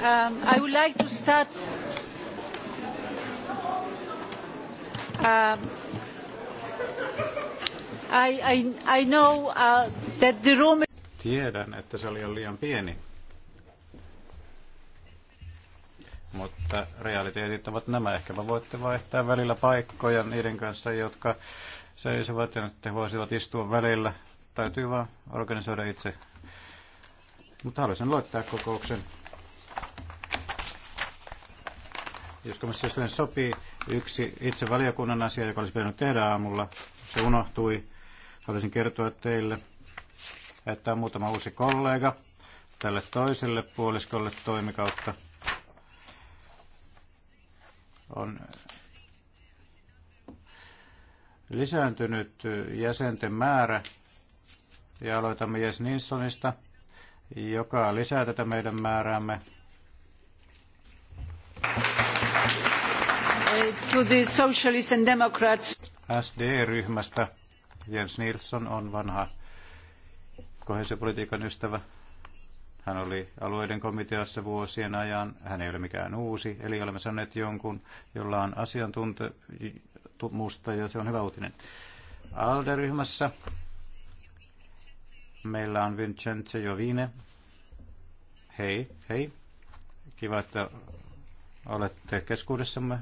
Um, I would like to start um, I, I, I know, uh, that the room... Tiedän, että sali on liian pieni, mutta realiteetit ovat nämä. Ehkäpä voitte vaihtaa välillä paikkoja niiden kanssa, jotka seisovat ja te voisivat istua välillä. Täytyy vaan organisoida itse. Mutta haluaisin loittaa kokouksen. jos komissiosta sopii, yksi itse valiokunnan asia, joka olisi pitänyt tehdä aamulla, se unohtui. Haluaisin kertoa teille, että on muutama uusi kollega tälle toiselle puoliskolle toimikautta. On lisääntynyt jäsenten määrä ja aloitamme Jes Ninsonista, joka lisää tätä meidän määräämme to the Socialists and Democrats. SD-ryhmästä Jens Nilsson on vanha kohesiopolitiikan ystävä. Hän oli alueiden komiteassa vuosien ajan. Hän ei ole mikään uusi, eli olemme saaneet jonkun, jolla on asiantuntemusta, ja se on hyvä uutinen. ALDE-ryhmässä meillä on Vincenzo Jovine. Hei, hei. Kiva, että olette keskuudessamme.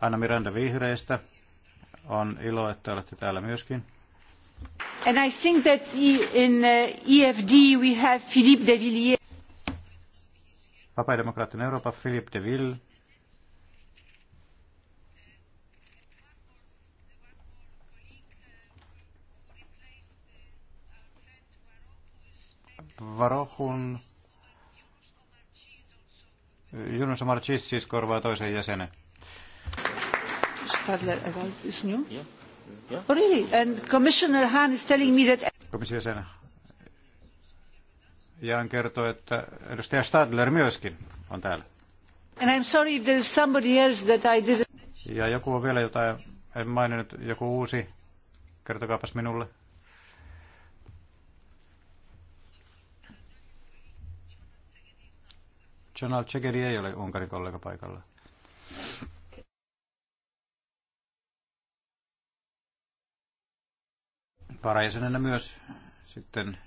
Anna Miranda Vihreistä. On ilo, että olette täällä myöskin. And I think that in uh, EFD we have Philippe de Villiers. Vapaa-demokraattinen Eurooppa, Philippe de Ville. Varohun Junus Marchis siis korvaa toisen jäsenen. Stadler about is new? Yeah. Yeah. Oh, really? And Commissioner Hahn is telling me that... Komission jäsen Jaan kertoo, että edustaja Stadler myöskin on täällä. And I'm sorry if there is somebody else that I didn't... Ja joku on vielä jotain, en maininnut, joku uusi. Kertokaapas minulle. Jonal Czegeri ei ole Unkarin kollega paikalla. Parajäsenenä myös sitten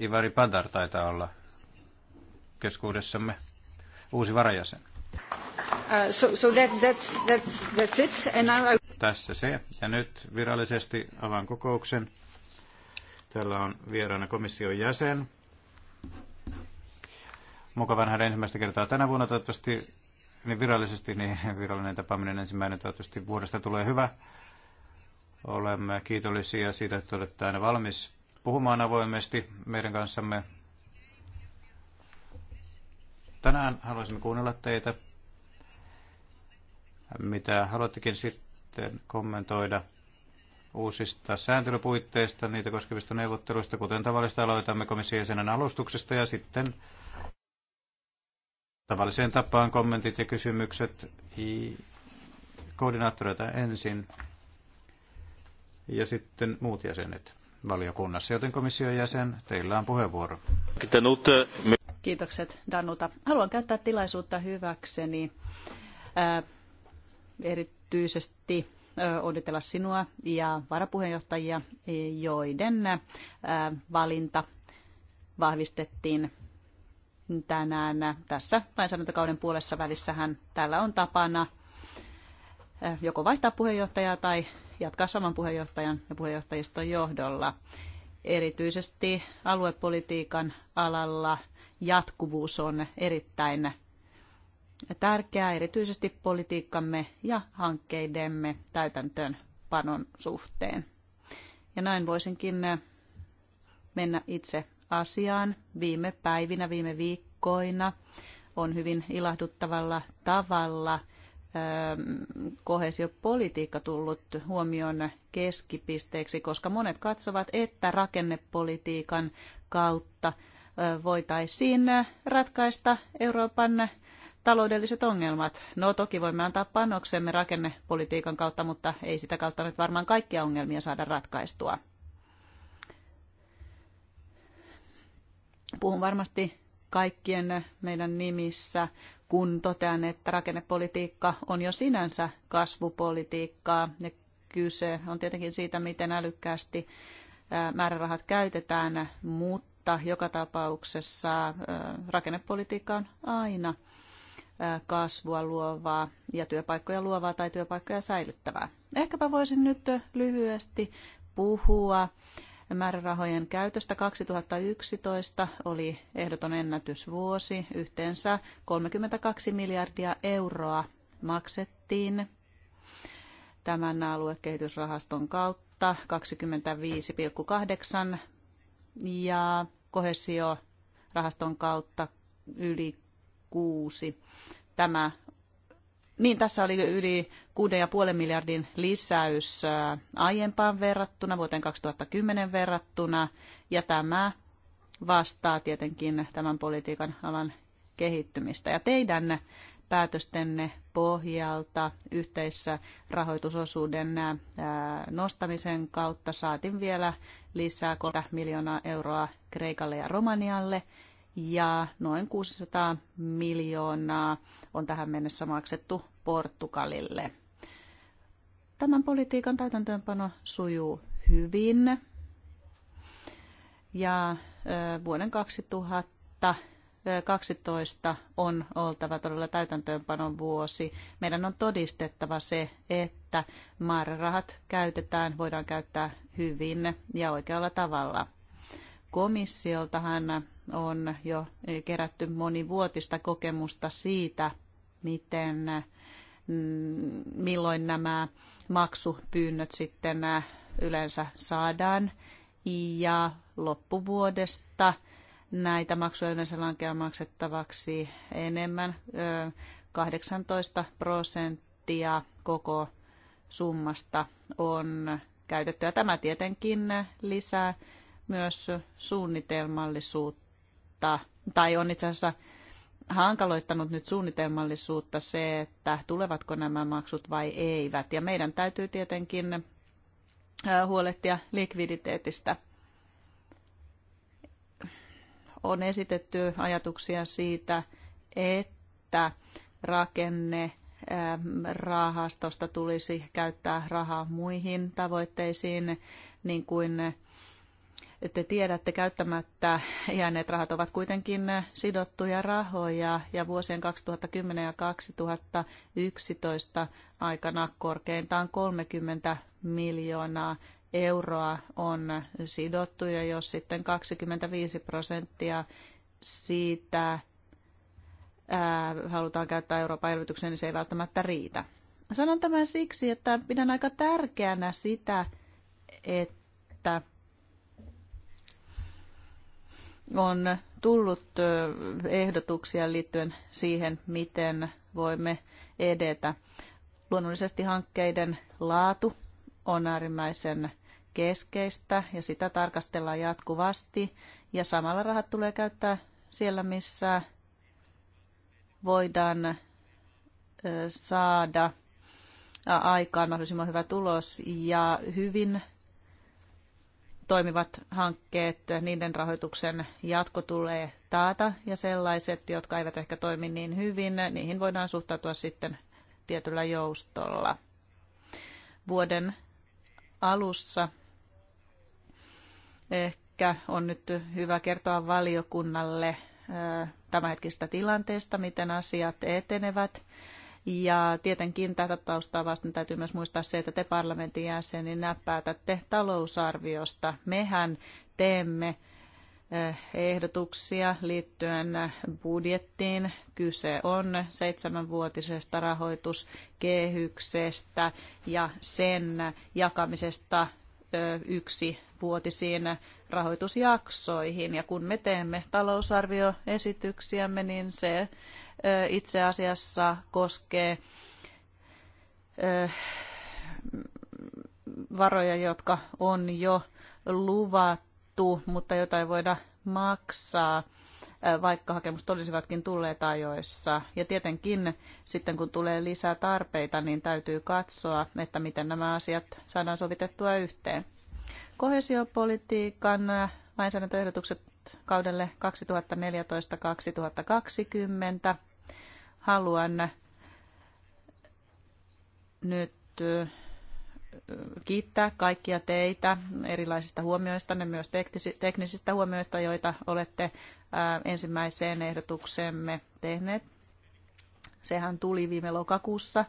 Ivari Padar taitaa olla keskuudessamme uusi varajäsen. Uh, so, so that, that's, that's, that's it. And now I... Tässä se. Ja nyt virallisesti avaan kokouksen. Täällä on vieraana komission jäsen Mukava nähdä ensimmäistä kertaa tänä vuonna toivottavasti niin virallisesti, niin virallinen tapaaminen ensimmäinen toivottavasti vuodesta tulee hyvä. Olemme kiitollisia siitä, että olette aina valmis puhumaan avoimesti meidän kanssamme. Tänään haluaisimme kuunnella teitä, mitä haluattekin sitten kommentoida uusista sääntelypuitteista, niitä koskevista neuvotteluista, kuten tavallista aloitamme komission jäsenen alustuksesta ja sitten Tavalliseen tapaan kommentit ja kysymykset koordinaattoreita ensin ja sitten muut jäsenet valiokunnassa, joten komission jäsen, teillä on puheenvuoro. Kiitokset Danuta. Haluan käyttää tilaisuutta hyväkseni äh, erityisesti äh, onnitella sinua ja varapuheenjohtajia, joiden äh, valinta vahvistettiin tänään. Tässä lainsäädäntökauden puolessa välissähän täällä on tapana eh, joko vaihtaa puheenjohtajaa tai jatkaa saman puheenjohtajan ja puheenjohtajiston johdolla. Erityisesti aluepolitiikan alalla jatkuvuus on erittäin tärkeää, erityisesti politiikkamme ja hankkeidemme täytäntöönpanon suhteen. Ja näin voisinkin eh, mennä itse asiaan viime päivinä, viime viikkoina on hyvin ilahduttavalla tavalla ähm, kohesiopolitiikka tullut huomion keskipisteeksi, koska monet katsovat, että rakennepolitiikan kautta äh, voitaisiin äh, ratkaista Euroopan taloudelliset ongelmat. No toki voimme antaa panoksemme rakennepolitiikan kautta, mutta ei sitä kautta nyt varmaan kaikkia ongelmia saada ratkaistua. Puhun varmasti kaikkien meidän nimissä, kun totean, että rakennepolitiikka on jo sinänsä kasvupolitiikkaa. Ja kyse on tietenkin siitä, miten älykkäästi määrärahat käytetään, mutta joka tapauksessa rakennepolitiikka on aina kasvua luovaa ja työpaikkoja luovaa tai työpaikkoja säilyttävää. Ehkäpä voisin nyt lyhyesti puhua määrärahojen käytöstä 2011 oli ehdoton ennätysvuosi. Yhteensä 32 miljardia euroa maksettiin tämän aluekehitysrahaston kautta 25,8 ja kohesiorahaston kautta yli 6. Tämä niin, tässä oli yli 6,5 miljardin lisäys aiempaan verrattuna, vuoteen 2010 verrattuna, ja tämä vastaa tietenkin tämän politiikan alan kehittymistä. Ja teidän päätöstenne pohjalta yhteissä rahoitusosuuden nostamisen kautta saatiin vielä lisää 3 miljoonaa euroa Kreikalle ja Romanialle – ja noin 600 miljoonaa on tähän mennessä maksettu Portugalille. Tämän politiikan täytäntöönpano sujuu hyvin ja vuoden 2012 on oltava todella täytäntöönpanon vuosi. Meidän on todistettava se, että määrärahat käytetään, voidaan käyttää hyvin ja oikealla tavalla – Komissioltahan on jo kerätty monivuotista kokemusta siitä, miten mm, milloin nämä maksupyynnöt sitten yleensä saadaan. Ja loppuvuodesta näitä maksuja yleensä lankeaa maksettavaksi enemmän, 18 prosenttia koko summasta on käytetty. Ja tämä tietenkin lisää myös suunnitelmallisuutta, tai on itse asiassa hankaloittanut nyt suunnitelmallisuutta se, että tulevatko nämä maksut vai eivät. Ja meidän täytyy tietenkin huolehtia likviditeetistä. On esitetty ajatuksia siitä, että rakenne rahastosta tulisi käyttää rahaa muihin tavoitteisiin, niin kuin te tiedätte, käyttämättä jääneet rahat ovat kuitenkin sidottuja rahoja ja vuosien 2010 ja 2011 aikana korkeintaan 30 miljoonaa euroa on sidottu ja jos sitten 25 prosenttia siitä ää, halutaan käyttää Euroopan elvytykseen, niin se ei välttämättä riitä. Sanon tämän siksi, että pidän aika tärkeänä sitä, että on tullut ehdotuksia liittyen siihen, miten voimme edetä. Luonnollisesti hankkeiden laatu on äärimmäisen keskeistä ja sitä tarkastellaan jatkuvasti. Ja samalla rahat tulee käyttää siellä, missä voidaan saada aikaan mahdollisimman hyvä tulos ja hyvin toimivat hankkeet, niiden rahoituksen jatko tulee taata ja sellaiset, jotka eivät ehkä toimi niin hyvin, niihin voidaan suhtautua sitten tietyllä joustolla. Vuoden alussa ehkä on nyt hyvä kertoa valiokunnalle tämänhetkistä tilanteesta, miten asiat etenevät. Ja tietenkin tätä taustaa vasten täytyy myös muistaa se, että te parlamentin jäseninä päätätte talousarviosta. Mehän teemme eh, ehdotuksia liittyen budjettiin. Kyse on seitsemänvuotisesta rahoituskehyksestä ja sen jakamisesta eh, yksi vuotisiin rahoitusjaksoihin. Ja kun me teemme talousarvioesityksiämme, niin se itse asiassa koskee varoja, jotka on jo luvattu, mutta joita ei voida maksaa, vaikka hakemukset olisivatkin tulleet ajoissa. Ja tietenkin sitten kun tulee lisää tarpeita, niin täytyy katsoa, että miten nämä asiat saadaan sovitettua yhteen. Kohesiopolitiikan lainsäädäntöehdotukset kaudelle 2014-2020. Haluan nyt kiittää kaikkia teitä erilaisista huomioista, ne myös teknisistä huomioista, joita olette ensimmäiseen ehdotukseemme tehneet. Sehän tuli viime lokakuussa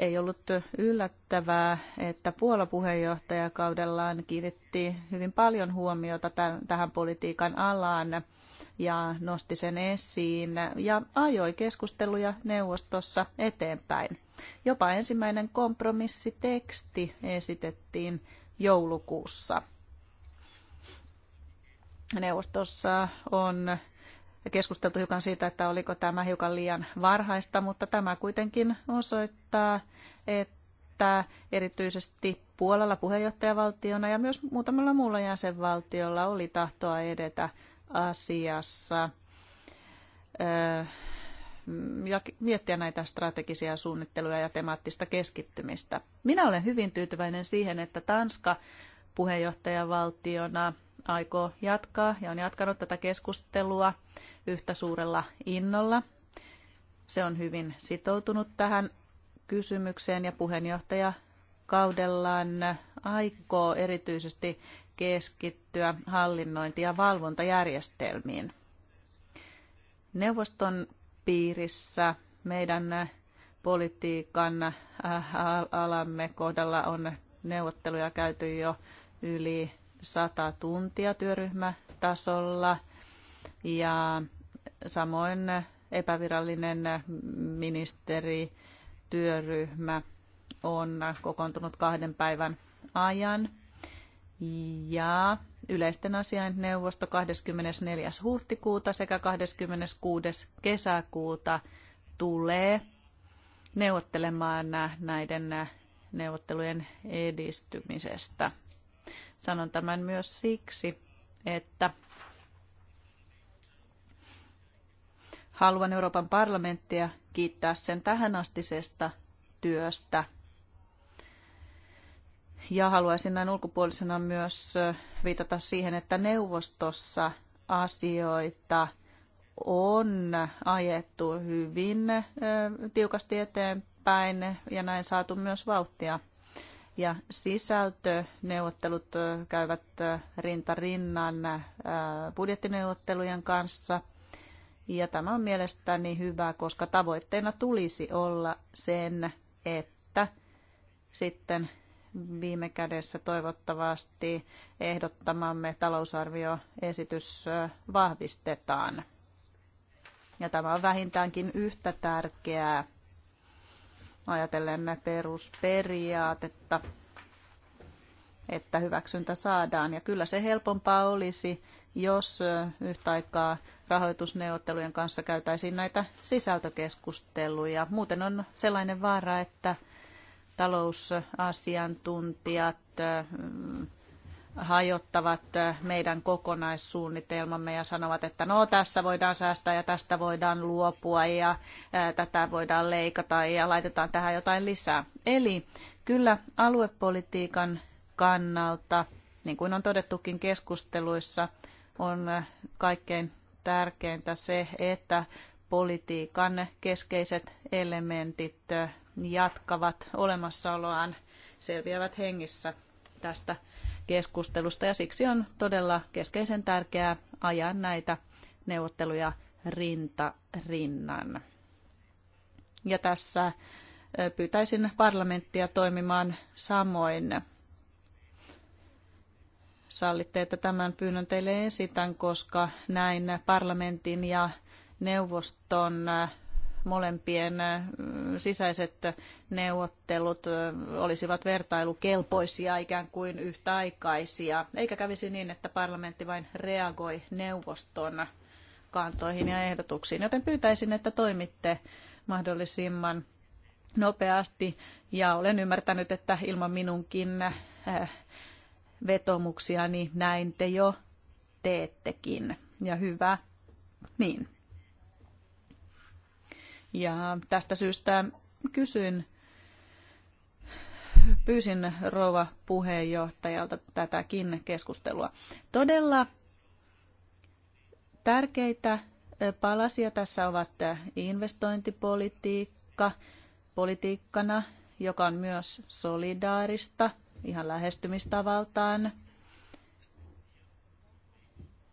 ei ollut yllättävää, että Puola puheenjohtajakaudellaan kiinnitti hyvin paljon huomiota tähän politiikan alaan ja nosti sen esiin ja ajoi keskusteluja neuvostossa eteenpäin. Jopa ensimmäinen kompromissiteksti esitettiin joulukuussa. Neuvostossa on keskusteltu hiukan siitä, että oliko tämä hiukan liian varhaista, mutta tämä kuitenkin osoittaa, että erityisesti Puolalla puheenjohtajavaltiona ja myös muutamalla muulla jäsenvaltiolla oli tahtoa edetä asiassa ja miettiä näitä strategisia suunnitteluja ja temaattista keskittymistä. Minä olen hyvin tyytyväinen siihen, että Tanska puheenjohtajavaltiona aikoo jatkaa ja on jatkanut tätä keskustelua yhtä suurella innolla. Se on hyvin sitoutunut tähän kysymykseen ja puheenjohtaja kaudellaan aikoo erityisesti keskittyä hallinnointi- ja valvontajärjestelmiin. Neuvoston piirissä meidän politiikan äh, alamme kohdalla on neuvotteluja käyty jo yli 100 tuntia työryhmätasolla ja samoin epävirallinen ministerityöryhmä on kokoontunut kahden päivän ajan. Ja yleisten asiain neuvosto 24. huhtikuuta sekä 26. kesäkuuta tulee neuvottelemaan näiden neuvottelujen edistymisestä. Sanon tämän myös siksi, että haluan Euroopan parlamenttia kiittää sen tähänastisesta työstä. Ja haluaisin näin ulkopuolisena myös viitata siihen, että neuvostossa asioita on ajettu hyvin tiukasti eteenpäin ja näin saatu myös vauhtia ja Neuvottelut äh, käyvät äh, rinta rinnan äh, budjettineuvottelujen kanssa. Ja tämä on mielestäni hyvä, koska tavoitteena tulisi olla sen, että sitten viime kädessä toivottavasti ehdottamamme talousarvioesitys vahvistetaan. Ja tämä on vähintäänkin yhtä tärkeää ajatellen perusperiaatetta, että hyväksyntä saadaan. Ja kyllä se helpompaa olisi, jos yhtä aikaa rahoitusneuvottelujen kanssa käytäisiin näitä sisältökeskusteluja. Muuten on sellainen vaara, että talousasiantuntijat hajottavat eh, meidän kokonaissuunnitelmamme ja sanovat, että no tässä voidaan säästää ja tästä voidaan luopua ja eh, tätä voidaan leikata ja laitetaan tähän jotain lisää. Eli kyllä aluepolitiikan kannalta, niin kuin on todettukin keskusteluissa, on eh, kaikkein tärkeintä se, että politiikan keskeiset elementit jatkavat olemassaoloaan, selviävät hengissä tästä keskustelusta ja siksi on todella keskeisen tärkeää ajaa näitä neuvotteluja rinta rinnan. Ja tässä pyytäisin parlamenttia toimimaan samoin. Sallitte, että tämän pyynnön teille esitän, koska näin parlamentin ja neuvoston molempien sisäiset neuvottelut olisivat vertailukelpoisia ikään kuin yhtäaikaisia, eikä kävisi niin, että parlamentti vain reagoi neuvoston kantoihin ja ehdotuksiin. Joten pyytäisin, että toimitte mahdollisimman nopeasti ja olen ymmärtänyt, että ilman minunkin vetomuksiani näin te jo teettekin. Ja hyvä, niin. Ja tästä syystä kysyin, pyysin rouva puheenjohtajalta tätäkin keskustelua. Todella tärkeitä palasia tässä ovat investointipolitiikka politiikkana, joka on myös solidaarista ihan lähestymistavaltaan.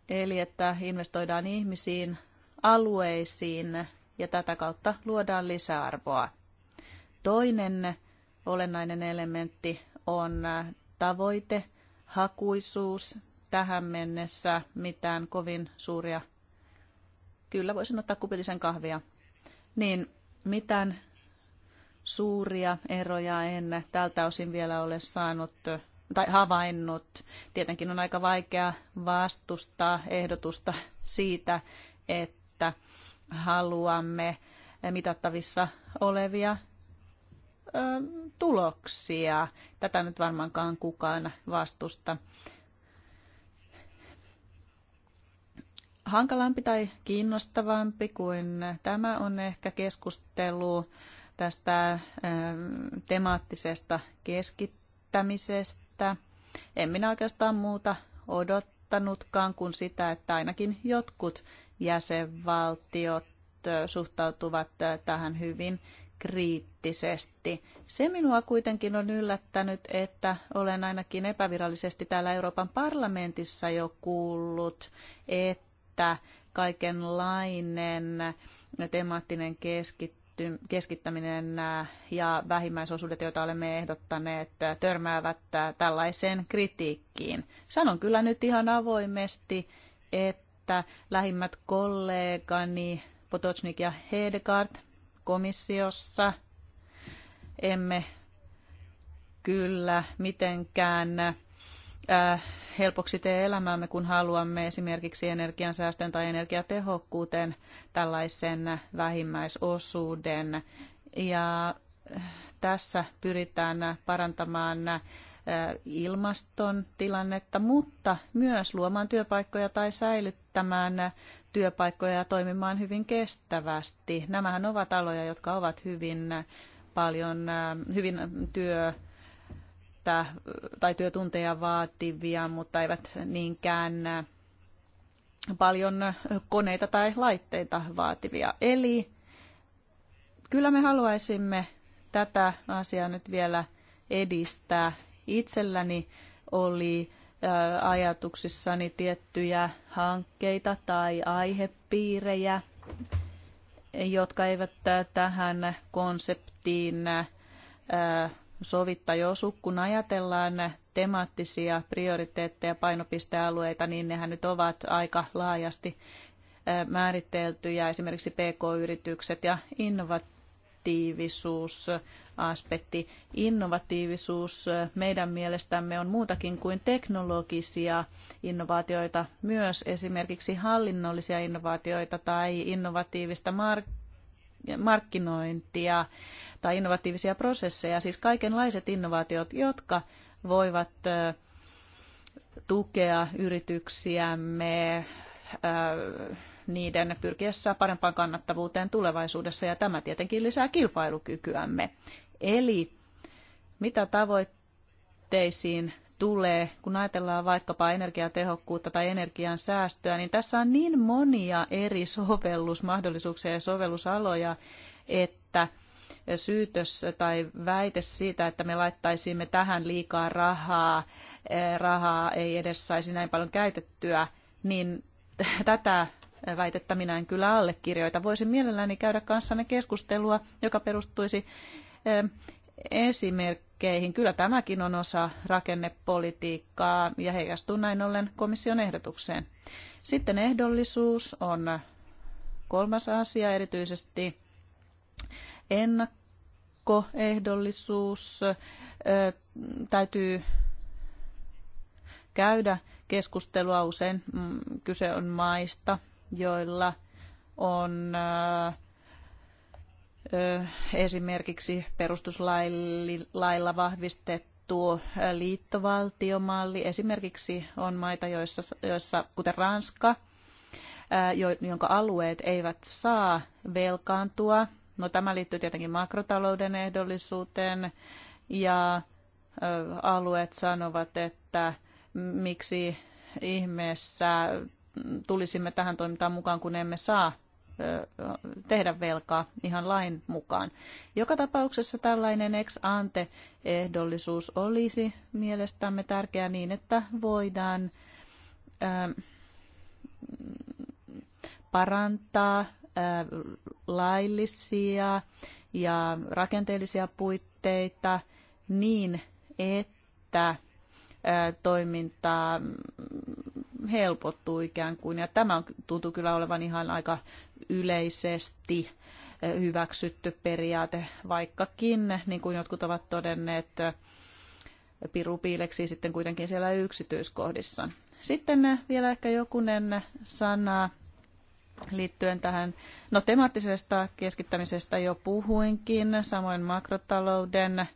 Eli että investoidaan ihmisiin, alueisiin, ja tätä kautta luodaan lisäarvoa. Toinen olennainen elementti on äh, tavoite, hakuisuus. Tähän mennessä mitään kovin suuria, kyllä voisin ottaa kupillisen kahvia, niin mitään suuria eroja en tältä osin vielä ole saanut äh, tai havainnut. Tietenkin on aika vaikea vastustaa ehdotusta siitä, että haluamme mitattavissa olevia tuloksia. Tätä nyt varmaankaan kukaan vastusta. Hankalampi tai kiinnostavampi kuin tämä on ehkä keskustelu tästä temaattisesta keskittämisestä. En minä oikeastaan muuta odottanutkaan kuin sitä, että ainakin jotkut jäsenvaltiot suhtautuvat tähän hyvin kriittisesti. Se minua kuitenkin on yllättänyt, että olen ainakin epävirallisesti täällä Euroopan parlamentissa jo kuullut, että kaikenlainen temaattinen keskitty, keskittäminen ja vähimmäisosuudet, joita olemme ehdottaneet, törmäävät tällaiseen kritiikkiin. Sanon kyllä nyt ihan avoimesti, että että lähimmät kollegani Potocnik ja Hedegaard komissiossa emme kyllä mitenkään äh, helpoksi tee elämäämme, kun haluamme esimerkiksi energiansäästön tai energiatehokkuuteen tällaisen vähimmäisosuuden. Ja äh, tässä pyritään parantamaan äh, ilmaston tilannetta, mutta myös luomaan työpaikkoja tai säilyttämään säilyttämään työpaikkoja ja toimimaan hyvin kestävästi. Nämähän ovat aloja, jotka ovat hyvin paljon äh, hyvin työ tai työtunteja vaativia, mutta eivät niinkään äh, paljon koneita tai laitteita vaativia. Eli kyllä me haluaisimme tätä asiaa nyt vielä edistää. Itselläni oli ajatuksissani tiettyjä hankkeita tai aihepiirejä, jotka eivät tähän konseptiin sovittaa osu. Kun ajatellaan temaattisia prioriteetteja, painopistealueita, niin nehän nyt ovat aika laajasti määriteltyjä, esimerkiksi PK-yritykset ja innovat innovatiivisuusaspekti. Innovatiivisuus meidän mielestämme on muutakin kuin teknologisia innovaatioita, myös esimerkiksi hallinnollisia innovaatioita tai innovatiivista markkinointia markkinointia tai innovatiivisia prosesseja, siis kaikenlaiset innovaatiot, jotka voivat tukea yrityksiämme niiden pyrkiessä parempaan kannattavuuteen tulevaisuudessa ja tämä tietenkin lisää kilpailukykyämme. Eli mitä tavoitteisiin tulee, kun ajatellaan vaikkapa energiatehokkuutta tai energian säästöä, niin tässä on niin monia eri sovellusmahdollisuuksia ja sovellusaloja, että syytös tai väite siitä, että me laittaisimme tähän liikaa rahaa, eh, rahaa ei edes saisi näin paljon käytettyä, niin tätä väitettä minä en kyllä allekirjoita. Voisin mielelläni käydä kanssanne keskustelua, joka perustuisi esimerkkeihin. Kyllä tämäkin on osa rakennepolitiikkaa ja heijastuu näin ollen komission ehdotukseen. Sitten ehdollisuus on kolmas asia, erityisesti ennakkoehdollisuus. Täytyy käydä keskustelua usein. Mm, kyse on maista, joilla on esimerkiksi perustuslailla vahvistettu liittovaltiomalli. Esimerkiksi on maita, joissa, joissa kuten Ranska, jonka alueet eivät saa velkaantua. No, tämä liittyy tietenkin makrotalouden ehdollisuuteen ja alueet sanovat, että miksi ihmeessä tulisimme tähän toimintaan mukaan, kun emme saa tehdä velkaa ihan lain mukaan. Joka tapauksessa tällainen ex ante ehdollisuus olisi mielestämme tärkeä niin, että voidaan parantaa laillisia ja rakenteellisia puitteita niin, että toimintaa helpottuu ikään kuin. Ja tämä tuntuu kyllä olevan ihan aika yleisesti eh, hyväksytty periaate, vaikkakin, niin kuin jotkut ovat todenneet, eh, pirupiileksi sitten kuitenkin siellä yksityiskohdissa. Sitten eh, vielä ehkä jokunen sana liittyen tähän, no temaattisesta keskittämisestä jo puhuinkin, samoin makrotalouden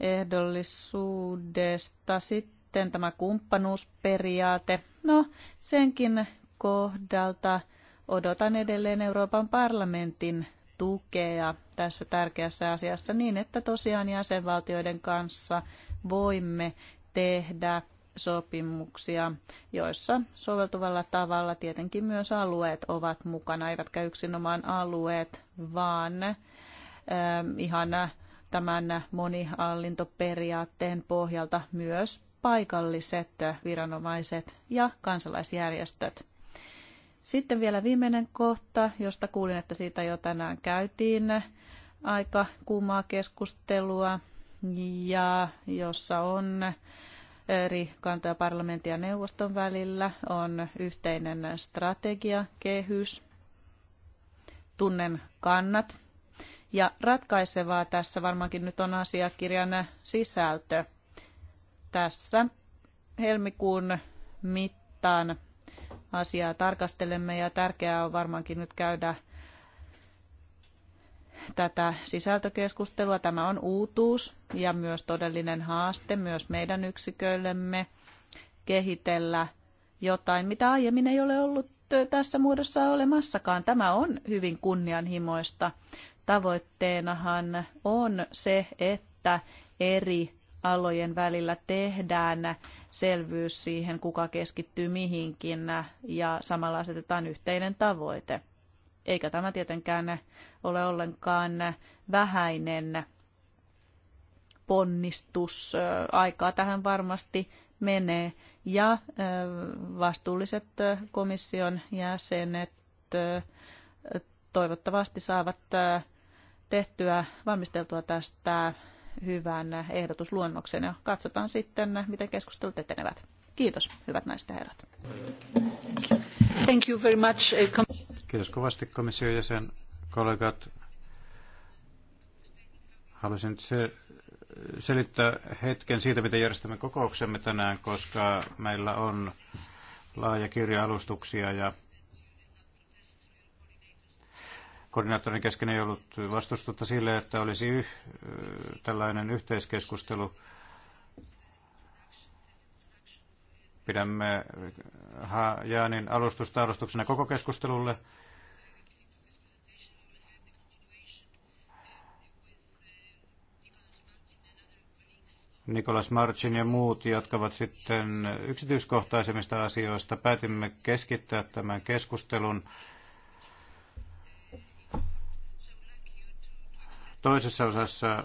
ehdollisuudesta. Sitten sitten tämä kumppanuusperiaate. No, senkin kohdalta odotan edelleen Euroopan parlamentin tukea tässä tärkeässä asiassa niin, että tosiaan jäsenvaltioiden kanssa voimme tehdä sopimuksia, joissa soveltuvalla tavalla tietenkin myös alueet ovat mukana, eivätkä yksinomaan alueet, vaan äh, ihan tämän monihallintoperiaatteen pohjalta myös paikalliset viranomaiset ja kansalaisjärjestöt. Sitten vielä viimeinen kohta, josta kuulin, että siitä jo tänään käytiin aika kuumaa keskustelua ja jossa on eri kantoja parlamentin ja neuvoston välillä on yhteinen strategiakehys, tunnen kannat. Ja ratkaisevaa tässä varmaankin nyt on asiakirjan sisältö tässä helmikuun mittaan asiaa tarkastelemme ja tärkeää on varmaankin nyt käydä tätä sisältökeskustelua. Tämä on uutuus ja myös todellinen haaste myös meidän yksiköillemme kehitellä jotain, mitä aiemmin ei ole ollut tässä muodossa olemassakaan. Tämä on hyvin kunnianhimoista. Tavoitteenahan on se, että eri alojen välillä tehdään selvyys siihen, kuka keskittyy mihinkin ja samalla asetetaan yhteinen tavoite. Eikä tämä tietenkään ole ollenkaan vähäinen ponnistus. Aikaa tähän varmasti menee ja vastuulliset komission jäsenet toivottavasti saavat tehtyä, valmisteltua tästä hyvän ehdotusluonnoksen ja katsotaan sitten, miten keskustelut etenevät. Kiitos, hyvät naiset ja herrat. Thank you very much. Eh, Kiitos kovasti komission jäsen, kollegat. Haluaisin se, selittää hetken siitä, miten järjestämme kokouksemme tänään, koska meillä on laaja kirja alustuksia ja koordinaattorin kesken ei ollut vastustusta sille, että olisi yh, tällainen yhteiskeskustelu. Pidämme Jaanin alustusta alustuksena koko keskustelulle. Nikolas Marcin ja muut jatkavat sitten yksityiskohtaisemmista asioista. Päätimme keskittää tämän keskustelun Toisessa osassa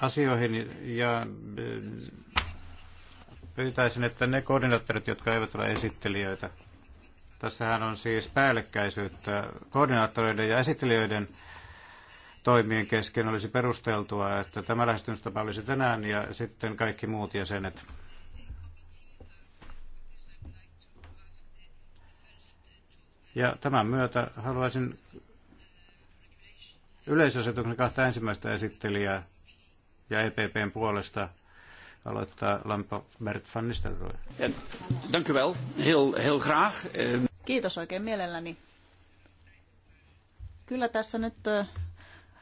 asioihin ja äh, pyytäisin, että ne koordinaattorit, jotka eivät ole esittelijöitä, tässähän on siis päällekkäisyyttä koordinaattoreiden ja esittelijöiden toimien kesken olisi perusteltua, että tämä lähestymistapa olisi tänään ja sitten kaikki muut jäsenet Ja tämän myötä haluaisin yleisasetuksen kahta ensimmäistä esittelijää ja EPPn puolesta aloittaa Lampo Bert van Nistelrooy. Dank u wel. Heel, heel graag. Eh, Kiitos oikein mielelläni. Kyllä tässä nyt eh,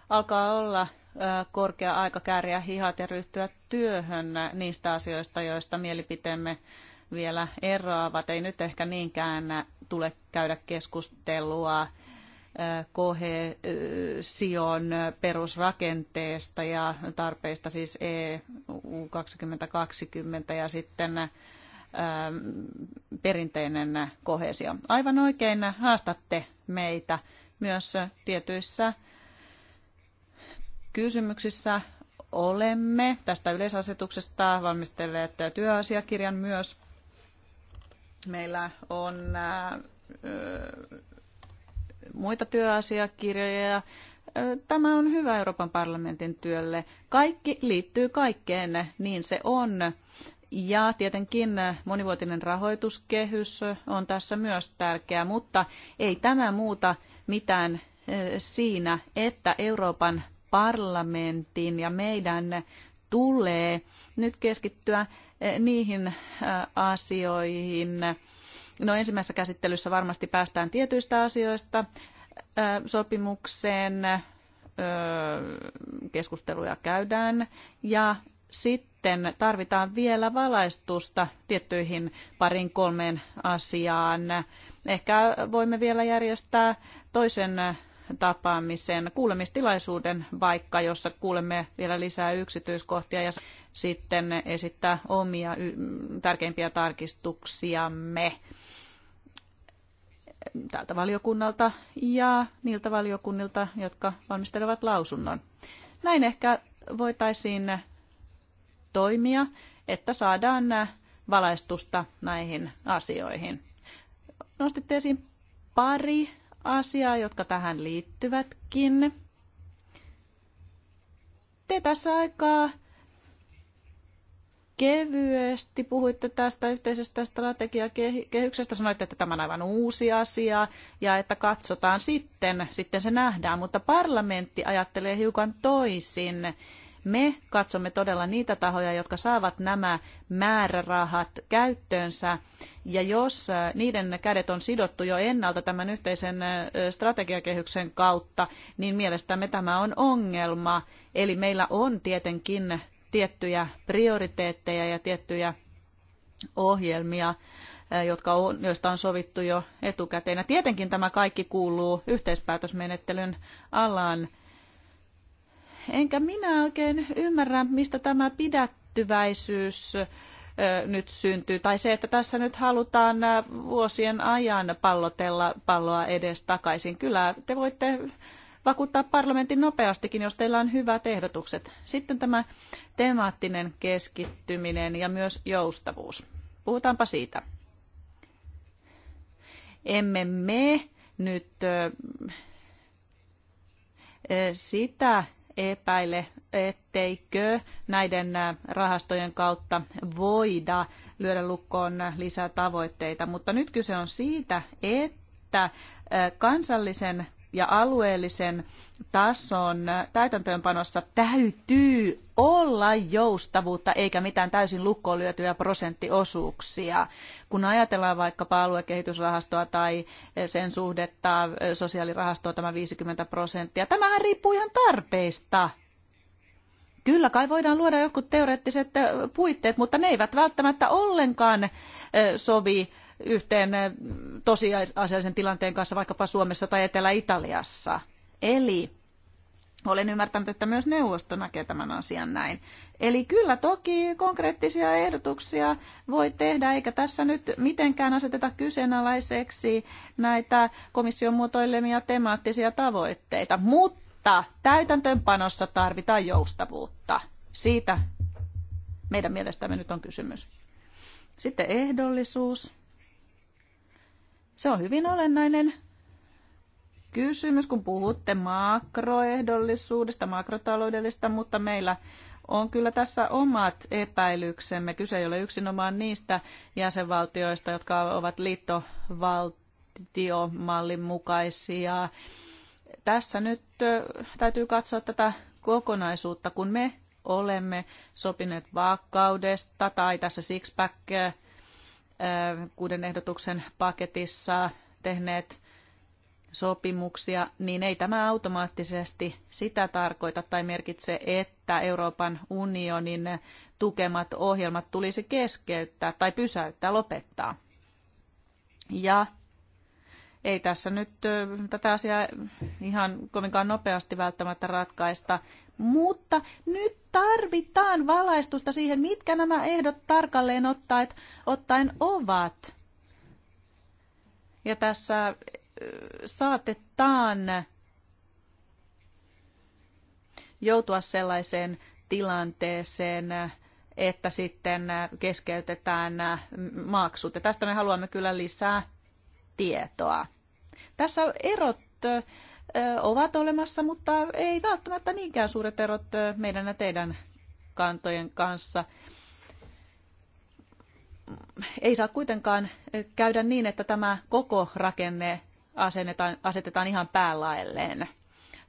alkaa olla eh, korkea aika kääriä hihat ja ryhtyä työhön niistä asioista, joista mielipiteemme vielä eroavat. Ei nyt ehkä niinkään tule käydä keskustelua kohesion perusrakenteesta ja tarpeista siis EU 2020 ja sitten perinteinen kohesio. Aivan oikein haastatte meitä myös tietyissä kysymyksissä olemme tästä yleisasetuksesta valmistelleet työasiakirjan myös Meillä on äh, äh, muita työasiakirjoja. Äh, tämä on hyvä Euroopan parlamentin työlle. Kaikki liittyy kaikkeen, niin se on. Ja tietenkin monivuotinen rahoituskehys on tässä myös tärkeä, mutta ei tämä muuta mitään siinä, että Euroopan parlamentin ja meidän tulee nyt keskittyä Eh, niihin eh, asioihin. No ensimmäisessä käsittelyssä varmasti päästään tietyistä asioista eh, sopimukseen, keskusteluja käydään ja sitten tarvitaan vielä valaistusta tiettyihin parin kolmeen asiaan. Ehkä voimme vielä järjestää toisen tapaamisen, kuulemistilaisuuden vaikka, jossa kuulemme vielä lisää yksityiskohtia ja sitten esittää omia tärkeimpiä tarkistuksiamme tältä valiokunnalta ja niiltä valiokunnilta, jotka valmistelevat lausunnon. Näin ehkä voitaisiin toimia, että saadaan valaistusta näihin asioihin. Nostitte esiin pari asiaa, jotka tähän liittyvätkin. Te tässä aikaa kevyesti puhuitte tästä yhteisestä strategiakehyksestä, sanoitte, että tämä on aivan uusi asia ja että katsotaan sitten, sitten se nähdään, mutta parlamentti ajattelee hiukan toisin me katsomme todella niitä tahoja, jotka saavat nämä määrärahat käyttöönsä. Ja jos äh, niiden kädet on sidottu jo ennalta tämän yhteisen äh, strategiakehyksen kautta, niin mielestämme tämä on ongelma. Eli meillä on tietenkin tiettyjä prioriteetteja ja tiettyjä ohjelmia, äh, jotka on, joista on sovittu jo etukäteen. Ja tietenkin tämä kaikki kuuluu yhteispäätösmenettelyn alaan enkä minä oikein ymmärrä, mistä tämä pidättyväisyys nyt syntyy, tai se, että tässä nyt halutaan vuosien ajan pallotella palloa edes takaisin. Kyllä te voitte vakuuttaa parlamentin nopeastikin, jos teillä on hyvät ehdotukset. Sitten tämä temaattinen keskittyminen ja myös joustavuus. Puhutaanpa siitä. Emme me nyt sitä epäile, etteikö näiden äh, rahastojen kautta voida lyödä lukkoon äh, lisää tavoitteita, mutta nyt kyse on siitä, että äh, kansallisen ja alueellisen tason täytäntöönpanossa täytyy olla joustavuutta eikä mitään täysin lukkoon lyötyjä prosenttiosuuksia. Kun ajatellaan vaikkapa aluekehitysrahastoa tai sen suhdetta sosiaalirahastoa tämä 50 prosenttia, tämähän riippuu ihan tarpeista. Kyllä kai voidaan luoda jotkut teoreettiset puitteet, mutta ne eivät välttämättä ollenkaan sovi yhteen eh, tosiasiallisen tilanteen kanssa vaikkapa Suomessa tai Etelä-Italiassa. Eli olen ymmärtänyt, että myös neuvosto näkee tämän asian näin. Eli kyllä toki konkreettisia ehdotuksia voi tehdä, eikä tässä nyt mitenkään aseteta kyseenalaiseksi näitä komission muotoilemia temaattisia tavoitteita. Mutta täytäntöönpanossa tarvitaan joustavuutta. Siitä meidän mielestämme nyt on kysymys. Sitten ehdollisuus. Se on hyvin olennainen kysymys, kun puhutte makroehdollisuudesta, makrotaloudellista, mutta meillä on kyllä tässä omat epäilyksemme. Kyse ei ole yksinomaan niistä jäsenvaltioista, jotka ovat liittovaltiomallin mukaisia. Tässä nyt täytyy katsoa tätä kokonaisuutta, kun me olemme sopineet vakaudesta tai tässä sixpack kuuden ehdotuksen paketissa tehneet sopimuksia, niin ei tämä automaattisesti sitä tarkoita tai merkitse, että Euroopan unionin tukemat ohjelmat tulisi keskeyttää tai pysäyttää, lopettaa. Ja ei tässä nyt tätä asiaa ihan kovinkaan nopeasti välttämättä ratkaista. Mutta nyt tarvitaan valaistusta siihen, mitkä nämä ehdot tarkalleen ottaen, ottaen ovat. Ja tässä saatetaan joutua sellaiseen tilanteeseen, että sitten keskeytetään maksut. Ja tästä me haluamme kyllä lisää tietoa. Tässä erot ovat olemassa, mutta ei välttämättä niinkään suuret erot meidän ja teidän kantojen kanssa. Ei saa kuitenkaan käydä niin, että tämä koko rakenne asennetaan, asetetaan ihan päälaelleen.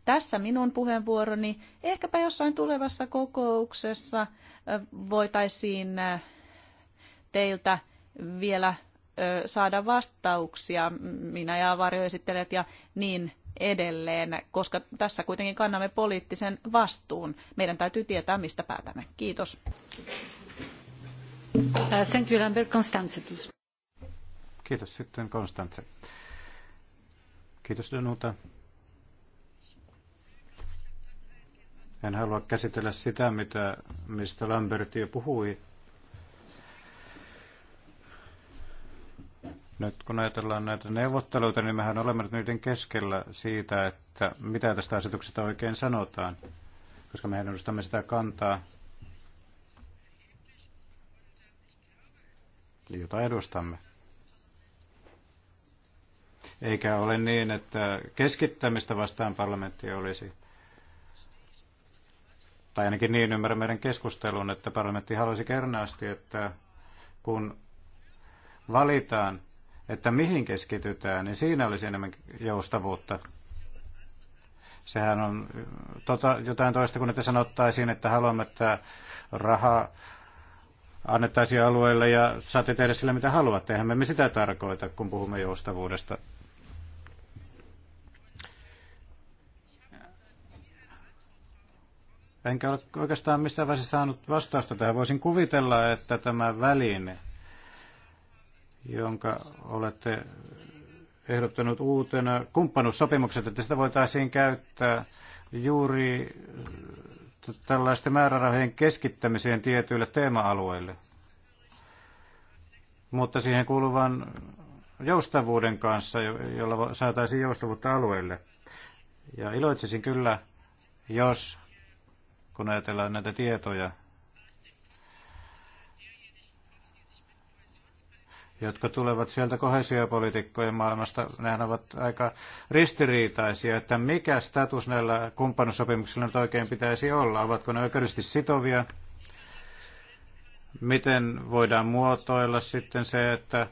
Tässä minun puheenvuoroni. Ehkäpä jossain tulevassa kokouksessa voitaisiin teiltä vielä saada vastauksia, minä ja varjoesittelijät ja niin edelleen, koska tässä kuitenkin kannamme poliittisen vastuun. Meidän täytyy tietää, mistä päätämme. Kiitos. Uh, thank you, Lambert. Kiitos sitten Konstantse. Kiitos Danuta. En halua käsitellä sitä, mitä, mistä Lambert jo puhui, Nyt kun ajatellaan näitä neuvotteluita, niin mehän olemme nyt niiden keskellä siitä, että mitä tästä asetuksesta oikein sanotaan, koska mehän edustamme sitä kantaa, jota edustamme. Eikä ole niin, että keskittämistä vastaan parlamentti olisi. Tai ainakin niin ymmärrän meidän keskustelun, että parlamentti halusi kernaasti, että kun valitaan että mihin keskitytään, niin siinä olisi enemmän joustavuutta. Sehän on äh, tota, jotain toista kuin, että sanottaisiin, että haluamme, että raha annettaisiin alueelle ja saatte tehdä sillä, mitä haluatte. Eihän me, emme sitä tarkoita, kun puhumme joustavuudesta. enkä ole oikeastaan missään vaiheessa saanut vastausta tähän. Voisin kuvitella, että tämä väline jonka olette ehdottanut uutena kumppanuussopimukset, että sitä voitaisiin käyttää juuri äh, tällaisten määrärahojen keskittämiseen tietyille teema-alueille, mutta siihen kuuluvan joustavuuden kanssa, jolla saataisiin joustavuutta alueille. Ja iloitsisin kyllä, jos kun ajatellaan näitä tietoja, jotka tulevat sieltä kohesiopolitiikkojen maailmasta, nehän ovat aika ristiriitaisia, että mikä status näillä kumppanussopimuksilla nyt oikein pitäisi olla? Ovatko ne oikeudellisesti sitovia? Miten voidaan muotoilla sitten se, että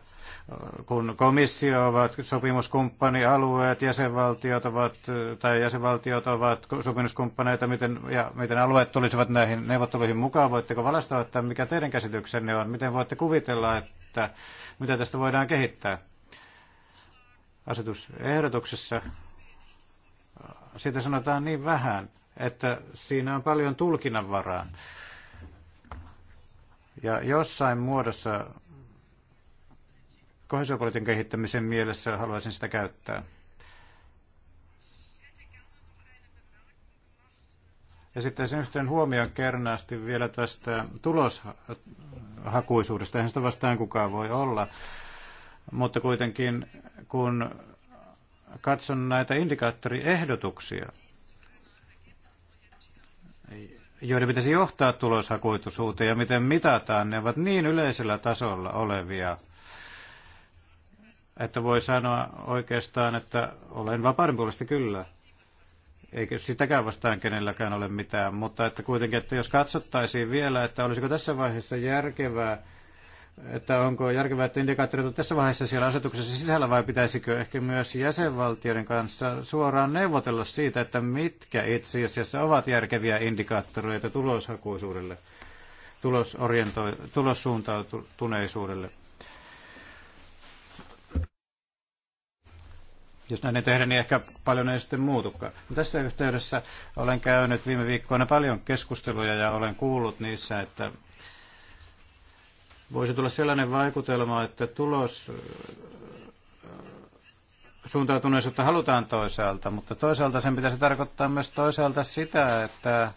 kun komissio ovat sopimuskumppanialueet, jäsenvaltiot ovat, tai jäsenvaltiot ovat sopimuskumppaneita, miten, ja miten alueet tulisivat näihin neuvotteluihin mukaan. Voitteko valastaa, että mikä teidän käsityksenne on? Miten voitte kuvitella, että mitä tästä voidaan kehittää? Asetusehdotuksessa äh, siitä sanotaan niin vähän, että siinä on paljon tulkinnanvaraa. Ja jossain muodossa kohesiopolitiikan kehittämisen mielessä haluaisin sitä käyttää. Ja sitten sen yhteen huomioon kernaasti vielä tästä tuloshakuisuudesta. Eihän sitä vastaan kukaan voi olla. Mutta kuitenkin kun katson näitä indikaattoriehdotuksia, joiden pitäisi johtaa tuloshakuisuuteen ja miten mitataan, ne ovat niin yleisellä tasolla olevia – että voi sanoa oikeastaan, että olen vapauden puolesta kyllä. Eikö sitäkään vastaan kenelläkään ole mitään, mutta että kuitenkin, että jos katsottaisiin vielä, että olisiko tässä vaiheessa järkevää, että onko järkevää, että indikaattorit on tässä vaiheessa siellä asetuksessa sisällä vai pitäisikö ehkä myös jäsenvaltioiden kanssa suoraan neuvotella siitä, että mitkä itse asiassa ovat järkeviä indikaattoreita tuloshakuisuudelle, tulosoriento- tulossuuntautuneisuudelle. Jos näin ei tehdä, niin ehkä paljon ei sitten muutukaan. No, tässä yhteydessä olen käynyt viime viikkoina paljon keskusteluja ja olen kuullut niissä, että voisi tulla sellainen vaikutelma, että tulos suuntautuneisuutta halutaan toisaalta, mutta toisaalta sen pitäisi tarkoittaa myös toisaalta sitä, että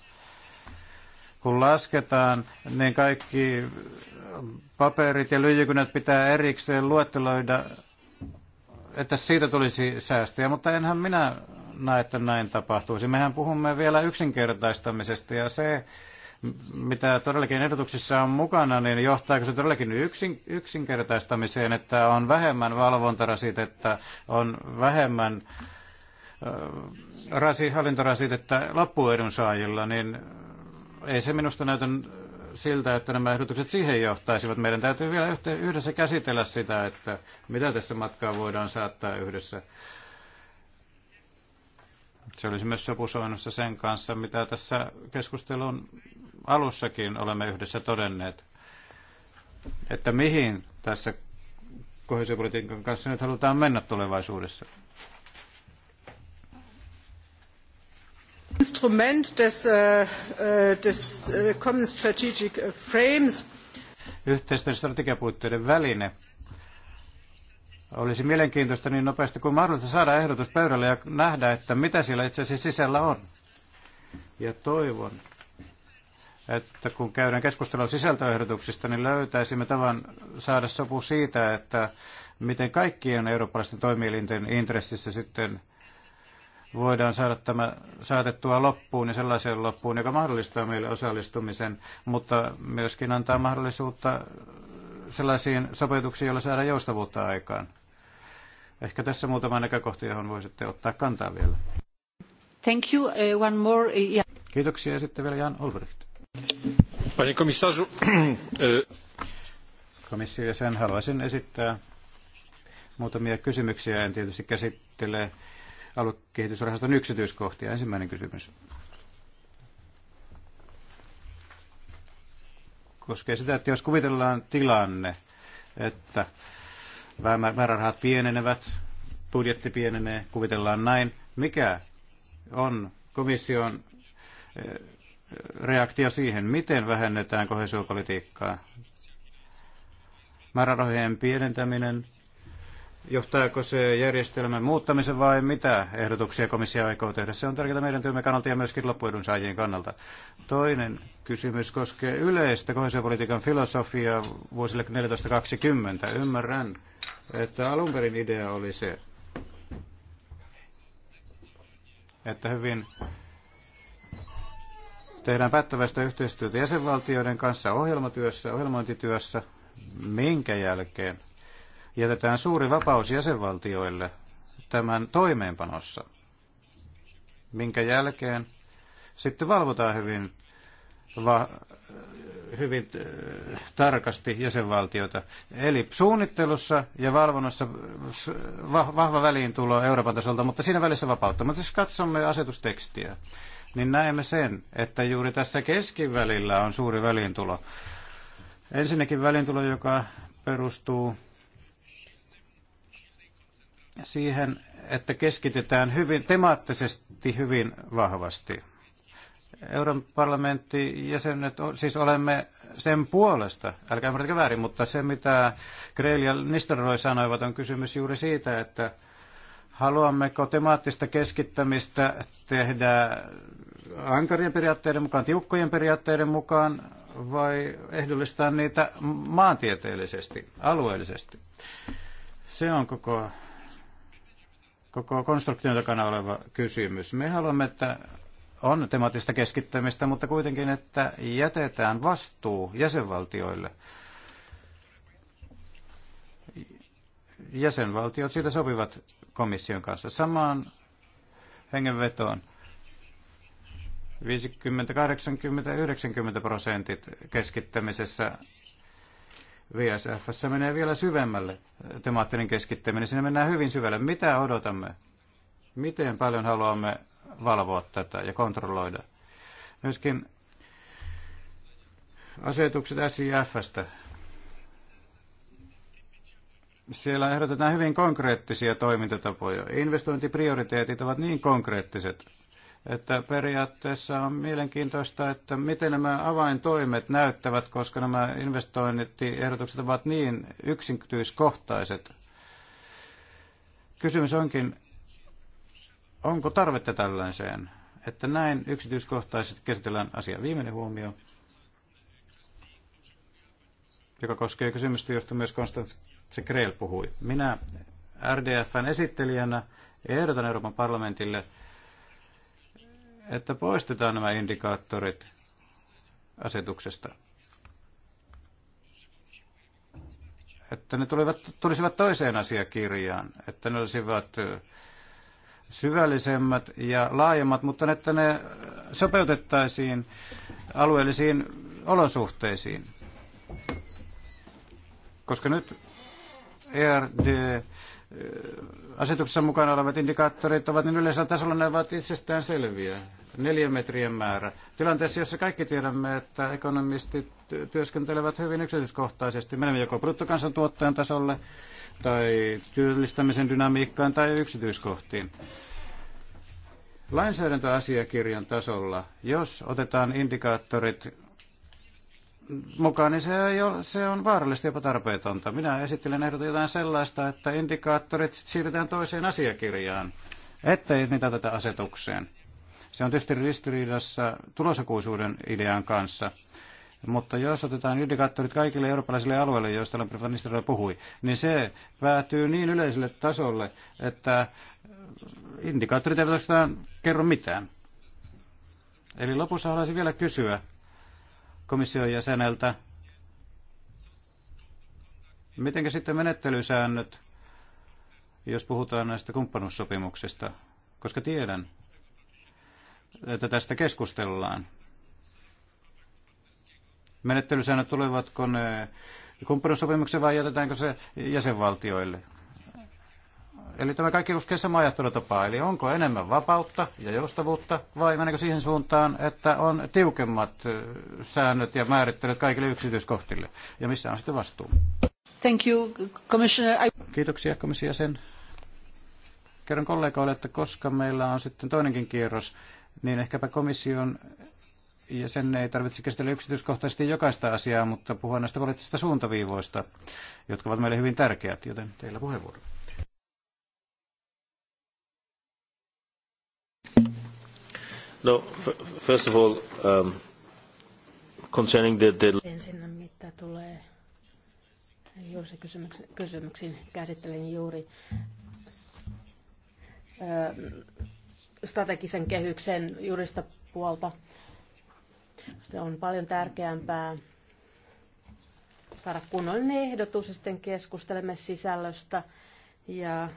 kun lasketaan, niin kaikki paperit ja lyijykynät pitää erikseen luetteloida että siitä tulisi säästöjä, mutta enhän minä näe, että näin tapahtuisi. Mehän puhumme vielä yksinkertaistamisesta ja se, mitä todellakin ehdotuksissa on mukana, niin johtaako se todellakin yksin, yksinkertaistamiseen, että on vähemmän valvontarasitetta, on vähemmän rasi, hallintorasitetta loppuedunsaajilla, niin ei se minusta näytä siltä, että nämä ehdotukset siihen johtaisivat. Meidän täytyy vielä yhdessä käsitellä sitä, että mitä tässä matkaa voidaan saattaa yhdessä. Se olisi myös sopusoinnussa sen kanssa, mitä tässä keskustelun alussakin olemme yhdessä todenneet, että mihin tässä kohesiopolitiikan kanssa nyt halutaan mennä tulevaisuudessa. Instrument des, äh, äh, des Common äh, Strategic Frames. Yhteisten strategiapuitteiden väline. Olisi mielenkiintoista niin nopeasti kuin mahdollista saada ehdotus pöydälle ja nähdä, että mitä siellä itse asiassa sisällä on. Ja toivon, että kun käydään keskustelua sisältöehdotuksista, niin löytäisimme tavan saada sopu siitä, että miten kaikkien eurooppalaisten toimielinten intressissä sitten – voidaan saada tämä saatettua loppuun ja sellaiseen loppuun, joka mahdollistaa meille osallistumisen, mutta myöskin antaa mahdollisuutta sellaisiin sopeutuksiin, joilla saadaan joustavuutta aikaan. Ehkä tässä muutama näkökohta, johon voisitte ottaa kantaa vielä. Thank you. Uh, one more. Uh, yeah. Kiitoksia ja sitten vielä Jan Olbricht. Panie komisarzu, e- komissio sen haluaisin esittää muutamia kysymyksiä. En tietysti käsittele aluekehitysrahaston yksityiskohtia. Ensimmäinen kysymys. Koskee sitä, että jos kuvitellaan tilanne, että määrärahat pienenevät, budjetti pienenee, kuvitellaan näin. Mikä on komission eh, reaktio siihen, miten vähennetään kohesiopolitiikkaa? Määrärahojen pienentäminen Johtaako se järjestelmän muuttamisen vai mitä ehdotuksia komissio aikoo tehdä? Se on tärkeää meidän työmme kannalta ja myöskin loppuedun saajien kannalta. Toinen kysymys koskee yleistä kohesiopolitiikan filosofiaa vuosille 1420. Ymmärrän, että alun perin idea oli se, että hyvin tehdään päättävästä yhteistyötä jäsenvaltioiden kanssa ohjelmatyössä, ohjelmointityössä, minkä jälkeen jätetään suuri vapaus jäsenvaltioille tämän toimeenpanossa, minkä jälkeen sitten valvotaan hyvin, va, hyvin äh, tarkasti jäsenvaltiota. Eli suunnittelussa ja valvonnassa va, vahva väliintulo Euroopan tasolta, mutta siinä välissä vapautta. Mutta jos katsomme asetustekstiä, niin näemme sen, että juuri tässä keskivälillä on suuri väliintulo. Ensinnäkin väliintulo, joka perustuu siihen, että keskitetään hyvin, temaattisesti hyvin vahvasti. Euroopan parlamentin jäsenet, siis olemme sen puolesta, älkää ymmärtäkö väärin, mutta se mitä Kreil ja Nisteroi sanoivat on kysymys juuri siitä, että haluammeko temaattista keskittämistä tehdä ankarien periaatteiden mukaan, tiukkojen periaatteiden mukaan vai ehdollistaa niitä maantieteellisesti, alueellisesti. Se on koko koko konstruktion takana oleva kysymys. Me haluamme, että on temaattista keskittämistä, mutta kuitenkin, että jätetään vastuu jäsenvaltioille. Jäsenvaltiot siitä sopivat komission kanssa samaan hengenvetoon. 50, 80, 90 prosentit keskittämisessä VSFssä menee vielä syvemmälle eh, temaattinen keskittäminen. Siinä mennään hyvin syvälle. Mitä odotamme? Miten paljon haluamme valvoa tätä ja kontrolloida? Myöskin asetukset SIFstä. Siellä ehdotetaan hyvin konkreettisia toimintatapoja. Investointiprioriteetit ovat niin konkreettiset, että periaatteessa on mielenkiintoista, että miten nämä avaintoimet näyttävät, koska nämä investointiehdotukset ovat niin yksityiskohtaiset. Kysymys onkin, onko tarvetta tällaiseen, että näin yksityiskohtaisesti käsitellään asia. Viimeinen huomio, joka koskee kysymystä, josta myös Konstantse Kreel puhui. Minä RDFn esittelijänä ehdotan Euroopan parlamentille – että poistetaan nämä indikaattorit asetuksesta. Että ne tulivat, tulisivat toiseen asiakirjaan, että ne olisivat syvällisemmät ja laajemmat, mutta että ne sopeutettaisiin alueellisiin olosuhteisiin. Koska nyt ERD eh, asetuksessa mukana olevat indikaattorit ovat niin yleisellä tasolla, ne ovat itsestään selviä neliömetrien määrä. Tilanteessa, jossa kaikki tiedämme, että ekonomistit työskentelevät hyvin yksityiskohtaisesti. Menemme joko bruttokansantuotteen tasolle tai työllistämisen dynamiikkaan tai yksityiskohtiin. Lainsäädäntöasiakirjan tasolla, jos otetaan indikaattorit mukaan, niin se, ei ole, se on vaarallista jopa tarpeetonta. Minä esittelen ehdotan jotain sellaista, että indikaattorit siirretään toiseen asiakirjaan, ettei niitä tätä asetukseen. Se on tietysti ristiriidassa tulosakuisuuden idean kanssa. Mutta jos otetaan indikaattorit kaikille eurooppalaisille alueille, joista Lamprefanistrolla puhui, niin se päätyy niin yleiselle tasolle, että indikaattorit eivät oikeastaan kerro mitään. Eli lopussa haluaisin vielä kysyä komission jäseneltä, miten sitten menettelysäännöt, jos puhutaan näistä kumppanuussopimuksista, koska tiedän, että tästä keskustellaan. Menettelysäännöt tulevatko ne kumppanuussopimuksen vai jätetäänkö se jäsenvaltioille? Eli tämä kaikki koskee samaa ajattelutapaa. Eli onko enemmän vapautta ja joustavuutta vai meneekö siihen suuntaan, että on tiukemmat säännöt ja määrittelyt kaikille yksityiskohtille? Ja missä on sitten vastuu? Thank you, Commissioner. I... Kiitoksia komission jäsen. Kerron kollegoille, että koska meillä on sitten toinenkin kierros, niin ehkäpä komission ja sen ei tarvitse käsitellä yksityiskohtaisesti jokaista asiaa, mutta puhua näistä poliittisista suuntaviivoista, jotka ovat meille hyvin tärkeät, joten teillä puheenvuoro. No, first of all, um, concerning the, the... ensin, mitä tulee juuri kysymyksiin, kysymyksiin käsittelin juuri strategisen kehyksen juurista puolta. Se on paljon tärkeämpää saada kunnollinen ehdotus ja sitten keskustelemme sisällöstä. Ja,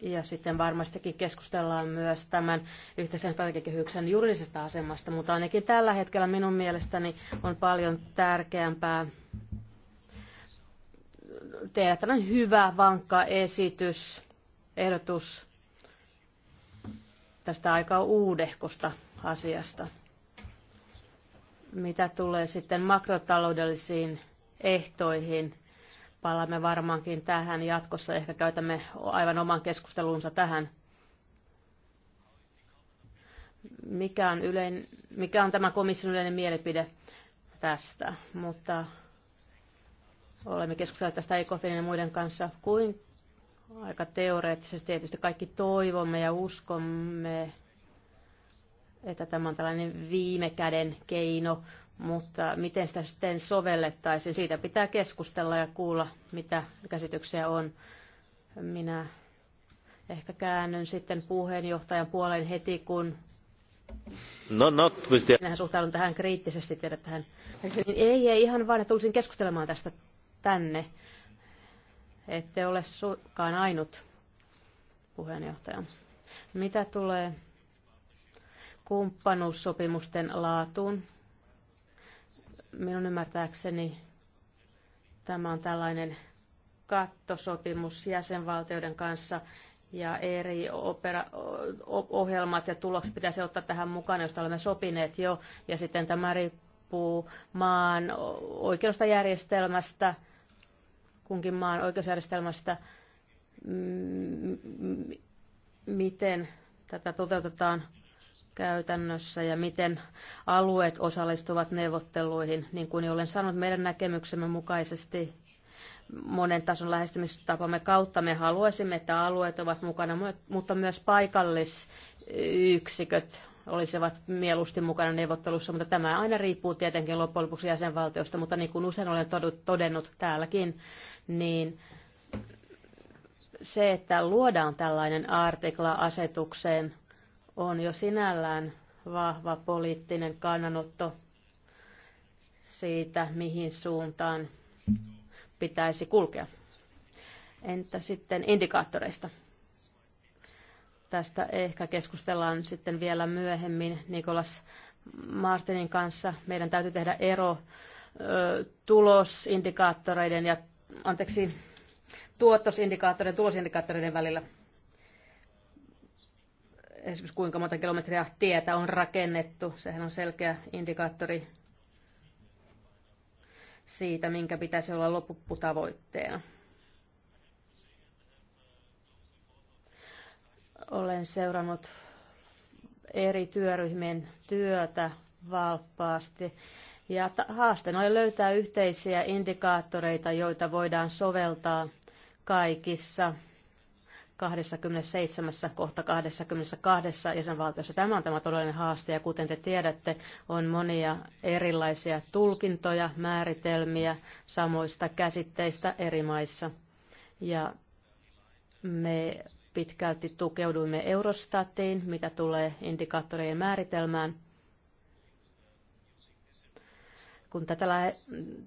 ja sitten varmastikin keskustellaan myös tämän yhteisen strategikehyksen juridisesta asemasta, mutta ainakin tällä hetkellä minun mielestäni on paljon tärkeämpää tehdä tällainen hyvä, vankka esitys, ehdotus tästä aika uudehkosta asiasta. Mitä tulee sitten makrotaloudellisiin ehtoihin, palaamme varmaankin tähän jatkossa. Ehkä käytämme aivan oman keskustelunsa tähän. Mikä on, ylein, mikä on tämä komission yleinen mielipide tästä? Mutta olemme keskustelleet tästä ECOFINin ja muiden kanssa. Kuin aika teoreettisesti. Tietysti kaikki toivomme ja uskomme, että tämä on tällainen viime käden keino, mutta miten sitä sitten sovellettaisiin, siitä pitää keskustella ja kuulla, mitä käsityksiä on. Minä ehkä käännyn sitten puheenjohtajan puoleen heti, kun No, not with the... suhtaudun tähän kriittisesti, tiedä tähän. Niin ei, ei, ihan vaan, että tulisin keskustelemaan tästä tänne. Ette ole suinkaan ainut puheenjohtaja. Mitä tulee kumppanuussopimusten laatuun? Minun ymmärtääkseni tämä on tällainen kattosopimus jäsenvaltioiden kanssa ja eri opera- ohjelmat ja tulokset pitäisi ottaa tähän mukaan, josta olemme sopineet jo. Ja sitten tämä riippuu maan oikeudesta järjestelmästä – kunkin maan oikeusjärjestelmästä, miten tätä toteutetaan käytännössä ja miten alueet osallistuvat neuvotteluihin. Niin kuin olen sanonut, meidän näkemyksemme mukaisesti monen tason lähestymistapamme kautta me haluaisimme, että alueet ovat mukana, mutta myös paikallisyksiköt olisivat mieluusti mukana neuvottelussa, mutta tämä aina riippuu tietenkin loppujen lopuksi jäsenvaltioista, mutta niin kuin usein olen todennut täälläkin, niin se, että luodaan tällainen artikla asetukseen, on jo sinällään vahva poliittinen kannanotto siitä, mihin suuntaan pitäisi kulkea. Entä sitten indikaattoreista? Tästä ehkä keskustellaan sitten vielä myöhemmin Nikolas Martinin kanssa. Meidän täytyy tehdä ero tulosindikaattoreiden ja anteeksi, tuottosindikaattoreiden ja tulosindikaattoreiden välillä. Esimerkiksi kuinka monta kilometriä tietä on rakennettu, sehän on selkeä indikaattori siitä, minkä pitäisi olla lopputavoitteena. Olen seurannut eri työryhmien työtä valppaasti. Ja haasteena oli löytää yhteisiä indikaattoreita, joita voidaan soveltaa kaikissa 27, kohta 22 jäsenvaltiossa. Tämä on tämä todellinen haaste ja kuten te tiedätte, on monia erilaisia tulkintoja, määritelmiä samoista käsitteistä eri maissa. Ja me Pitkälti tukeuduimme Eurostatiin, mitä tulee indikaattorien määritelmään. Kun tätä, lähe,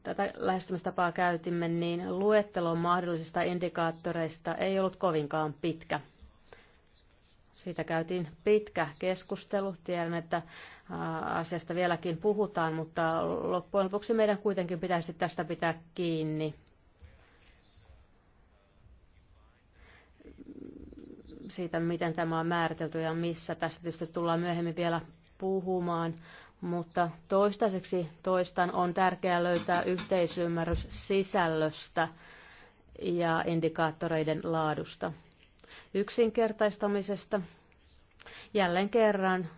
tätä lähestymistapaa käytimme, niin luettelo mahdollisista indikaattoreista ei ollut kovinkaan pitkä. Siitä käytiin pitkä keskustelu. Tiedän, että asiasta vieläkin puhutaan, mutta loppujen lopuksi meidän kuitenkin pitäisi tästä pitää kiinni siitä, miten tämä on määritelty ja missä. Tästä tietysti tullaan myöhemmin vielä puhumaan, mutta toistaiseksi toistan on tärkeää löytää yhteisymmärrys sisällöstä ja indikaattoreiden laadusta. Yksinkertaistamisesta jälleen kerran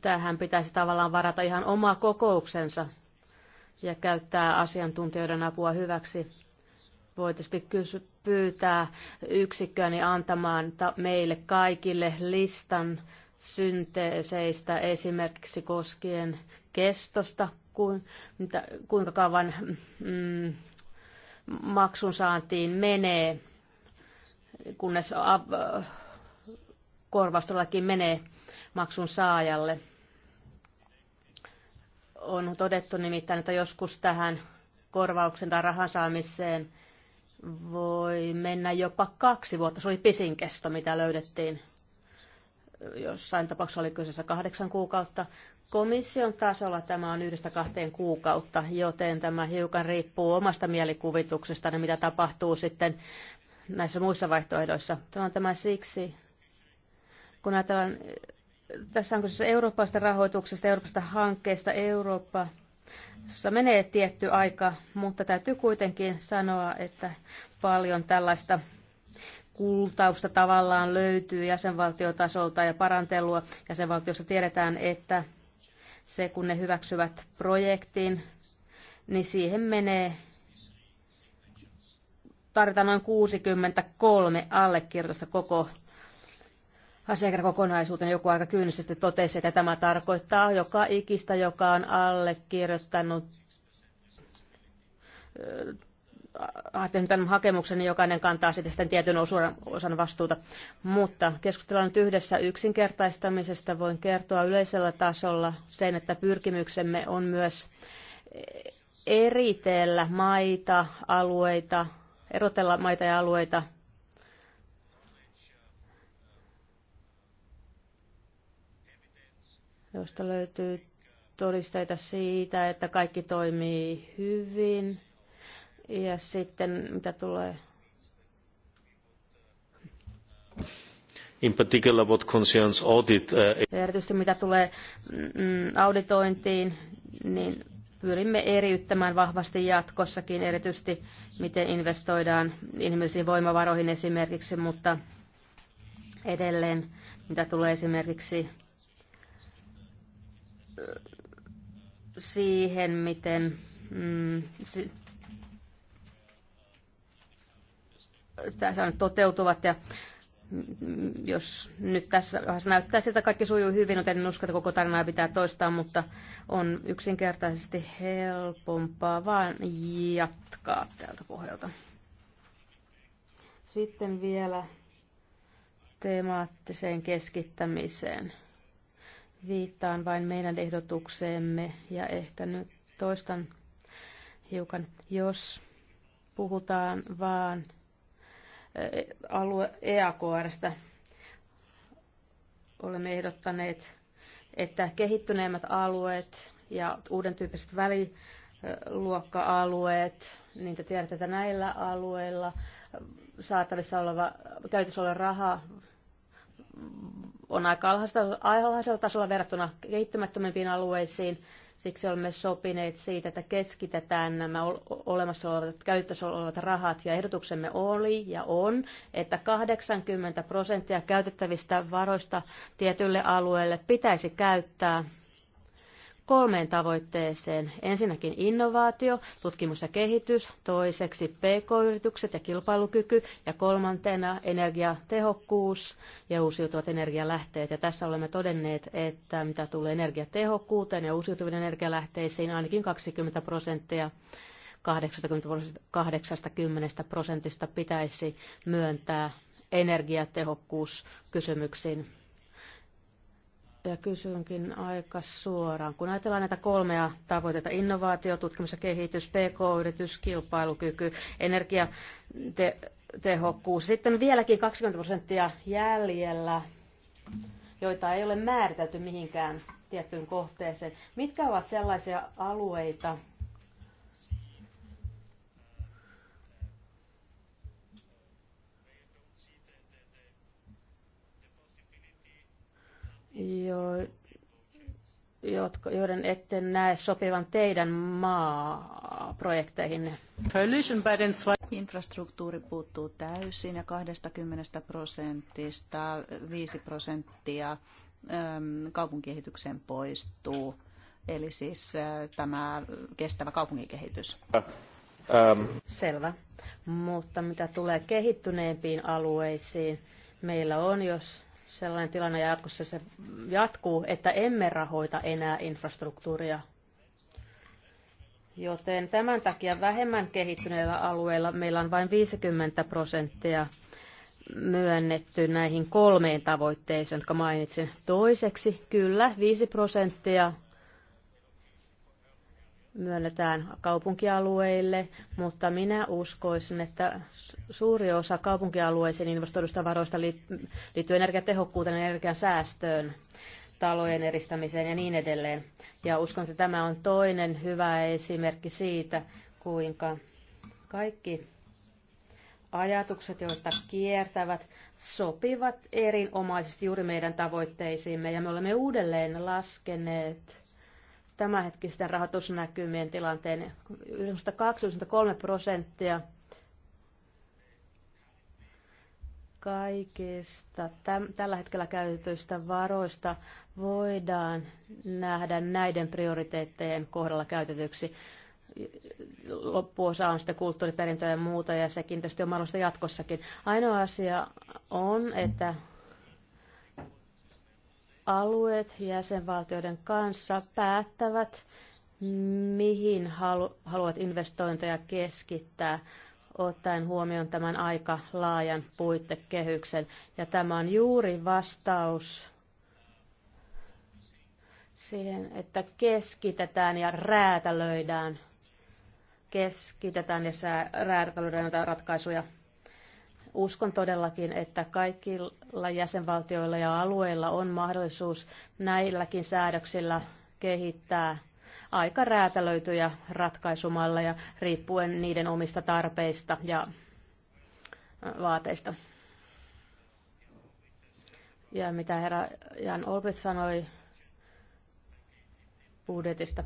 tähän pitäisi tavallaan varata ihan oma kokouksensa ja käyttää asiantuntijoiden apua hyväksi voitaisiin kysy, pyytää yksikköäni antamaan meille kaikille listan synteeseistä esimerkiksi koskien kestosta, ku- mitä, kuinka kauan mm, maksun saantiin menee, kunnes ab, korvaus todellakin menee maksun saajalle. On todettu nimittäin, että joskus tähän korvauksen tai rahan saamiseen voi mennä jopa kaksi vuotta. Se oli pisin kesto, mitä löydettiin. Jossain tapauksessa oli kyseessä kahdeksan kuukautta. Komission tasolla tämä on yhdestä kahteen kuukautta, joten tämä hiukan riippuu omasta mielikuvituksesta, niin mitä tapahtuu sitten näissä muissa vaihtoehdoissa. Sanon tämä siksi, kun ajatellaan, tässä on kyseessä eurooppalaisesta rahoituksesta, eurooppalaisesta hankkeesta, Eurooppa – se menee tietty aika, mutta täytyy kuitenkin sanoa, että paljon tällaista kultausta tavallaan löytyy jäsenvaltiotasolta ja parantelua. Jäsenvaltiossa tiedetään, että se kun ne hyväksyvät projektin, niin siihen menee tarvitaan noin 63 allekirjoitusta koko asiakirjakokonaisuuteen. Joku aika kyynisesti totesi, että tämä tarkoittaa joka ikistä, joka on allekirjoittanut tämän hakemuksen, niin jokainen kantaa sitten, sitten tietyn osan vastuuta. Mutta keskustellaan nyt yhdessä yksinkertaistamisesta. Voin kertoa yleisellä tasolla sen, että pyrkimyksemme on myös eritellä maita, alueita, erotella maita ja alueita josta löytyy todisteita siitä, että kaikki toimii hyvin. Ja sitten mitä tulee in particular what concerns audit. Uh, erityisesti mitä tulee mm, auditointiin, niin pyrimme eriyttämään vahvasti jatkossakin, erityisesti miten investoidaan inhimillisiin voimavaroihin esimerkiksi, mutta edelleen mitä tulee esimerkiksi siihen, miten mm, si- tässä on toteutuvat ja mm, jos nyt tässä näyttää siltä, että kaikki sujuu hyvin, joten en usko, että koko tarinaa pitää toistaa, mutta on yksinkertaisesti helpompaa vaan jatkaa tältä pohjalta. Sitten vielä temaattiseen keskittämiseen. Viittaan vain meidän ehdotukseemme ja ehkä nyt toistan hiukan, jos puhutaan vaan eh, alue EAKRstä. Olemme ehdottaneet, että kehittyneemmät alueet ja uuden tyyppiset väliluokka-alueet, niin te tiedätte, että näillä alueilla saatavissa oleva, käytössä oleva raha on aika alhaisella, tasolla verrattuna kehittymättömämpiin alueisiin. Siksi olemme sopineet siitä, että keskitetään nämä olemassa olevat, käytössä olevat rahat. Ja ehdotuksemme oli ja on, että 80 prosenttia käytettävistä varoista tietylle alueelle pitäisi käyttää kolmeen tavoitteeseen. Ensinnäkin innovaatio, tutkimus ja kehitys, toiseksi pk-yritykset ja kilpailukyky ja kolmantena energiatehokkuus ja uusiutuvat energialähteet. Ja tässä olemme todenneet, että mitä tulee energiatehokkuuteen ja uusiutuvien energialähteisiin, ainakin 20 prosenttia 80 prosentista pitäisi myöntää energiatehokkuuskysymyksiin ja kysynkin aika suoraan. Kun ajatellaan näitä kolmea tavoitetta, innovaatio, tutkimus ja kehitys, pk-yritys, kilpailukyky, energiatehokkuus, sitten vieläkin 20 prosenttia jäljellä, joita ei ole määritelty mihinkään tiettyyn kohteeseen. Mitkä ovat sellaisia alueita, jo, jotka, joiden ette näe sopivan teidän maaprojekteihin? Infrastruktuuri puuttuu täysin ja 20 prosentista 5 prosenttia kaupunkikehitykseen poistuu. Eli siis tämä kestävä kaupunkikehitys. Ähm. Selvä. Mutta mitä tulee kehittyneempiin alueisiin, meillä on, jos sellainen tilanne jatkossa se jatkuu, että emme rahoita enää infrastruktuuria. Joten tämän takia vähemmän kehittyneillä alueilla meillä on vain 50 prosenttia myönnetty näihin kolmeen tavoitteeseen, jotka mainitsin. Toiseksi, kyllä, 5 prosenttia myönnetään kaupunkialueille, mutta minä uskoisin, että suuri osa kaupunkialueisiin investoidusta varoista liittyy energiatehokkuuteen ja energian säästöön talojen eristämiseen ja niin edelleen. Ja uskon, että tämä on toinen hyvä esimerkki siitä, kuinka kaikki ajatukset, joita kiertävät, sopivat erinomaisesti juuri meidän tavoitteisiimme. Ja me olemme uudelleen laskeneet tämänhetkisten rahoitusnäkymien tilanteen 92-93 prosenttia kaikista täm, tällä hetkellä käytetyistä varoista voidaan nähdä näiden prioriteettejen kohdalla käytetyksi. Loppuosa on sitten kulttuuriperintöä ja muuta, ja sekin tietysti on mahdollista jatkossakin. Ainoa asia on, että alueet jäsenvaltioiden kanssa päättävät, mihin halu- haluat investointeja keskittää, ottaen huomioon tämän aika laajan puitekehyksen. Ja tämä on juuri vastaus siihen, että keskitetään ja räätälöidään keskitetään ja räätälöidään näitä ratkaisuja Uskon todellakin, että kaikilla jäsenvaltioilla ja alueilla on mahdollisuus näilläkin säädöksillä kehittää aika räätälöityjä ratkaisumalleja riippuen niiden omista tarpeista ja vaateista. Ja mitä herra Jan Olbrit sanoi budjetista,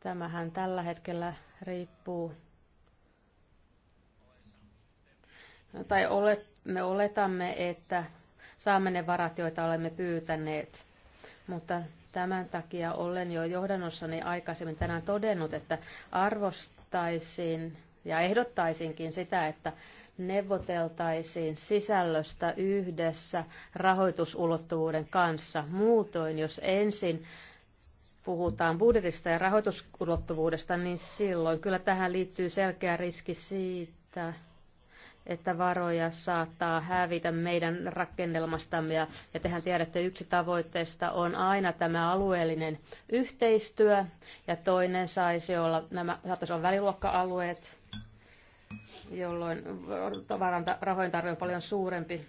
tämähän tällä hetkellä riippuu tai olet, me oletamme, että saamme ne varat, joita olemme pyytäneet. Mutta tämän takia olen jo johdannossani aikaisemmin tänään todennut, että arvostaisin ja ehdottaisinkin sitä, että neuvoteltaisiin sisällöstä yhdessä rahoitusulottuvuuden kanssa. Muutoin, jos ensin puhutaan budjetista ja rahoitusulottuvuudesta, niin silloin kyllä tähän liittyy selkeä riski siitä, että varoja saattaa hävitä meidän rakennelmastamme. Ja, ja tehän tiedätte, yksi tavoitteista on aina tämä alueellinen yhteistyö, ja toinen saisi olla, nämä saattaisi olla väliluokka-alueet, jolloin rahojen tarve on paljon suurempi.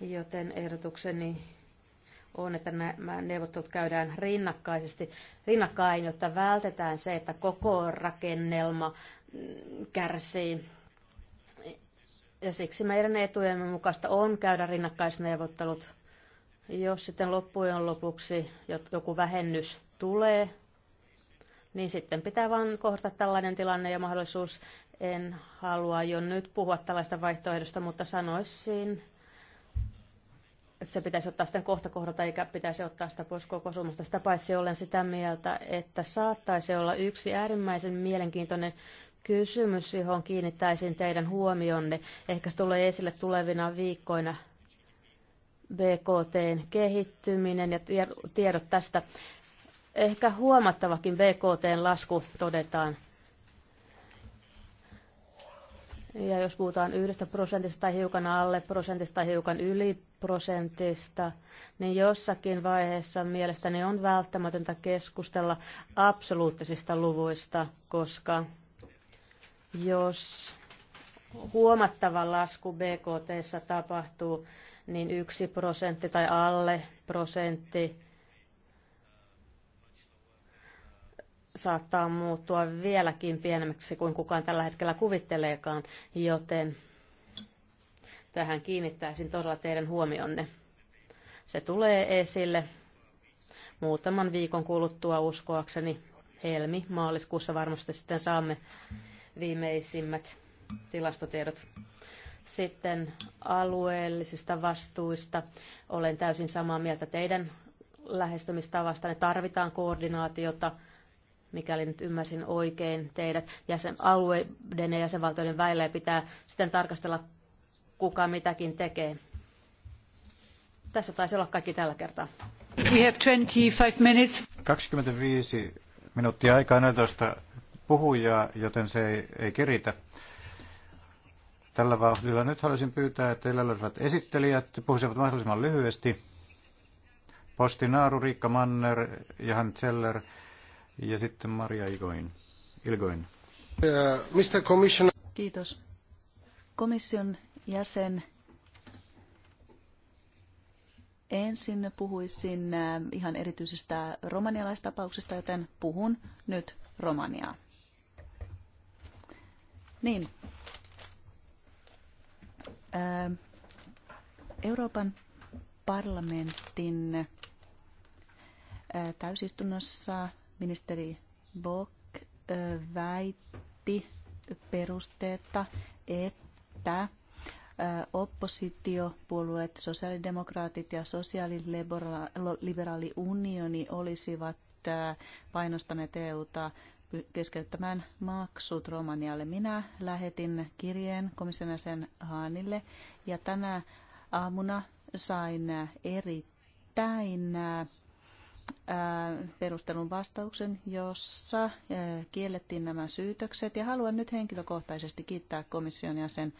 Joten ehdotukseni on, että nämä neuvottelut käydään rinnakkaisesti, rinnakkain, jotta vältetään se, että koko rakennelma kärsii. Ja siksi meidän etujemme mukaista on käydä rinnakkaisneuvottelut. Jos sitten loppujen lopuksi joku vähennys tulee, niin sitten pitää vain kohdata tällainen tilanne ja mahdollisuus. En halua jo nyt puhua tällaista vaihtoehdosta, mutta sanoisin, että se pitäisi ottaa sitten kohta kohdata, eikä pitäisi ottaa sitä pois koko summasta. Sitä paitsi olen sitä mieltä, että saattaisi olla yksi äärimmäisen mielenkiintoinen kysymys, johon kiinnittäisin teidän huomionne. Ehkä se tulee esille tulevina viikkoina BKTn kehittyminen ja tiedot tästä. Ehkä huomattavakin BKTn lasku todetaan. Ja jos puhutaan yhdestä prosentista tai hiukan alle prosentista tai hiukan yli prosentista, niin jossakin vaiheessa mielestäni on välttämätöntä keskustella absoluuttisista luvuista, koska jos huomattava lasku BKT tapahtuu, niin yksi prosentti tai alle prosentti saattaa muuttua vieläkin pienemmäksi kuin kukaan tällä hetkellä kuvitteleekaan, joten tähän kiinnittäisin todella teidän huomionne. Se tulee esille muutaman viikon kuluttua uskoakseni helmi-maaliskuussa varmasti sitten saamme viimeisimmät tilastotiedot. Sitten alueellisista vastuista. Olen täysin samaa mieltä teidän lähestymistavasta, ne Tarvitaan koordinaatiota, mikäli nyt ymmärsin oikein teidät. Jäsen, alueiden ja jäsenvaltioiden väillä ja pitää sitten tarkastella, kuka mitäkin tekee. Tässä taisi olla kaikki tällä kertaa. We have 25 minutes. 25 minuuttia aikaa 14 puhujaa, joten se ei, ei keritä tällä vauhdilla. Nyt haluaisin pyytää, että teillä olisivat esittelijät, puhuisivat mahdollisimman lyhyesti. Posti Naaru, Riikka Manner, Johan Zeller ja sitten Maria Igoin. Ilgoin. Uh, Mr. Commissioner. Kiitos. Komission jäsen ensin puhuisin äh, ihan erityisestä romanialaistapauksesta, joten puhun nyt romaniaa. Niin. Ähm, Euroopan parlamentin äh, täysistunnossa ministeri Bock äh, väitti perusteetta, että äh, oppositiopuolueet, sosiaalidemokraatit ja sosiaaliliberaali unioni olisivat painostaneet EUta keskeyttämään maksut Romanialle. Minä lähetin kirjeen komission jäsen Haanille ja tänä aamuna sain erittäin äh, perustelun vastauksen, jossa äh, kiellettiin nämä syytökset. Ja haluan nyt henkilökohtaisesti kiittää komission jäsen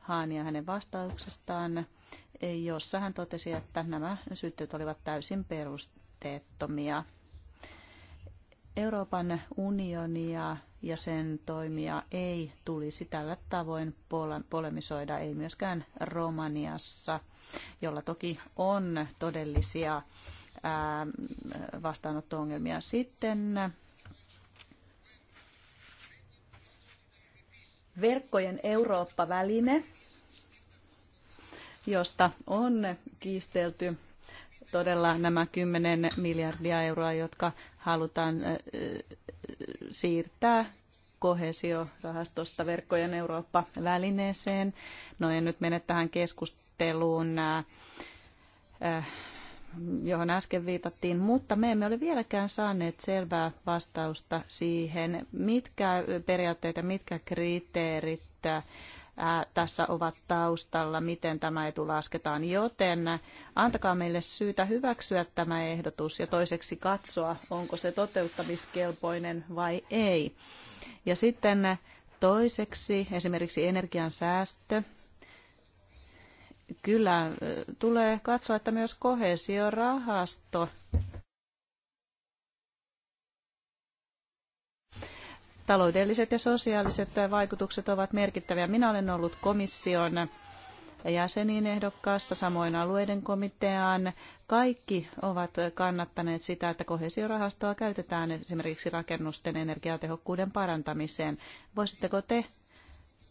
Haania hänen vastauksestaan, jossa hän totesi, että nämä syytteet olivat täysin perusteettomia. Euroopan unionia ja sen toimia ei tulisi tällä tavoin polemisoida, ei myöskään Romaniassa, jolla toki on todellisia vastaanotto-ongelmia. Sitten verkkojen Eurooppa-väline, josta on kiistelty todella nämä 10 miljardia euroa, jotka halutaan siirtää kohesiorahastosta verkkojen Eurooppa-välineeseen. No en nyt mene tähän keskusteluun, johon äsken viitattiin, mutta me emme ole vieläkään saaneet selvää vastausta siihen, mitkä periaatteet ja mitkä kriteerit tässä ovat taustalla, miten tämä etu lasketaan. Joten antakaa meille syytä hyväksyä tämä ehdotus ja toiseksi katsoa, onko se toteuttamiskelpoinen vai ei. Ja sitten toiseksi esimerkiksi energian säästö. Kyllä tulee katsoa, että myös kohesiorahasto rahasto taloudelliset ja sosiaaliset vaikutukset ovat merkittäviä. Minä olen ollut komission jäseniin ehdokkaassa, samoin alueiden komiteaan. Kaikki ovat kannattaneet sitä, että kohesiorahastoa käytetään esimerkiksi rakennusten energiatehokkuuden parantamiseen. Voisitteko te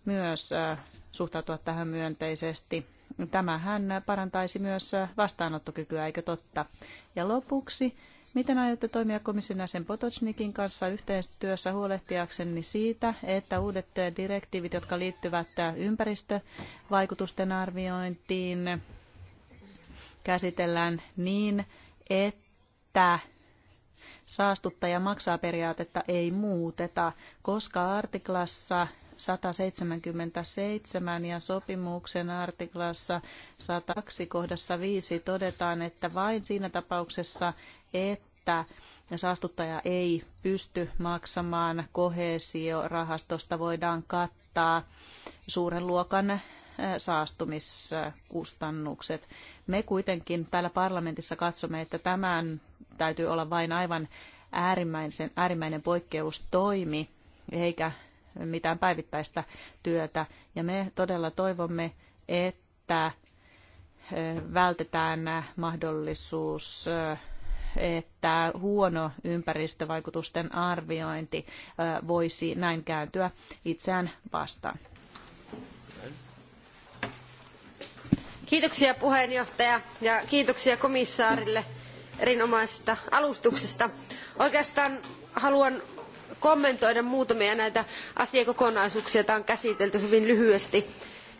myös äh, suhtautua tähän myönteisesti? Tämähän parantaisi myös vastaanottokykyä, eikö totta? Ja lopuksi Miten aiotte toimia komission jäsen Potocnikin kanssa yhteistyössä huolehtiakseni siitä, että uudet direktiivit, jotka liittyvät ympäristövaikutusten arviointiin, käsitellään niin, että saastuttaja maksaa periaatetta ei muuteta, koska artiklassa 177 ja sopimuksen artiklassa 102 kohdassa 5 todetaan, että vain siinä tapauksessa, että saastuttaja ei pysty maksamaan kohesiorahastosta, voidaan kattaa suuren luokan eh, saastumiskustannukset. Me kuitenkin täällä parlamentissa katsomme, että tämän täytyy olla vain aivan äärimmäisen, äärimmäinen poikkeustoimi, eikä mitään päivittäistä työtä. Ja me todella toivomme, että eh, vältetään mahdollisuus eh, että huono ympäristövaikutusten arviointi voisi näin kääntyä itseään vastaan. Kiitoksia puheenjohtaja ja kiitoksia komissaarille erinomaisesta alustuksesta. Oikeastaan haluan kommentoida muutamia näitä asiakokonaisuuksia, joita on käsitelty hyvin lyhyesti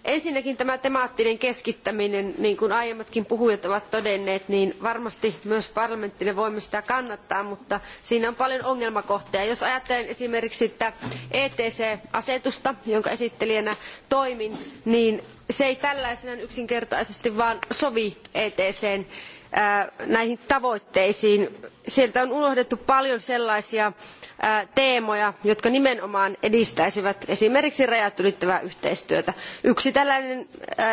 Ensinnäkin tämä temaattinen keskittäminen, niin kuin aiemmatkin puhujat ovat todenneet, niin varmasti myös parlamenttina voimme sitä kannattaa, mutta siinä on paljon ongelmakohtia. Jos ajattelen esimerkiksi ETS: ETC-asetusta, jonka esittelijänä toimin, niin se ei tällaisenaan yksinkertaisesti vaan sovi ETCn näihin tavoitteisiin. sieltä on unohdettu paljon sellaisia teemoja jotka nimenomaan edistäisivät esimerkiksi rajat ylittävää yhteistyötä. yksi tällainen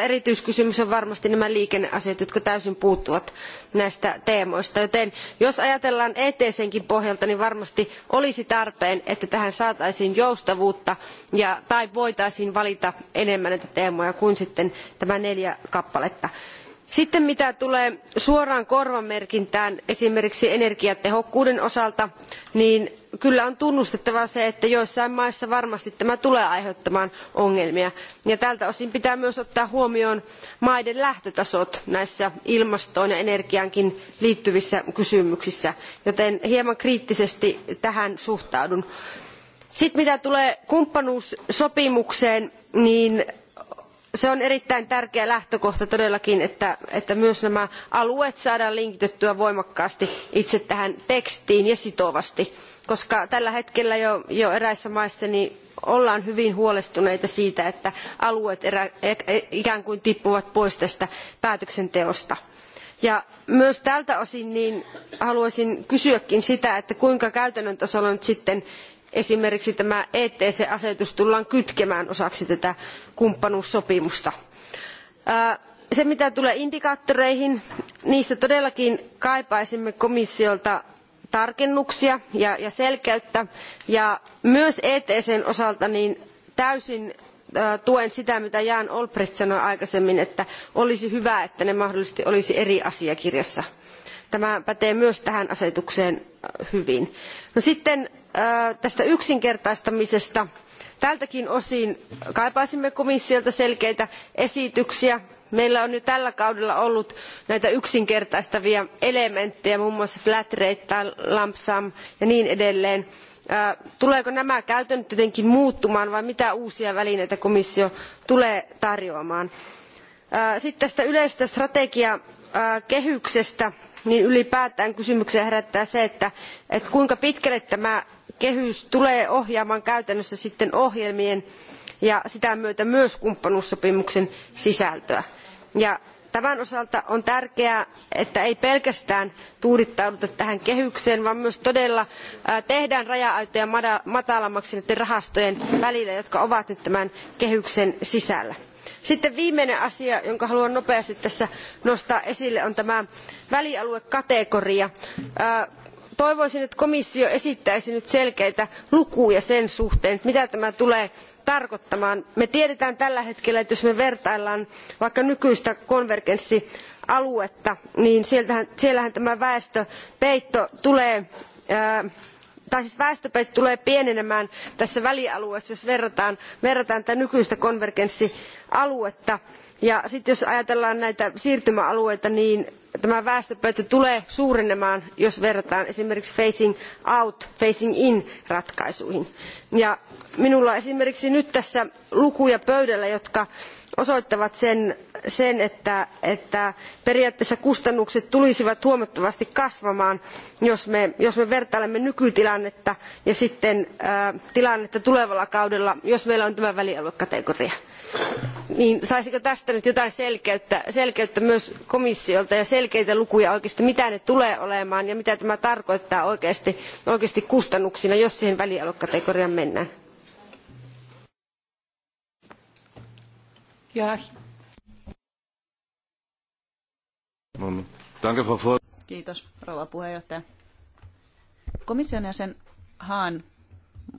erityiskysymys on varmasti nämä liikenneasiat jotka täysin puuttuvat näistä teemoista joten jos ajatellaan etsenkin pohjalta niin varmasti olisi tarpeen että tähän saataisiin joustavuutta ja, tai voitaisiin valita enemmän näitä teemoja kuin sitten tämä neljä kappaletta sitten mitä tulee suoraan korvamerkintään esimerkiksi energiatehokkuuden osalta niin kyllä on tunnustettava se että joissain maissa varmasti tämä tulee aiheuttamaan ongelmia ja tältä osin pitää myös ottaa huomioon maiden lähtötasot näissä ilmastoon ja energiaankin liittyvissä kysymyksissä joten hieman kriittisesti tähän suhtaudun. sitten mitä tulee kumppanuussopimukseen niin se on erittäin tärkeä lähtökohta todellakin että, että myös nämä alueet saadaan linkitettyä voimakkaasti itse tähän tekstiin ja sitovasti koska tällä hetkellä jo, jo eräissä maissa niin ollaan hyvin huolestuneita siitä että alueet e, e, ikään kuin tippuvat pois tästä päätöksenteosta. Ja myös tältä osin niin haluaisin kysyäkin sitä että kuinka käytännön tasolla nyt sitten esimerkiksi tämä ets asetus tullaan kytkemään osaksi tätä kumppanuussopimusta. se mitä tulee indikaattoreihin niissä todellakin kaipaisimme komissiolta tarkennuksia ja selkeyttä ja myös ETS: n osalta niin täysin tuen sitä mitä jan olbrycht sanoi aikaisemmin että olisi hyvä että ne mahdollisesti olisi eri asiakirjassa. tämä pätee myös tähän asetukseen hyvin. No sitten tästä yksinkertaistamisesta. tältäkin osin kaipaisimme komissiolta selkeitä esityksiä. meillä on jo tällä kaudella ollut näitä yksinkertaistavia elementtejä muun muassa flat rate tai lump sum ja niin edelleen. tuleeko nämä käytännöt jotenkin muuttumaan vai mitä uusia välineitä komissio tulee tarjoamaan? sitten tästä yleisestä strategiakehyksestä niin ylipäätään kysymyksiä herättää se että kuinka pitkälle tämä kehys tulee ohjaamaan käytännössä sitten ohjelmien ja sitä myötä myös kumppanuussopimuksen sisältöä. tämän osalta on tärkeää että ei pelkästään tuudittauduta tähän kehykseen vaan myös todella tehdään raja aitoja matalammaksi näiden rahastojen välillä jotka ovat nyt tämän kehyksen sisällä. sitten viimeinen asia jonka haluan nopeasti tässä nostaa esille on tämä välialuekategoria toivoisin että komissio esittäisi nyt selkeitä lukuja sen suhteen mitä tämä tulee tarkoittamaan. me tiedämme tällä hetkellä että jos me vertailemme vaikka nykyistä konvergenssialuetta niin siellähän, siellähän tämä väestöpeitto tulee tai siis väestöpeitto tulee pienenemään tässä välialueessa jos verrataan, verrataan tätä nykyistä konvergenssialuetta. ja sitten jos ajatellaan näitä siirtymäalueita niin tämä väestöpöytä tulee suurenemaan jos verrataan esimerkiksi facing out facing in ratkaisuihin. minulla on esimerkiksi nyt tässä lukuja pöydällä jotka osoittavat sen, että, periaatteessa kustannukset tulisivat huomattavasti kasvamaan, jos me, vertailemme nykytilannetta ja sitten tilannetta tulevalla kaudella, jos meillä on tämä välialuekategoria. Niin saisiko tästä nyt jotain selkeyttä, myös komissiolta ja selkeitä lukuja oikeasti, mitä ne tulee olemaan ja mitä tämä tarkoittaa oikeasti, oikeasti kustannuksina, jos siihen välialuekategoriaan mennään? Joachim. Kiitos, rouva puheenjohtaja. Komission jäsen Haan,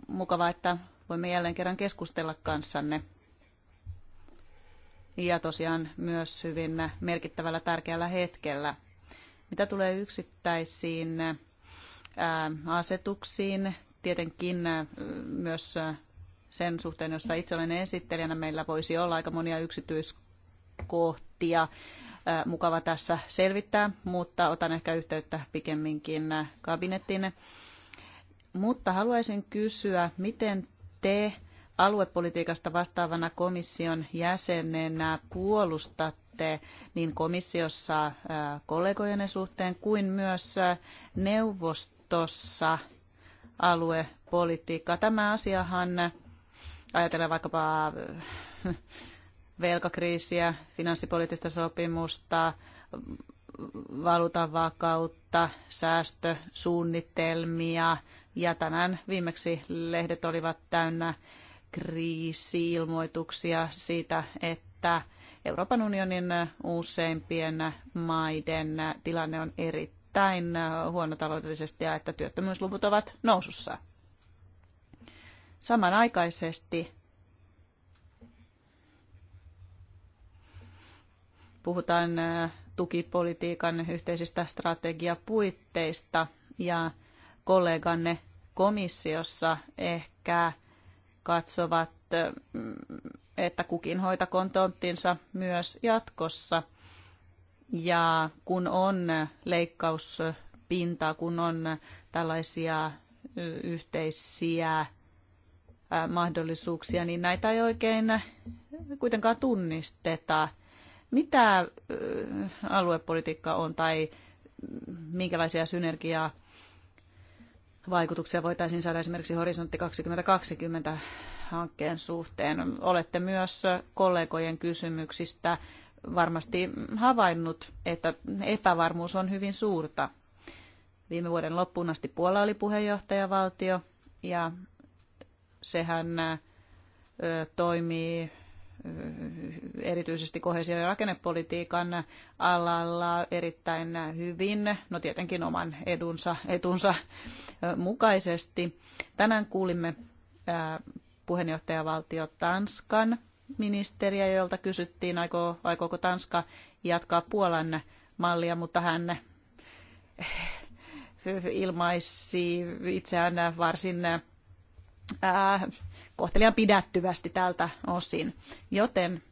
mukavaa, että voimme jälleen kerran keskustella kanssanne. Ja tosiaan myös hyvin merkittävällä tärkeällä hetkellä. Mitä tulee yksittäisiin asetuksiin, tietenkin myös sen suhteen, jossa itse olen esittelijänä, meillä voisi olla aika monia yksityiskohtia mukava tässä selvittää, mutta otan ehkä yhteyttä pikemminkin kabinettiin. Mutta haluaisin kysyä, miten te aluepolitiikasta vastaavana komission jäsenenä puolustatte niin komissiossa kollegojenne suhteen kuin myös neuvostossa aluepolitiikkaa. Tämä asiahan ajatellaan vaikkapa eh, velkakriisiä, finanssipoliittista sopimusta, valuutan vakautta, säästösuunnitelmia ja tänään viimeksi lehdet olivat täynnä kriisiilmoituksia siitä, että Euroopan unionin useimpien maiden tilanne on erittäin huono taloudellisesti ja että työttömyysluvut ovat nousussa. Samanaikaisesti puhutaan äh, tukipolitiikan yhteisistä strategiapuitteista ja kolleganne komissiossa ehkä katsovat, äh, että kukin hoitakoon tonttinsa myös jatkossa. Ja kun on leikkauspintaa, kun on tällaisia äh, yhteisiä mahdollisuuksia, niin näitä ei oikein kuitenkaan tunnisteta. Mitä aluepolitiikka on tai minkälaisia synergiaa vaikutuksia voitaisiin saada esimerkiksi Horisontti 2020 hankkeen suhteen. Olette myös kollegojen kysymyksistä varmasti havainnut, että epävarmuus on hyvin suurta. Viime vuoden loppuun asti Puola oli puheenjohtajavaltio ja sehän toimii erityisesti kohesio- ja rakennepolitiikan alalla erittäin hyvin, no tietenkin oman edunsa, etunsa mukaisesti. Tänään kuulimme puheenjohtajavaltio Tanskan ministeriä, jolta kysyttiin, aiko, aikooko Tanska jatkaa Puolan mallia, mutta hän eh, ilmaisi itseään varsin ää, äh, kohtelijan pidättyvästi tältä osin. Joten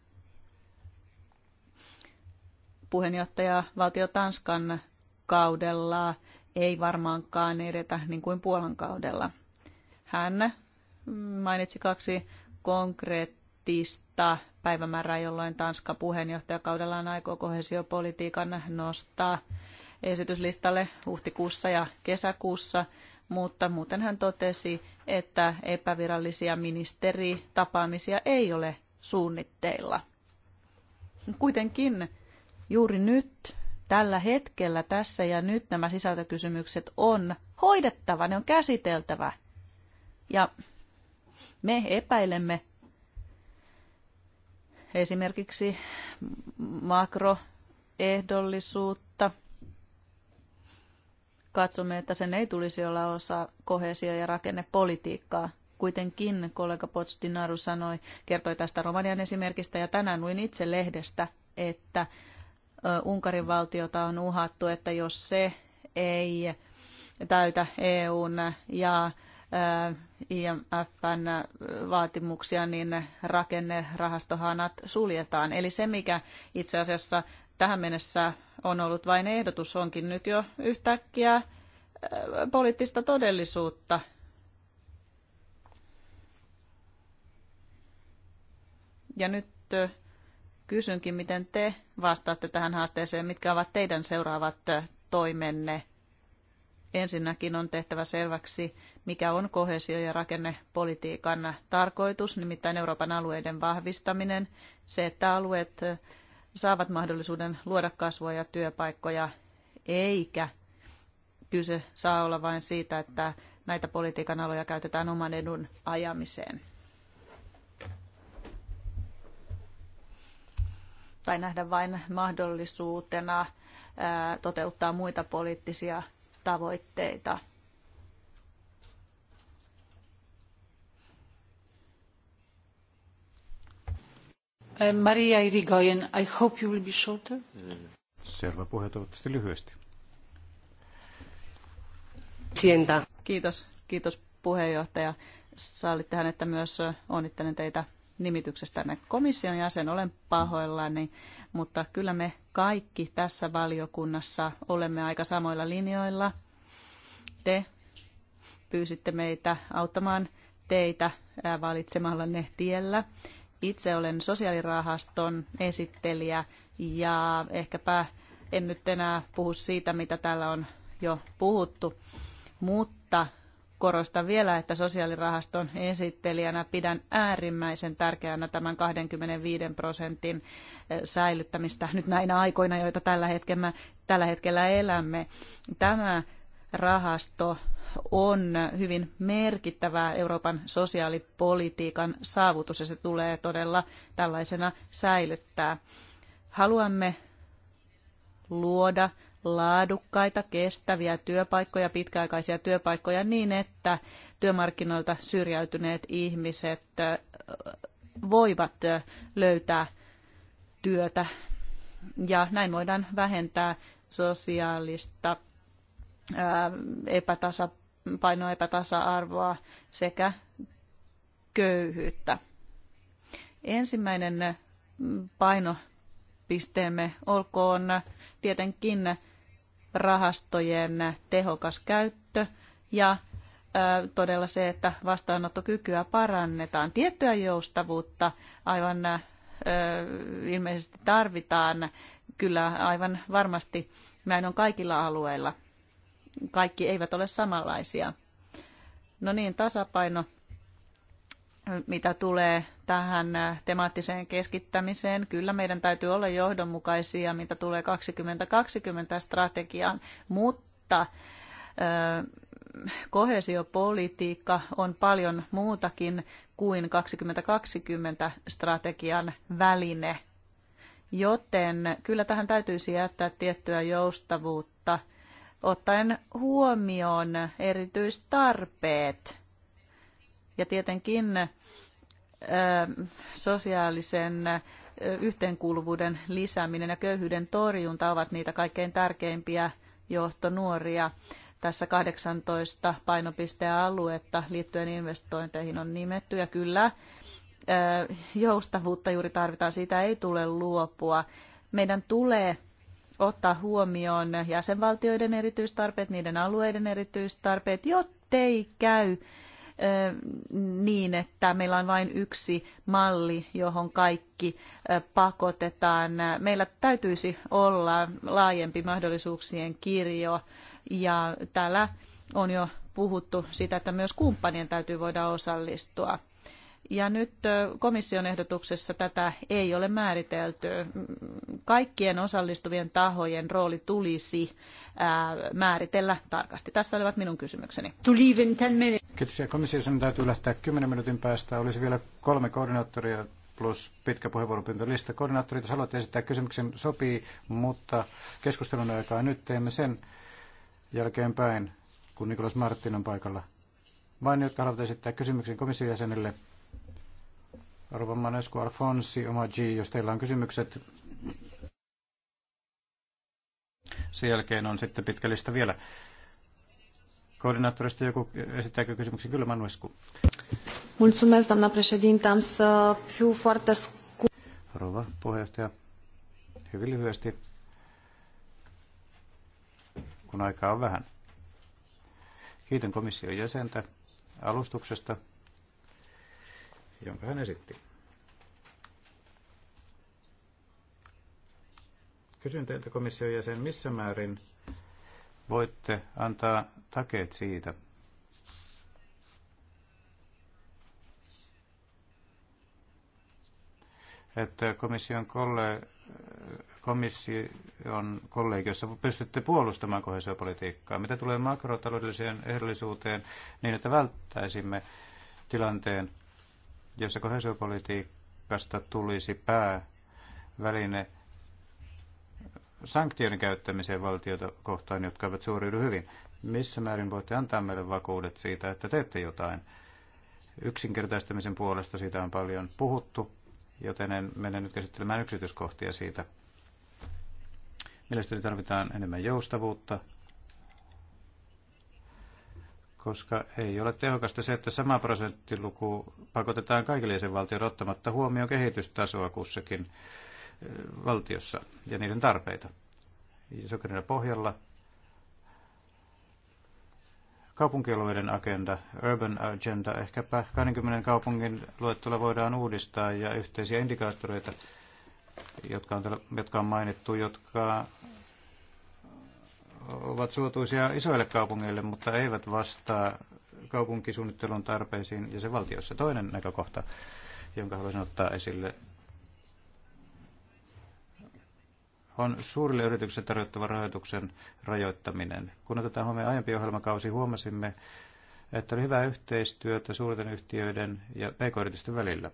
puheenjohtaja valtio Tanskan kaudella ei varmaankaan edetä niin kuin Puolan kaudella. Hän mainitsi kaksi konkreettista päivämäärää, jolloin Tanska puheenjohtajakaudellaan aikoo kohesiopolitiikan nostaa esityslistalle huhtikuussa ja kesäkuussa, mutta muuten hän totesi, että epävirallisia ministeritapaamisia ei ole suunnitteilla. Kuitenkin juuri nyt, tällä hetkellä, tässä ja nyt nämä sisältökysymykset on hoidettava, ne on käsiteltävä. Ja me epäilemme esimerkiksi makroehdollisuutta, katsomme, että sen ei tulisi olla osa kohesio- ja rakennepolitiikkaa. Kuitenkin kollega Potsdinaru sanoi, kertoi tästä Romanian esimerkistä ja tänään luin itse lehdestä, että Unkarin valtiota on uhattu, että jos se ei täytä EUn ja IMFn vaatimuksia, niin rakennerahastohanat suljetaan. Eli se, mikä itse asiassa tähän mennessä on ollut vain ehdotus, onkin nyt jo yhtäkkiä äh, poliittista todellisuutta. Ja nyt äh, kysynkin, miten te vastaatte tähän haasteeseen, mitkä ovat teidän seuraavat äh, toimenne. Ensinnäkin on tehtävä selväksi, mikä on kohesio- ja rakennepolitiikan tarkoitus, nimittäin Euroopan alueiden vahvistaminen, se, että alueet saavat mahdollisuuden luoda kasvua ja työpaikkoja, eikä kyse saa olla vain siitä, että näitä politiikan aloja käytetään oman edun ajamiseen. Tai nähdä vain mahdollisuutena toteuttaa muita poliittisia tavoitteita – Uh, Maria Irigoyen, I hope you will be shorter. Selvä puhe toivottavasti lyhyesti. Sientä. Kiitos, kiitos puheenjohtaja. Sallittehan, että myös onnittelen teitä nimityksestänne komission jäsen. Olen pahoillani, mutta kyllä me kaikki tässä valiokunnassa olemme aika samoilla linjoilla. Te pyysitte meitä auttamaan teitä valitsemallanne ne tiellä. Itse olen sosiaalirahaston esittelijä ja ehkäpä en nyt enää puhu siitä, mitä täällä on jo puhuttu, mutta korostan vielä, että sosiaalirahaston esittelijänä pidän äärimmäisen tärkeänä tämän 25 prosentin eh, säilyttämistä nyt näinä aikoina, joita tällä hetkellä, tällä hetkellä elämme. Tämä rahasto on hyvin merkittävää Euroopan sosiaalipolitiikan saavutus ja se tulee todella tällaisena säilyttää. Haluamme luoda laadukkaita, kestäviä työpaikkoja, pitkäaikaisia työpaikkoja niin, että työmarkkinoilta syrjäytyneet ihmiset voivat löytää työtä. Ja näin voidaan vähentää sosiaalista epätasa painoa epätasa-arvoa sekä köyhyyttä. Ensimmäinen painopisteemme olkoon tietenkin rahastojen tehokas käyttö ja todella se, että vastaanottokykyä parannetaan. Tiettyä joustavuutta aivan ilmeisesti tarvitaan, kyllä aivan varmasti näin on kaikilla alueilla kaikki eivät ole samanlaisia. No niin, tasapaino, mitä tulee tähän temaattiseen keskittämiseen. Kyllä meidän täytyy olla johdonmukaisia, mitä tulee 2020-strategiaan, mutta kohesiopolitiikka on paljon muutakin kuin 2020-strategian väline. Joten kyllä tähän täytyisi jättää tiettyä joustavuutta ottaen huomioon erityistarpeet ja tietenkin sosiaalisen yhteenkuuluvuuden lisääminen ja köyhyyden torjunta ovat niitä kaikkein tärkeimpiä johtonuoria. Tässä 18 painopistealuetta liittyen investointeihin on nimetty ja kyllä joustavuutta juuri tarvitaan, siitä ei tule luopua. Meidän tulee ottaa huomioon jäsenvaltioiden erityistarpeet, niiden alueiden erityistarpeet, jottei käy niin, että meillä on vain yksi malli, johon kaikki pakotetaan. Meillä täytyisi olla laajempi mahdollisuuksien kirjo ja täällä on jo puhuttu siitä, että myös kumppanien täytyy voida osallistua. Ja nyt komission ehdotuksessa tätä ei ole määritelty. Kaikkien osallistuvien tahojen rooli tulisi määritellä tarkasti. Tässä olivat minun kysymykseni. To leave in 10 Kiitos. Ja komissiossa täytyy lähteä 10 minuutin päästä. Olisi vielä kolme koordinaattoria plus pitkä puheenvuoropyyntölista. Koordinaattori, jos haluatte esittää kysymyksen, sopii, mutta keskustelun aikaa nyt teemme sen jälkeenpäin, kun Nikolas Martin on paikalla. Vain ne, jotka haluavat esittää kysymyksen komission jäsenelle, Arvo Manesku Alfonsi, oma G, jos teillä on kysymykset. Sen jälkeen on sitten pitkä lista vielä. Koordinaattorista joku esittääkö kysymyksen? Kyllä, Manuesku. Mulțumesc, doamna președinte. Am să fiu foarte scu... Rova, puheenjohtaja, hyvin lyhyesti, kun aikaa on vähän. Kiitän komission jäsentä alustuksesta jonka hän esitti. Kysyn teiltä komission jäsen, missä määrin voitte antaa takeet siitä, että komission, kolle, komission kollegiossa pystytte puolustamaan kohesiopolitiikkaa. Mitä tulee makrotaloudelliseen ehdollisuuteen niin, että välttäisimme tilanteen, jossa kohesiopolitiikasta tulisi pääväline sanktioiden käyttämiseen valtioita kohtaan, jotka eivät suoriudu hyvin. Missä määrin voitte antaa meille vakuudet siitä, että teette jotain? Yksinkertaistamisen puolesta siitä on paljon puhuttu, joten en mene nyt käsittelemään yksityiskohtia siitä. Mielestäni tarvitaan enemmän joustavuutta, koska ei ole tehokasta se, että sama prosenttiluku pakotetaan kaikille jäsenvaltioille ottamatta huomioon kehitystasoa kussakin valtiossa ja niiden tarpeita. Sokerina pohjalla kaupunkialueiden agenda, urban agenda, ehkäpä 20 kaupungin luettelo voidaan uudistaa ja yhteisiä indikaattoreita, jotka on, jotka on mainittu, jotka ovat suotuisia isoille kaupungeille, mutta eivät vastaa kaupunkisuunnittelun tarpeisiin ja se valtiossa Toinen näkökohta, jonka haluaisin ottaa esille, on suurille yrityksille tarjottava rahoituksen rajoittaminen. Kun otetaan huomioon aiempi ohjelmakausi, huomasimme, että oli hyvää yhteistyötä suurten yhtiöiden ja pk-yritysten välillä.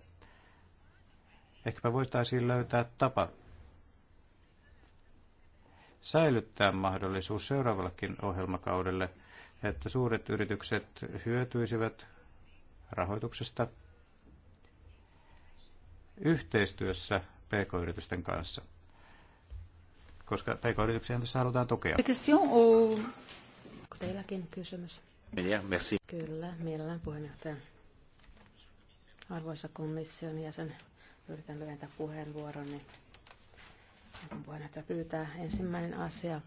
Ehkäpä voitaisiin löytää tapa, säilyttää mahdollisuus seuraavallekin ohjelmakaudelle, että suuret yritykset hyötyisivät rahoituksesta yhteistyössä pk-yritysten kanssa, koska pk-yrityksiä tässä halutaan tukea. Onko teilläkin kysymys? Merci. Kyllä, mielellään puheenjohtaja. Arvoisa komission jäsen, yritän lyhentää puheenvuoroni. Niin voin näitä pyytää. Ensimmäinen asia,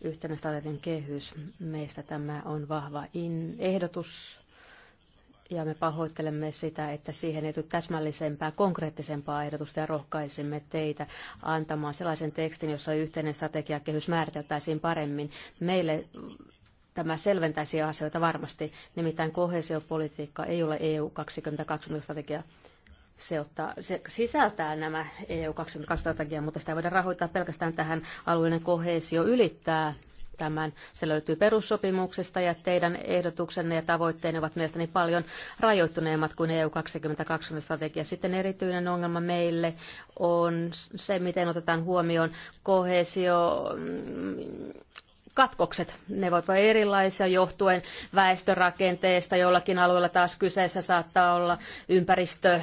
yhtenä kehys. Meistä tämä on vahva in- ehdotus ja me pahoittelemme sitä, että siihen ei tule täsmällisempää, konkreettisempaa ehdotusta ja rohkaisimme teitä antamaan sellaisen tekstin, jossa yhteinen strategiakehys määriteltäisiin paremmin. Meille tämä selventäisi asioita varmasti, nimittäin kohesiopolitiikka ei ole EU 2020 strategia se, ottaa, se sisältää nämä EU 22 strategiaa mutta sitä voidaan rahoittaa pelkästään tähän alueellinen kohesio ylittää tämän. Se löytyy perussopimuksesta ja teidän ehdotuksenne ja tavoitteenne ovat mielestäni paljon rajoittuneemmat kuin EU 22 strategia. Sitten erityinen ongelma meille on se, miten otetaan huomioon kohesio mm, katkokset. Ne voivat olla erilaisia johtuen väestörakenteesta. Jollakin alueella taas kyseessä saattaa olla ympäristö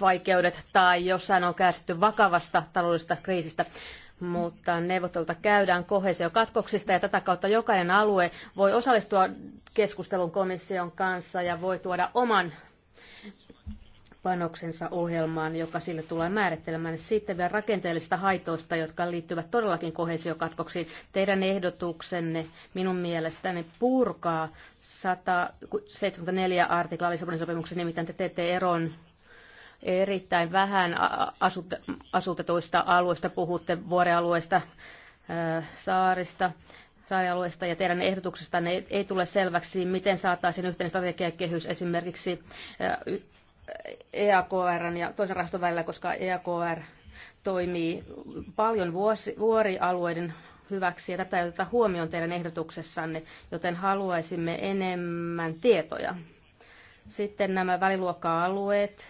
vaikeudet tai jossain on kärsitty vakavasta taloudellisesta kriisistä mutta neuvottelta käydään kohesiokatkoksista ja tätä kautta jokainen alue voi osallistua keskustelun komission kanssa ja voi tuoda oman panoksensa ohjelmaan, joka sille tulee määrittelemään. Sitten vielä rakenteellisista haitoista, jotka liittyvät todellakin kohesiokatkoksiin. Teidän ehdotuksenne minun mielestäni purkaa 174 artiklaa Lissabonin sopimuksen, nimittäin te teette eron erittäin vähän asutetuista alueista, puhutte vuorealueista, saarista, saarialueista ja teidän ehdotuksestanne ei, ei tule selväksi, miten saataisiin yhteinen strategiakehys esimerkiksi EAKR ja toisen rahaston välillä, koska EAKR toimii paljon vuosi, vuorialueiden hyväksi ja tätä ei oteta huomioon teidän ehdotuksessanne, joten haluaisimme enemmän tietoja. Sitten nämä väliluokka-alueet.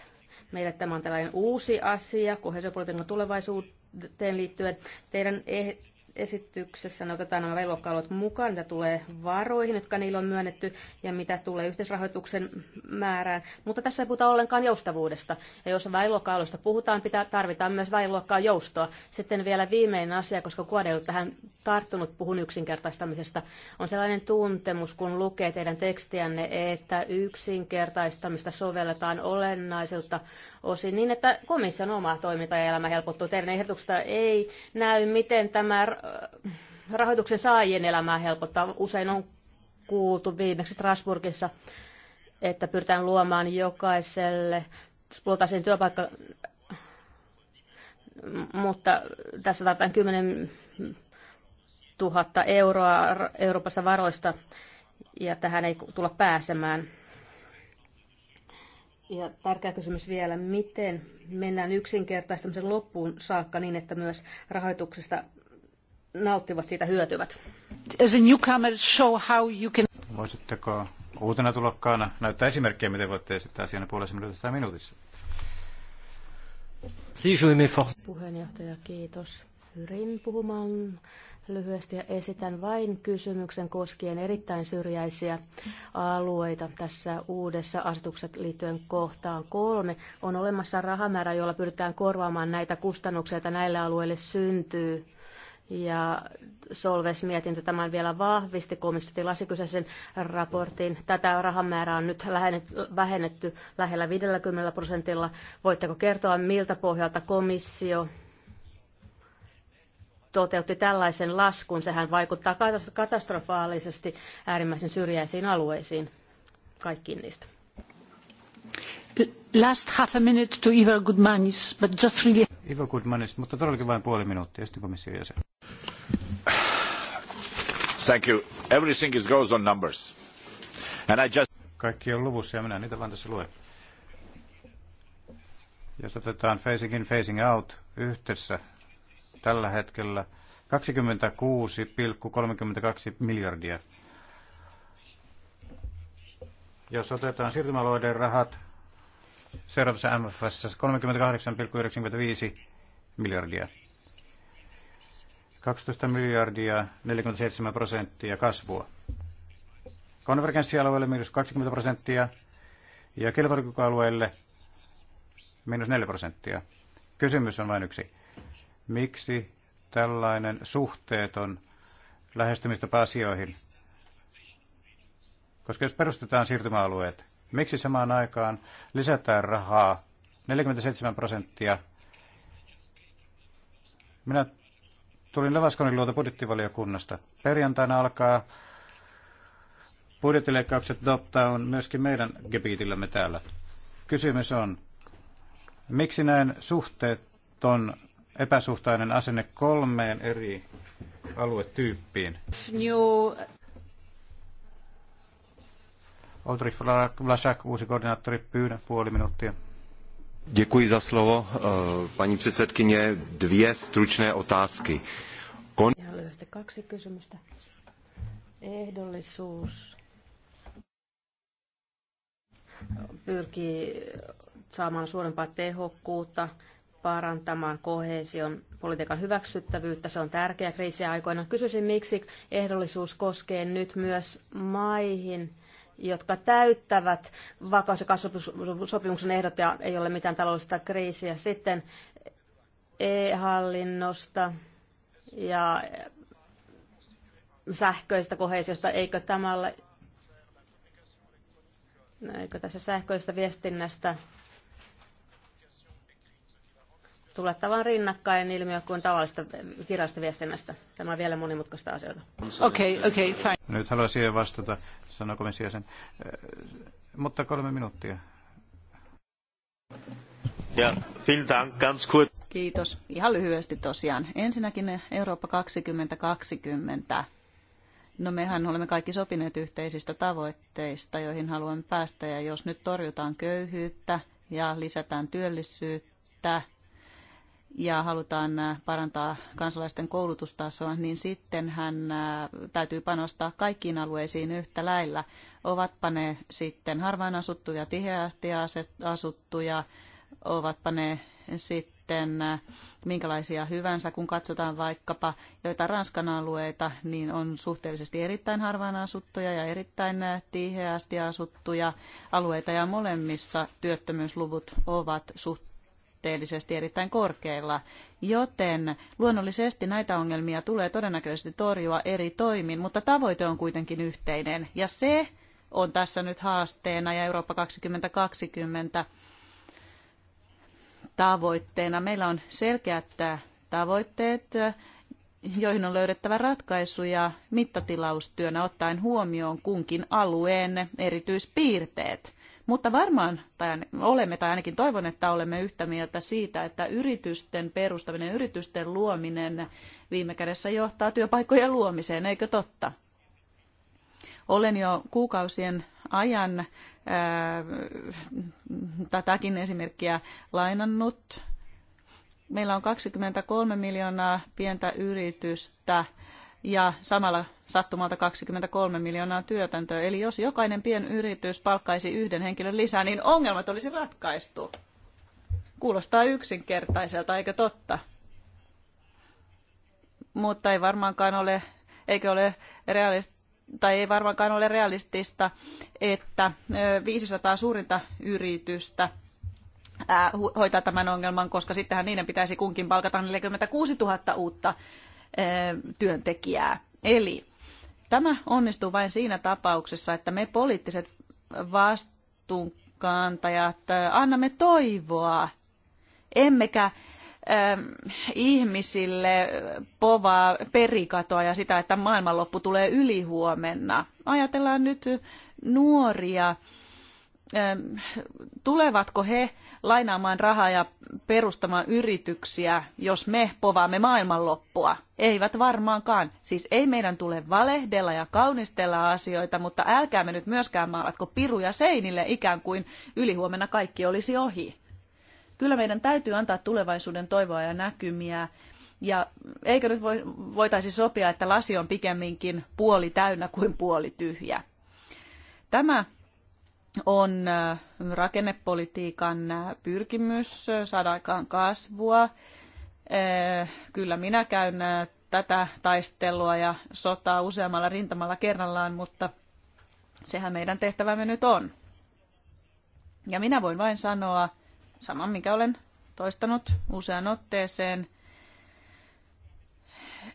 Meille tämä on tällainen uusi asia kohesiopolitiikan tulevaisuuteen liittyen. Teidän eh- esityksessä ne no, otetaan nämä velvokkaalueet mukaan, mitä tulee varoihin, jotka niillä on myönnetty, ja mitä tulee yhteisrahoituksen määrään. Mutta tässä ei puhuta ollenkaan joustavuudesta. Ja jos väliluokkailusta puhutaan, pitää, tarvitaan myös väliluokkaa joustoa. Sitten vielä viimeinen asia, koska kuode tähän tarttunut, puhun yksinkertaistamisesta. On sellainen tuntemus, kun lukee teidän tekstiänne, että yksinkertaistamista sovelletaan olennaiselta osin niin, että komission oma toiminta ja elämä helpottuu. Teidän ehdotuksesta ei näy, miten tämä rahoituksen saajien elämää helpottaa. Usein on kuultu viimeksi Strasburgissa, että pyritään luomaan jokaiselle puoltaisen työpaikka, mutta tässä tarvitaan 10 000 euroa Euroopasta varoista ja tähän ei tulla pääsemään. Ja tärkeä kysymys vielä, miten mennään yksinkertaistamisen loppuun saakka niin, että myös rahoituksesta nauttivat siitä hyötyvät. As a newcomer, show how you can... Voisitteko uutena tulokkaana näyttää esimerkkejä miten voitte esittää asian puolessa minuutissa minuutissa? Si, Puheenjohtaja, kiitos. Pyrin puhumaan lyhyesti ja esitän vain kysymyksen koskien erittäin syrjäisiä alueita tässä uudessa asetukset liittyen kohtaan kolme. On olemassa rahamäärä, jolla pyritään korvaamaan näitä kustannuksia, joita näille alueille syntyy ja Solves-mietintö tämän vielä vahvisti. Komissio tilasi kyseisen raportin. Tätä rahamäärää on nyt vähennetty lähellä 50 prosentilla. Voitteko kertoa, miltä pohjalta komissio toteutti tällaisen laskun? Sehän vaikuttaa katastrofaalisesti äärimmäisen syrjäisiin alueisiin, kaikkiin niistä. Last half a minute to Ivar Goodmanis, but just really... Ivo Goodmanista, mutta todellakin vain puoli minuuttia, sitten komission jäsen. Thank you. Everything is goes on numbers. And I just... Kaikki on luvussa ja minä niitä vaan tässä luen. Jos otetaan phasing in, phasing out yhteensä tällä hetkellä 26,32 miljardia. Jos otetaan siirtymäloiden rahat seuraavassa MFS 38,95 miljardia. 12 miljardia, 47 prosenttia kasvua. Konvergenssialueelle miinus 20 prosenttia ja kilpailukykyalueelle miinus 4 prosenttia. Kysymys on vain yksi. Miksi tällainen suhteeton lähestymistapa asioihin? Koska jos perustetaan siirtymäalueet, Miksi samaan aikaan lisätään rahaa 47 prosenttia? Minä tulin Levaskonin luota budjettivaliokunnasta. Perjantaina alkaa budjettileikkaukset Doptown myöskin meidän gebiitillämme täällä. Kysymys on, miksi näin suhteeton epäsuhtainen asenne kolmeen eri aluetyyppiin? New Oldrich Vlašák, uusi koordinaattori, pyydän puoli minuuttia. Děkuji za slovo, eh, paní předsedkyně. Dvě stručné otázky. Kon... Ihan lyhyesti kaksi kysymystä. Ehdollisuus pyrkii saamaan suurempaa tehokkuutta, parantamaan kohesion politiikan hyväksyttävyyttä. Se on tärkeä kriisiaikoina. Kysyisin, miksi ehdollisuus koskee nyt myös maihin – jotka täyttävät vakaus- ja kasvatussopimuksen ehdot ja ei ole mitään taloudellista kriisiä. Sitten e-hallinnosta ja sähköistä kohesiosta, eikö tämä ole, eikö tässä sähköistä viestinnästä tulla tavan rinnakkain ilmiö kuin tavallista virallista viestinnästä. Tämä on vielä monimutkaista asioita. Okei, okay, okei, okay, fine. Nyt haluaisin siihen vastata, sanoo komission sen. Mutta kolme minuuttia. Ja, vielen dank, ganz kurz. Kiitos. Ihan lyhyesti tosiaan. Ensinnäkin Eurooppa 2020. No mehän olemme kaikki sopineet yhteisistä tavoitteista, joihin haluamme päästä. Ja jos nyt torjutaan köyhyyttä ja lisätään työllisyyttä, ja halutaan äh, parantaa kansalaisten koulutustasoa, niin sitten hän äh, täytyy panostaa kaikkiin alueisiin yhtä lailla. Ovatpa ne sitten harvaan asuttuja, tiheästi asuttuja, ovatpa ne sitten äh, minkälaisia hyvänsä. Kun katsotaan vaikkapa joita Ranskan alueita, niin on suhteellisesti erittäin harvaan asuttuja ja erittäin tiheästi asuttuja alueita, ja molemmissa työttömyysluvut ovat suht suhteellisesti erittäin korkeilla, joten luonnollisesti näitä ongelmia tulee todennäköisesti torjua eri toimin, mutta tavoite on kuitenkin yhteinen ja se on tässä nyt haasteena ja Eurooppa 2020 tavoitteena. Meillä on selkeät tavoitteet, joihin on löydettävä ratkaisuja mittatilaustyönä ottaen huomioon kunkin alueen erityispiirteet. Mutta varmaan, tai olemme, tai ainakin toivon, että olemme yhtä mieltä siitä, että yritysten perustaminen, yritysten luominen viime kädessä johtaa työpaikkojen luomiseen, eikö totta? Olen jo kuukausien ajan ää, tätäkin esimerkkiä lainannut. Meillä on 23 miljoonaa pientä yritystä ja samalla sattumalta 23 miljoonaa työtäntöä. Eli jos jokainen pienyritys palkkaisi yhden henkilön lisää, niin ongelmat olisi ratkaistu. Kuulostaa yksinkertaiselta, eikö totta? Mutta ei varmaankaan ole, eikö ole realist, tai ei varmaankaan ole realistista, että 500 suurinta yritystä hoitaa tämän ongelman, koska sittenhän niiden pitäisi kunkin palkata 46 000 uutta Eh, työntekijää. Eli tämä onnistuu vain siinä tapauksessa, että me poliittiset vastuunkantajat eh, annamme toivoa, emmekä eh, ihmisille povaa perikatoa ja sitä, että maailmanloppu tulee ylihuomenna. Ajatellaan nyt nuoria tulevatko he lainaamaan rahaa ja perustamaan yrityksiä, jos me povaamme maailmanloppua? Eivät varmaankaan. Siis ei meidän tule valehdella ja kaunistella asioita, mutta älkäämme nyt myöskään maalatko piruja seinille ikään kuin ylihuomenna kaikki olisi ohi. Kyllä meidän täytyy antaa tulevaisuuden toivoa ja näkymiä. Ja eikö nyt voitaisi sopia, että lasi on pikemminkin puoli täynnä kuin puoli tyhjä. Tämä on äh, rakennepolitiikan äh, pyrkimys äh, saada aikaan kasvua. Kyllä minä käyn tätä taistelua ja sotaa useammalla rintamalla kerrallaan, mutta sehän meidän tehtävämme nyt on. Ja minä voin vain sanoa saman, mikä olen toistanut useaan otteeseen –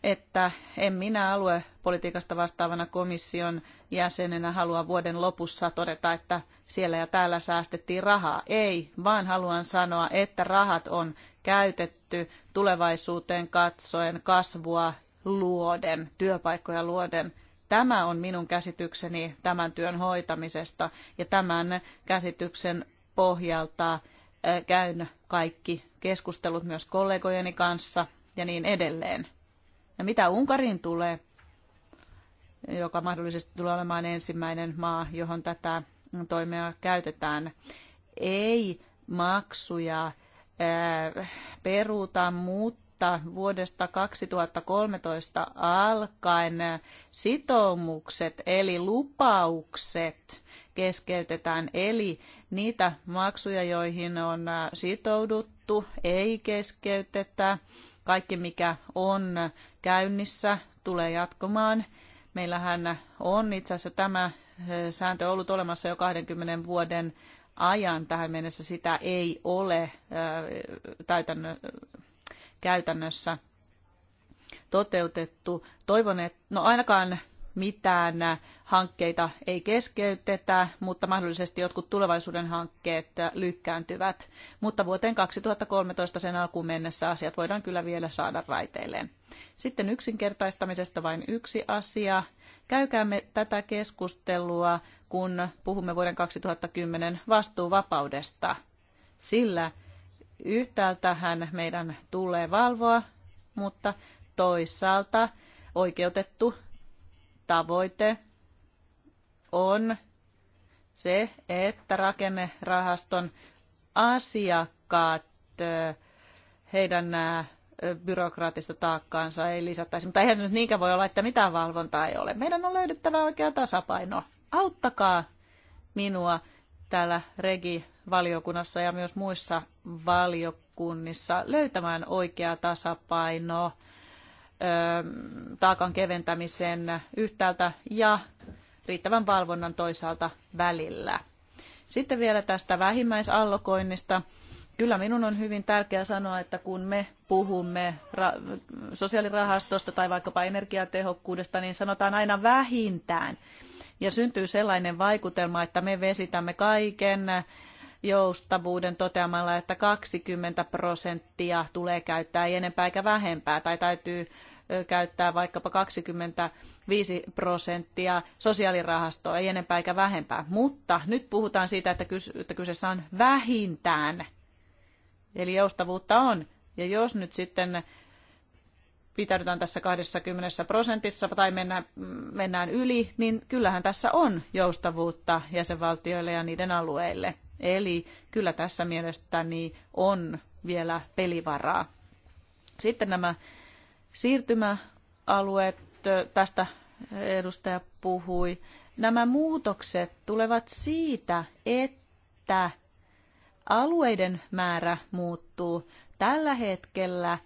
että en minä aluepolitiikasta vastaavana komission jäsenenä halua vuoden lopussa todeta, että siellä ja täällä säästettiin rahaa. Ei, vaan haluan sanoa, että rahat on käytetty tulevaisuuteen katsoen kasvua luoden, työpaikkoja luoden. Tämä on minun käsitykseni tämän työn hoitamisesta ja tämän käsityksen pohjalta eh, käyn kaikki keskustelut myös kollegojeni kanssa ja niin edelleen. Ja mitä Unkarin tulee, joka mahdollisesti tulee olemaan ensimmäinen maa, johon tätä toimea käytetään, ei maksuja äh, peruuta, mutta vuodesta 2013 alkaen sitoumukset eli lupaukset keskeytetään. Eli niitä maksuja, joihin on äh, sitouduttu, ei keskeytetä kaikki mikä on käynnissä tulee jatkumaan. Meillähän on itse asiassa tämä sääntö ollut olemassa jo 20 vuoden ajan. Tähän mennessä sitä ei ole käytännössä toteutettu. Toivon, että no ainakaan mitään hankkeita ei keskeytetä, mutta mahdollisesti jotkut tulevaisuuden hankkeet lykkääntyvät. Mutta vuoteen 2013 sen alkuun mennessä asiat voidaan kyllä vielä saada raiteilleen. Sitten yksinkertaistamisesta vain yksi asia. Käykäämme tätä keskustelua, kun puhumme vuoden 2010 vastuuvapaudesta. Sillä yhtäältähän meidän tulee valvoa, mutta toisaalta oikeutettu tavoite on se, että rakennerahaston asiakkaat, heidän byrokraattista taakkaansa ei lisättäisi. Mutta eihän se nyt niinkään voi olla, että mitään valvontaa ei ole. Meidän on löydettävä oikea tasapaino. Auttakaa minua täällä Regi-valiokunnassa ja myös muissa valiokunnissa löytämään oikea tasapaino Ähm, taakan keventämisen yhtäältä ja riittävän valvonnan toisaalta välillä. Sitten vielä tästä vähimmäisallokoinnista. Kyllä minun on hyvin tärkeää sanoa, että kun me puhumme ra- sosiaalirahastosta tai vaikkapa energiatehokkuudesta, niin sanotaan aina vähintään. Ja syntyy sellainen vaikutelma, että me vesitämme kaiken joustavuuden toteamalla, että 20 prosenttia tulee käyttää ei enempää eikä vähempää, tai täytyy käyttää vaikkapa 25 prosenttia sosiaalirahastoa, ei enempää eikä vähempää. Mutta nyt puhutaan siitä, että kyseessä on vähintään, eli joustavuutta on. Ja jos nyt sitten pitäydytään tässä 20 prosentissa tai mennään, mennään yli, niin kyllähän tässä on joustavuutta jäsenvaltioille ja niiden alueille. Eli kyllä tässä mielestäni on vielä pelivaraa. Sitten nämä siirtymäalueet, tästä edustaja puhui. Nämä muutokset tulevat siitä, että alueiden määrä muuttuu. Tällä hetkellä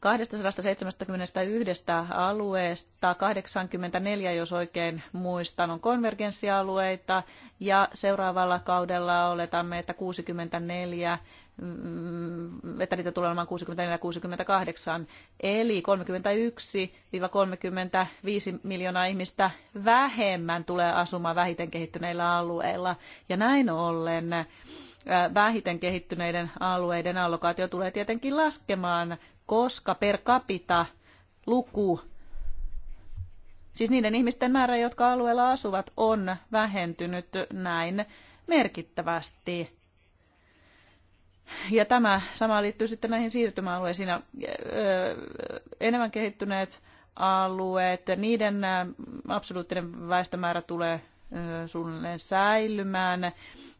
271 alueesta 84, jos oikein muistan, on konvergenssialueita ja seuraavalla kaudella oletamme, että 64 mm, että niitä tulee olemaan 64-68, eli 31-35 miljoonaa ihmistä vähemmän tulee asumaan vähiten kehittyneillä alueilla. Ja näin ollen äh, vähiten kehittyneiden alueiden allokaatio tulee tietenkin laskemaan koska per capita luku, siis niiden ihmisten määrä, jotka alueella asuvat, on vähentynyt näin merkittävästi. Ja tämä sama liittyy sitten näihin siirtymäalueisiin. Enemmän kehittyneet alueet, niiden absoluuttinen väestömäärä tulee suunnilleen säilymään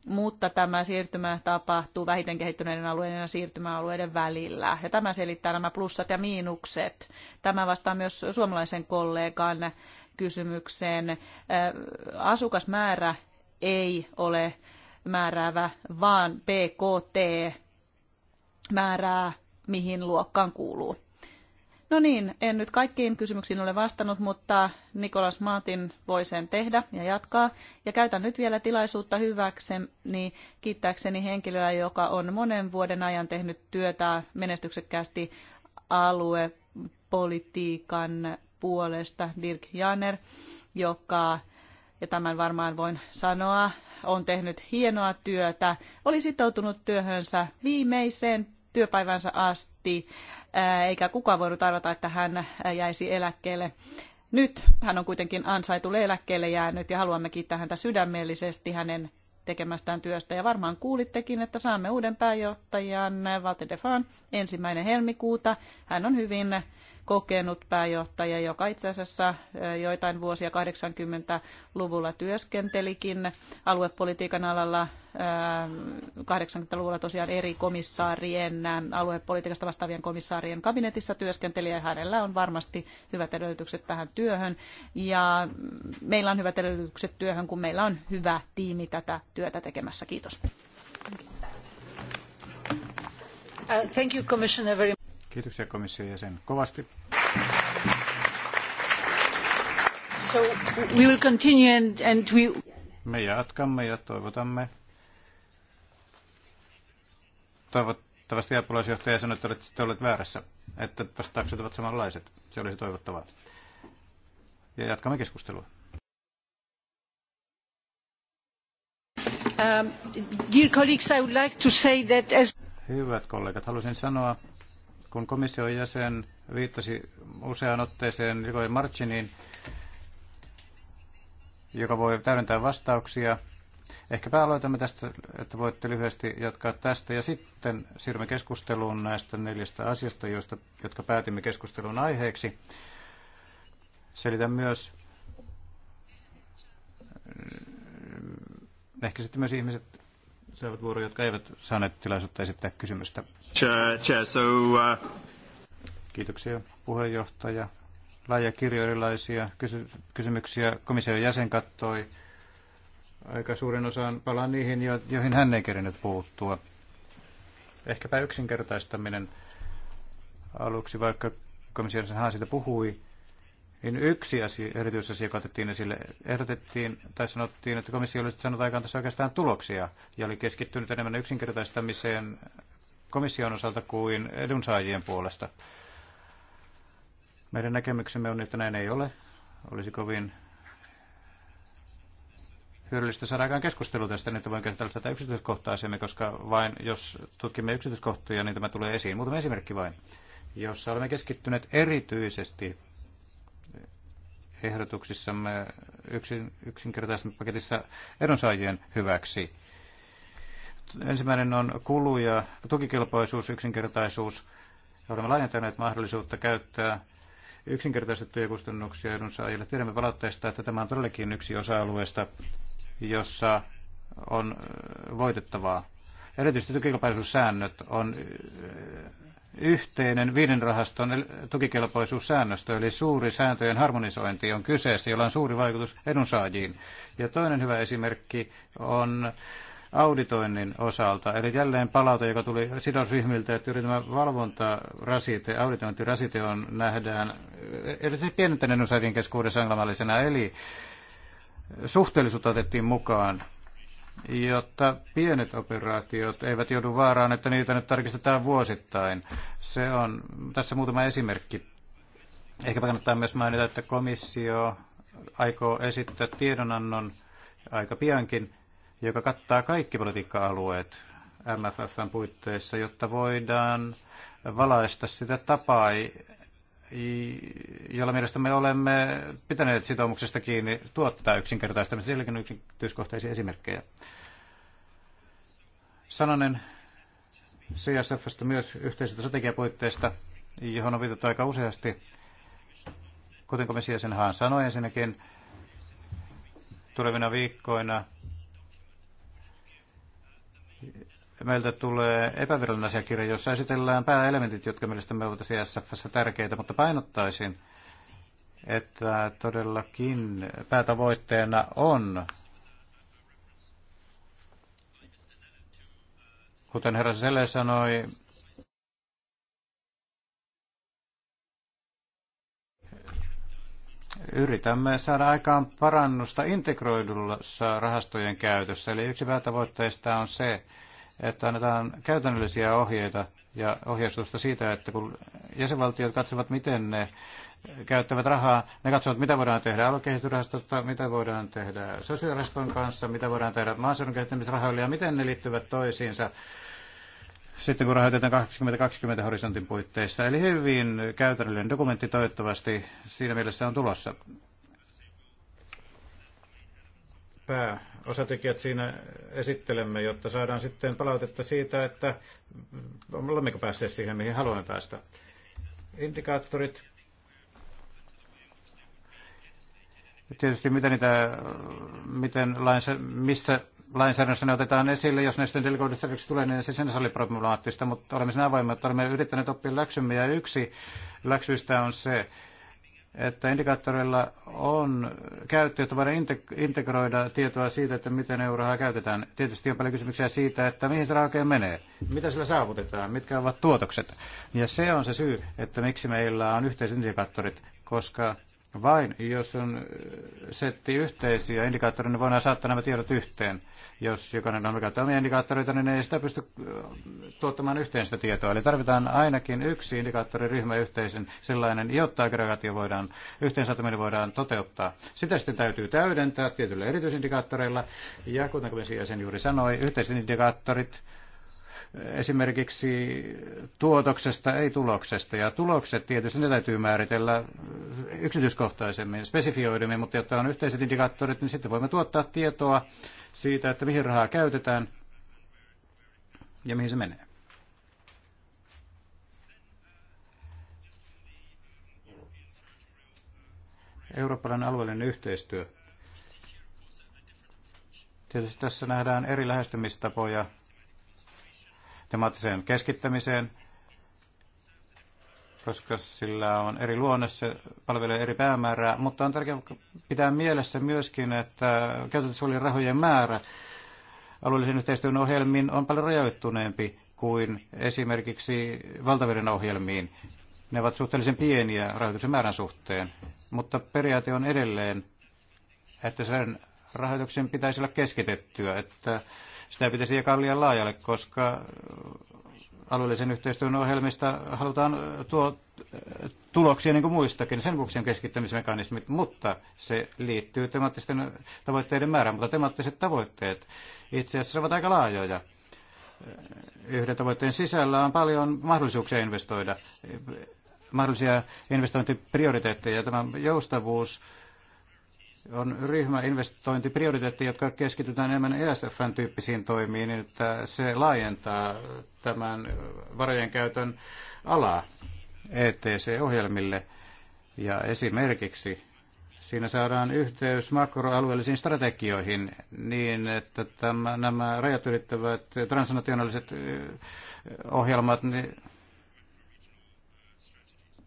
mutta tämä siirtymä tapahtuu vähiten kehittyneiden alueiden ja siirtymäalueiden välillä. Ja tämä selittää nämä plussat ja miinukset. Tämä vastaa myös suomalaisen kollegan kysymykseen. Asukasmäärä ei ole määräävä, vaan PKT määrää, mihin luokkaan kuuluu. No niin, en nyt kaikkiin kysymyksiin ole vastannut, mutta Nikolas Maatin voi sen tehdä ja jatkaa. Ja käytän nyt vielä tilaisuutta hyväkseni kiittääkseni henkilöä, joka on monen vuoden ajan tehnyt työtä menestyksekkäästi aluepolitiikan puolesta, Dirk Janer, joka, ja tämän varmaan voin sanoa, on tehnyt hienoa työtä, oli sitoutunut työhönsä viimeiseen työpäivänsä asti, eikä kukaan voinut arvata, että hän jäisi eläkkeelle. Nyt hän on kuitenkin ansaitulle eläkkeelle jäänyt ja haluamme kiittää häntä sydämellisesti hänen tekemästään työstä. Ja varmaan kuulittekin, että saamme uuden pääjohtajan Walter Defan ensimmäinen helmikuuta. Hän on hyvin kokenut pääjohtaja, joka itse asiassa joitain vuosia 80-luvulla työskentelikin aluepolitiikan alalla. 80-luvulla tosiaan eri komissaarien, aluepolitiikasta vastaavien komissaarien kabinetissa työskenteli ja hänellä on varmasti hyvät edellytykset tähän työhön. Ja meillä on hyvät edellytykset työhön, kun meillä on hyvä tiimi tätä työtä tekemässä. Kiitos. Uh, thank you, Commissioner, very Kiitoksia komission jäsen kovasti. So we will continue and, and we... Me jatkamme ja toivotamme. Toivottavasti apulaisjohtaja sanoi, että olette olet väärässä, että vastaukset ovat samanlaiset. Se olisi toivottavaa. Ja jatkamme keskustelua. Um, dear colleagues, I would like to say that as... Hyvät kollegat, haluaisin sanoa, kun komission jäsen viittasi useaan otteeseen Rigoy Marchiniin, joka voi täydentää vastauksia, ehkäpä aloitamme tästä, että voitte lyhyesti jatkaa tästä. Ja sitten siirrymme keskusteluun näistä neljästä asiasta, joista, jotka päätimme keskustelun aiheeksi. Selitän myös ehkä sitten myös ihmiset seuraavat vuoro, jotka eivät saaneet tilaisuutta esittää kysymystä. Chair, chair, so, uh... Kiitoksia puheenjohtaja. Laaja kirjo erilaisia kysy- kysymyksiä komission jäsen kattoi. Aika suurin osan, palaan niihin, jo- joihin hän ei kerinyt puuttua. Ehkäpä yksinkertaistaminen aluksi, vaikka komission jäsen siitä puhui, niin yksi asia, erityisasia, joka otettiin esille, ehdotettiin tai sanottiin, että komissio olisi saanut aikaan tässä oikeastaan tuloksia ja oli keskittynyt enemmän yksinkertaistamiseen komission osalta kuin edunsaajien puolesta. Meidän näkemyksemme on, että näin ei ole. Olisi kovin hyödyllistä saada aikaan keskustelu tästä, niin että voin käsitellä tätä yksityiskohtaa koska vain jos tutkimme yksityiskohtia, niin tämä tulee esiin. Muutama esimerkki vain, jossa olemme keskittyneet erityisesti ehdotuksissamme yksin, yksinkertaisessa edonsaajien hyväksi. Ensimmäinen on kulu ja tukikelpoisuus, yksinkertaisuus. Olemme laajentaneet mahdollisuutta käyttää yksinkertaistettuja kustannuksia edunsaajille. Tiedämme palautteesta, että tämä on todellakin yksi osa-alueesta, jossa on voitettavaa. Erityisesti tukikelpoisuussäännöt on yhteinen viiden rahaston tukikelpoisuussäännöstö, eli suuri sääntöjen harmonisointi on kyseessä, jolla on suuri vaikutus edunsaajiin. Ja toinen hyvä esimerkki on auditoinnin osalta. Eli jälleen palaute, joka tuli sidosryhmiltä, että tämä valvontarasite, auditointirasite on nähdään erityisesti pienentäneen osaajien keskuudessa ongelmallisena. Eli suhteellisuutta otettiin mukaan jotta pienet operaatiot eivät joudu vaaraan, että niitä nyt tarkistetaan vuosittain. Se on tässä muutama esimerkki. Ehkä kannattaa myös mainita, että komissio aikoo esittää tiedonannon aika piankin, joka kattaa kaikki politiikka-alueet MFFn puitteissa, jotta voidaan valaista sitä tapaa, jolla mielestä me olemme pitäneet sitoumuksesta kiinni tuottaa yksinkertaistamista. Sielläkin on yksityiskohtaisia esimerkkejä. Sananen CSFstä myös yhteisestä strategiapuitteista, johon on viitattu aika useasti. Kuten komissio sen haan sanoi ensinnäkin, tulevina viikkoina meiltä tulee epävirallinen asiakirja, jossa esitellään pääelementit, jotka mielestämme ovat SFssä e tärkeitä, mutta painottaisin, että todellakin päätavoitteena on, kuten herra Sele sanoi, yritämme saada aikaan parannusta integroidussa rahastojen käytössä. Eli yksi päätavoitteista on se, että annetaan käytännöllisiä ohjeita ja ohjeistusta siitä, että kun jäsenvaltiot katsovat, miten ne käyttävät rahaa, ne katsovat, mitä voidaan tehdä aluekehitysrahastosta, mitä voidaan tehdä sosiaalirahaston kanssa, mitä voidaan tehdä maaseudun kehittämisrahoilla ja miten ne liittyvät toisiinsa sitten kun rahoitetaan 2020 horisontin puitteissa. Eli hyvin käytännöllinen dokumentti toivottavasti siinä mielessä on tulossa pääosatekijät siinä esittelemme, jotta saadaan sitten palautetta siitä, että olemmeko päässeet siihen, mihin haluamme päästä. Indikaattorit. Tietysti miten niitä, miten lainsä, missä lainsäädännössä ne otetaan esille, jos näistä delegoidusta tulee, niin se sinänsä oli problemaattista, mutta olemme sen avoimia, että olemme yrittäneet oppia läksymme, ja yksi läksyistä on se, että indikaattoreilla on käyttö, jotta voidaan integroida tietoa siitä, että miten eurorahaa käytetään. Tietysti on paljon kysymyksiä siitä, että mihin se raha oikein menee, mitä sillä saavutetaan, mitkä ovat tuotokset. Ja se on se syy, että miksi meillä on yhteiset indikaattorit, koska vain jos on äh, setti yhteisiä indikaattoreita, niin voidaan saattaa nämä tiedot yhteen. Jos jokainen on käyttää omia indikaattoreita, niin ei sitä pysty äh, tuottamaan yhteen sitä tietoa. Eli tarvitaan ainakin yksi indikaattoriryhmä yhteisen sellainen, jotta aggregaatio voidaan, yhteensaataminen voidaan toteuttaa. Sitä sitten täytyy täydentää tietyillä erityisindikaattoreilla. Ja kuten komission sen juuri sanoi, yhteisindikaattorit esimerkiksi tuotoksesta, ei tuloksesta. Ja tulokset tietysti ne täytyy määritellä yksityiskohtaisemmin, spesifioidemmin, mutta jotta on yhteiset indikaattorit, niin sitten voimme tuottaa tietoa siitä, että mihin rahaa käytetään ja mihin se menee. Eurooppalainen alueellinen yhteistyö. Tietysti tässä nähdään eri lähestymistapoja temaattiseen keskittämiseen, koska sillä on eri luonne, se palvelee eri päämäärää, mutta on tärkeää pitää mielessä myöskin, että käytettävissä oli rahojen määrä alueellisen yhteistyön ohjelmiin on paljon rajoittuneempi kuin esimerkiksi valtavirin ohjelmiin. Ne ovat suhteellisen pieniä rahoituksen määrän suhteen, mutta periaate on edelleen, että sen rahoituksen pitäisi olla keskitettyä, että sitä pitäisi jakaa liian laajalle, koska alueellisen yhteistyön ohjelmista halutaan tuo tuloksia niin kuin muistakin. Sen vuoksi on keskittämismekanismit, mutta se liittyy temaattisten tavoitteiden määrään. Mutta temaattiset tavoitteet itse asiassa ovat aika laajoja. Yhden tavoitteen sisällä on paljon mahdollisuuksia investoida, mahdollisia investointiprioriteetteja. Tämä joustavuus on ryhmä investointiprioriteetti, jotka keskitytään enemmän ESFn tyyppisiin toimiin, niin että se laajentaa tämän varojen käytön alaa ETC-ohjelmille. Ja esimerkiksi siinä saadaan yhteys makroalueellisiin strategioihin niin, että tämän, nämä rajat ylittävät transnationaaliset ohjelmat, niin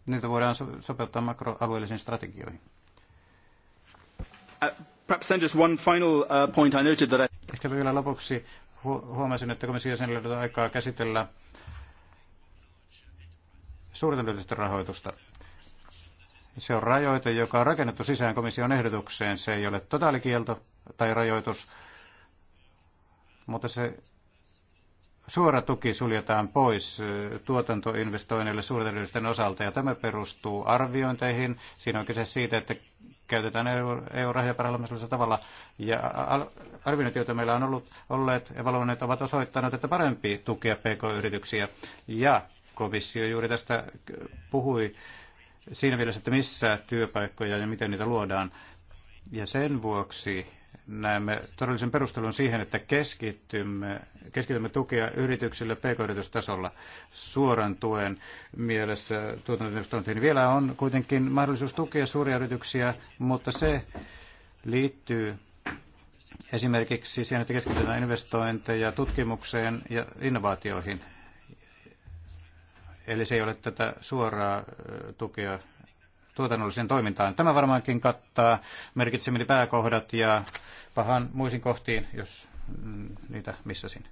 niitä voidaan sopeuttaa makroalueellisiin strategioihin. Uh, perhaps then just one final uh, point I noted that I... Ehkä vielä lopuksi huomasin, että komission jäsenillä on aikaa käsitellä suurten yritysten rahoitusta. Se on rajoite, joka on rakennettu sisään komission ehdotukseen. Se ei ole totaalikielto tai rajoitus, mutta se suora tuki suljetaan pois tuotantoinvestoinneille suurten osalta, ja tämä perustuu arviointeihin. Siinä on kyse siitä, että käytetään EU-rahoja parhaalla tavalla. Ja arvioinnit, joita meillä on ollut, olleet ja valvonneet, ovat osoittaneet, että parempi tukea PK-yrityksiä. Ja komissio juuri tästä puhui siinä mielessä, että missä työpaikkoja ja miten niitä luodaan. Ja sen vuoksi näemme todellisen perustelun siihen, että keskittymme keskitymme tukea yrityksille pk-yritystasolla suoran tuen mielessä tuotantoinvestointiin. Vielä on kuitenkin mahdollisuus tukea suuria yrityksiä, mutta se liittyy esimerkiksi siihen, että keskitytään investointeja tutkimukseen ja innovaatioihin. Eli se ei ole tätä suoraa tukea tuotannolliseen toimintaan. Tämä varmaankin kattaa merkitsemini pääkohdat ja pahan muisin kohtiin, jos mm, niitä missasin.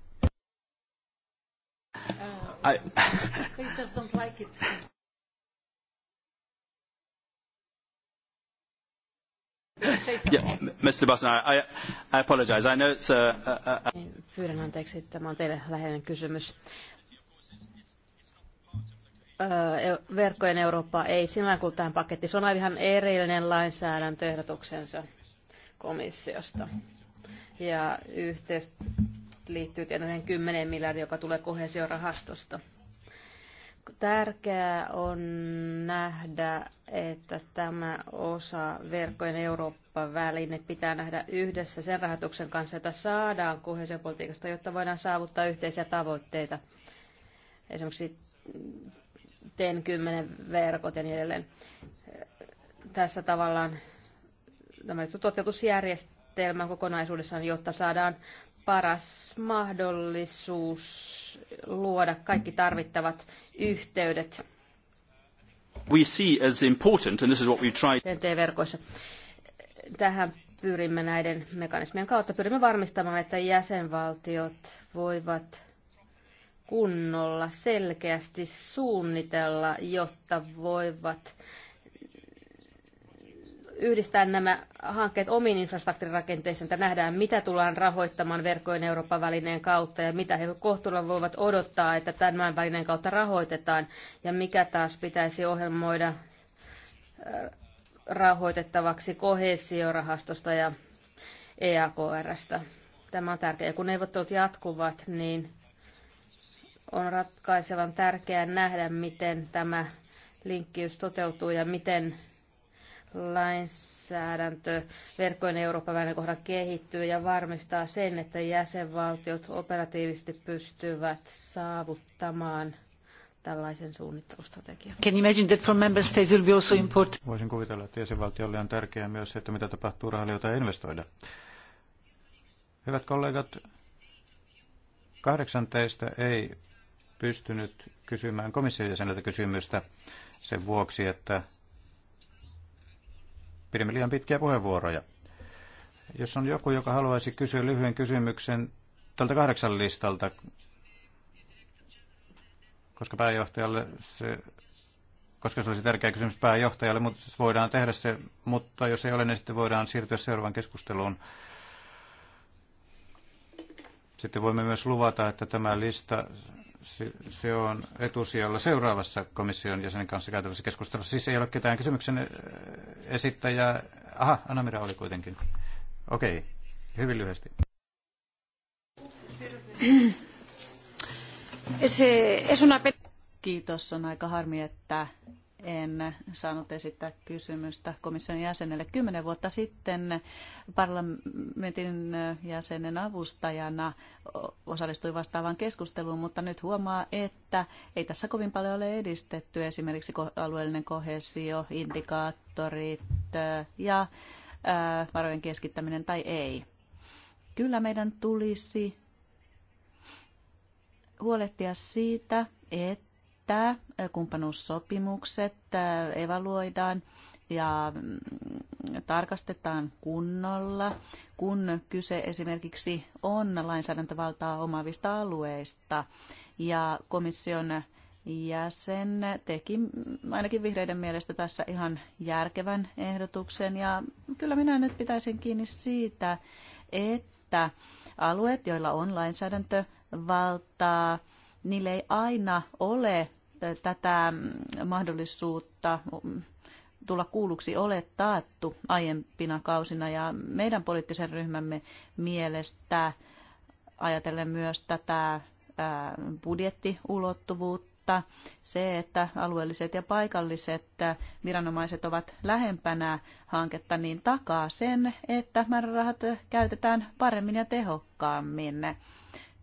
Mr. I, I know it's niin, Pyydän anteeksi, tämä on teille läheinen kysymys verkkojen Eurooppaa ei sinällään kuulu tähän pakettiin. Se on ihan erillinen lainsäädäntöehdotuksensa komissiosta. Ja yhteys liittyy tietenkin 10 miljardia, joka tulee kohesiorahastosta. Tärkeää on nähdä, että tämä osa verkkojen Eurooppa-väline pitää nähdä yhdessä sen rahoituksen kanssa, jota saadaan kohesiopolitiikasta, jotta voidaan saavuttaa yhteisiä tavoitteita. Esimerkiksi teen kymmenen verkot ja niin edelleen. Tässä tavallaan tämä toteutusjärjestelmä kokonaisuudessaan, jotta saadaan paras mahdollisuus luoda kaikki tarvittavat yhteydet. We see as important, and this is what we try... TNT-verkoissa. Tähän pyrimme näiden mekanismien kautta. Pyrimme varmistamaan, että jäsenvaltiot voivat kunnolla selkeästi suunnitella, jotta voivat yhdistää nämä hankkeet omiin infrastruktuurirakenteisiin, että nähdään, mitä tullaan rahoittamaan verkkojen Euroopan välineen kautta ja mitä he kohtuulla voivat odottaa, että tämän välineen kautta rahoitetaan ja mikä taas pitäisi ohjelmoida äh, rahoitettavaksi kohesiorahastosta ja EAKRstä. Tämä on tärkeää. Kun neuvottelut jatkuvat, niin on ratkaisevan tärkeää nähdä, miten tämä linkkiys toteutuu ja miten lainsäädäntö verkkojen Euroopan välinen kohdalla kehittyy ja varmistaa sen, että jäsenvaltiot operatiivisesti pystyvät saavuttamaan tällaisen suunnittelustrategian. Can you imagine that member states will be also Voisin kuvitella, että jäsenvaltiolle on tärkeää myös se, että mitä tapahtuu rahalle, jota investoida. Hyvät kollegat, 18 ei pystynyt kysymään komission jäseneltä kysymystä sen vuoksi, että pidimme liian pitkiä puheenvuoroja. Jos on joku, joka haluaisi kysyä lyhyen kysymyksen tältä kahdeksan listalta, koska pääjohtajalle se, koska se olisi tärkeä kysymys pääjohtajalle, mutta se voidaan tehdä se, mutta jos ei ole, niin sitten voidaan siirtyä seuraavaan keskusteluun. Sitten voimme myös luvata, että tämä lista se on etusijalla seuraavassa komission jäsenen kanssa käytävässä keskustelussa. Siis ei ole ketään kysymyksen äh, esittäjää. Aha, Anna-Mira oli kuitenkin. Okei, okay. hyvin lyhyesti. Kiitos, on aika harmi, että en saanut esittää kysymystä komission jäsenelle. Kymmenen vuotta sitten parlamentin jäsenen avustajana osallistui vastaavaan keskusteluun, mutta nyt huomaa, että ei tässä kovin paljon ole edistetty esimerkiksi alueellinen kohesio, indikaattorit ja varojen keskittäminen tai ei. Kyllä meidän tulisi huolehtia siitä, että että kumppanuussopimukset äh, evaluoidaan ja mm, tarkastetaan kunnolla, kun kyse esimerkiksi on lainsäädäntövaltaa omaavista alueista. Ja komission jäsen teki ainakin vihreiden mielestä tässä ihan järkevän ehdotuksen. Ja kyllä minä nyt pitäisin kiinni siitä, että alueet, joilla on lainsäädäntövaltaa, niille ei aina ole tätä mahdollisuutta tulla kuulluksi ole taattu aiempina kausina ja meidän poliittisen ryhmämme mielestä ajatellen myös tätä budjettiulottuvuutta, se, että alueelliset ja paikalliset viranomaiset ovat lähempänä hanketta, niin takaa sen, että määrärahat käytetään paremmin ja tehokkaammin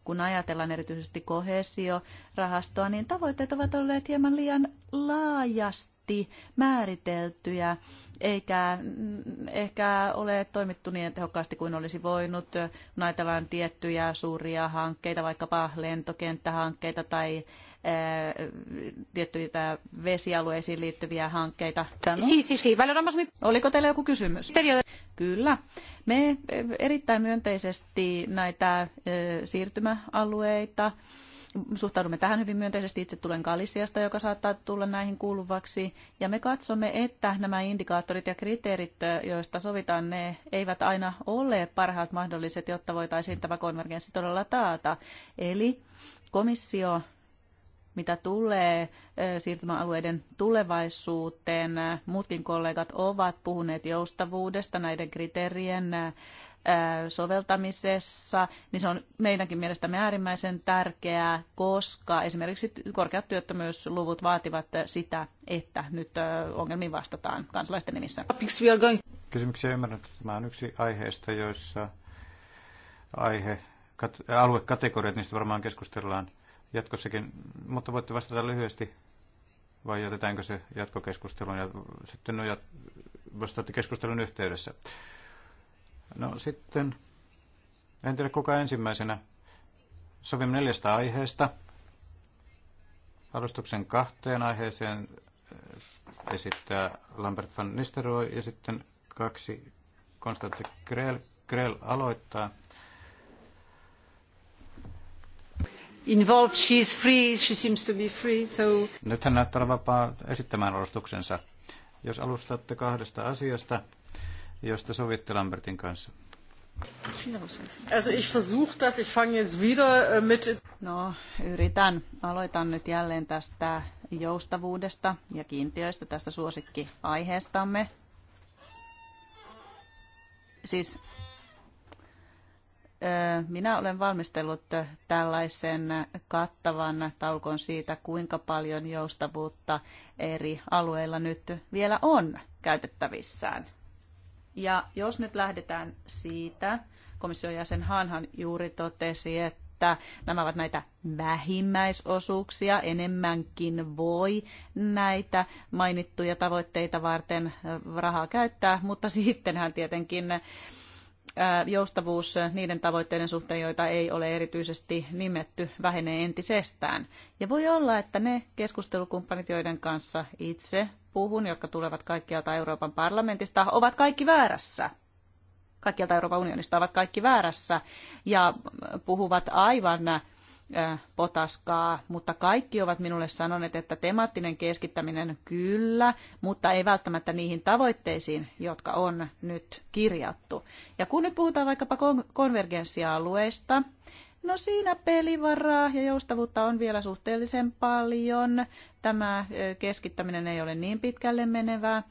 kun ajatellaan erityisesti kohesiorahastoa, niin tavoitteet ovat olleet hieman liian laajasti määriteltyjä, eikä mm, ehkä ole toimittu niin tehokkaasti kuin olisi voinut. Kun ajatellaan tiettyjä suuria hankkeita, vaikkapa lentokenttähankkeita tai Eh, tiettyjä vesialueisiin liittyviä hankkeita. Si, si, si. Oliko teillä joku kysymys? Kyllä. Me eh, erittäin myönteisesti näitä eh, siirtymäalueita suhtaudumme tähän hyvin myönteisesti. Itse tulen kalisiasta, joka saattaa tulla näihin kuuluvaksi. Ja me katsomme, että nämä indikaattorit ja kriteerit, joista sovitaan, ne eivät aina ole parhaat mahdolliset, jotta voitaisiin tämä konvergenssi todella taata. Eli komissio mitä tulee siirtymäalueiden tulevaisuuteen. Muutkin kollegat ovat puhuneet joustavuudesta näiden kriteerien soveltamisessa, niin se on meidänkin mielestämme äärimmäisen tärkeää, koska esimerkiksi korkeat työttömyysluvut vaativat sitä, että nyt ongelmiin vastataan kansalaisten nimissä. Kysymyksiä ymmärrän, että tämä on yksi aiheesta, joissa aihe, kat, aluekategoriat, niistä varmaan keskustellaan jatkossakin, mutta voitte vastata lyhyesti vai jätetäänkö se jatkokeskusteluun ja sitten no, jat- vastaatte keskustelun yhteydessä. No sitten, en tiedä kuka ensimmäisenä. Sovimme neljästä aiheesta. Alustuksen kahteen aiheeseen äh, esittää Lambert van Nisteroi ja sitten kaksi Konstantin Krell, Krell aloittaa involved. She's free. She seems to be free. So... Nyt hän näyttää olevan vapaa esittämään arvostuksensa. Jos alustatte kahdesta asiasta, josta sovitte Lambertin kanssa. Also ich versuche das, ich fange jetzt wieder äh, mit... No, yritän. Aloitan nyt jälleen tästä joustavuudesta ja kiintiöistä, tästä suosikkiaiheestamme. Siis minä olen valmistellut tällaisen kattavan taulukon siitä, kuinka paljon joustavuutta eri alueilla nyt vielä on käytettävissään. Ja jos nyt lähdetään siitä, komission jäsen Hanhan juuri totesi, että nämä ovat näitä vähimmäisosuuksia, enemmänkin voi näitä mainittuja tavoitteita varten rahaa käyttää, mutta sittenhän tietenkin joustavuus niiden tavoitteiden suhteen, joita ei ole erityisesti nimetty, vähenee entisestään. Ja voi olla, että ne keskustelukumppanit, joiden kanssa itse puhun, jotka tulevat kaikkialta Euroopan parlamentista, ovat kaikki väärässä. Kaikkialta Euroopan unionista ovat kaikki väärässä ja puhuvat aivan potaskaa, mutta kaikki ovat minulle sanoneet, että temaattinen keskittäminen kyllä, mutta ei välttämättä niihin tavoitteisiin, jotka on nyt kirjattu. Ja kun nyt puhutaan vaikkapa konvergenssialueista, No siinä pelivaraa ja joustavuutta on vielä suhteellisen paljon. Tämä keskittäminen ei ole niin pitkälle menevää,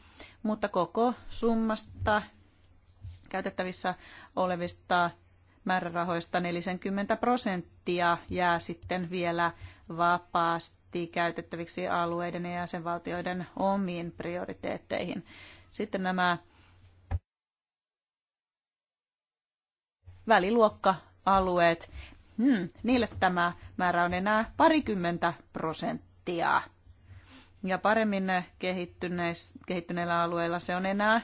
mutta koko summasta käytettävissä olevista määrärahoista 40 prosenttia jää sitten vielä vapaasti käytettäviksi alueiden ja jäsenvaltioiden omiin prioriteetteihin. Sitten nämä väliluokka-alueet, hmm, niille tämä määrä on enää parikymmentä prosenttia. Ja paremmin kehittyneillä alueilla se on enää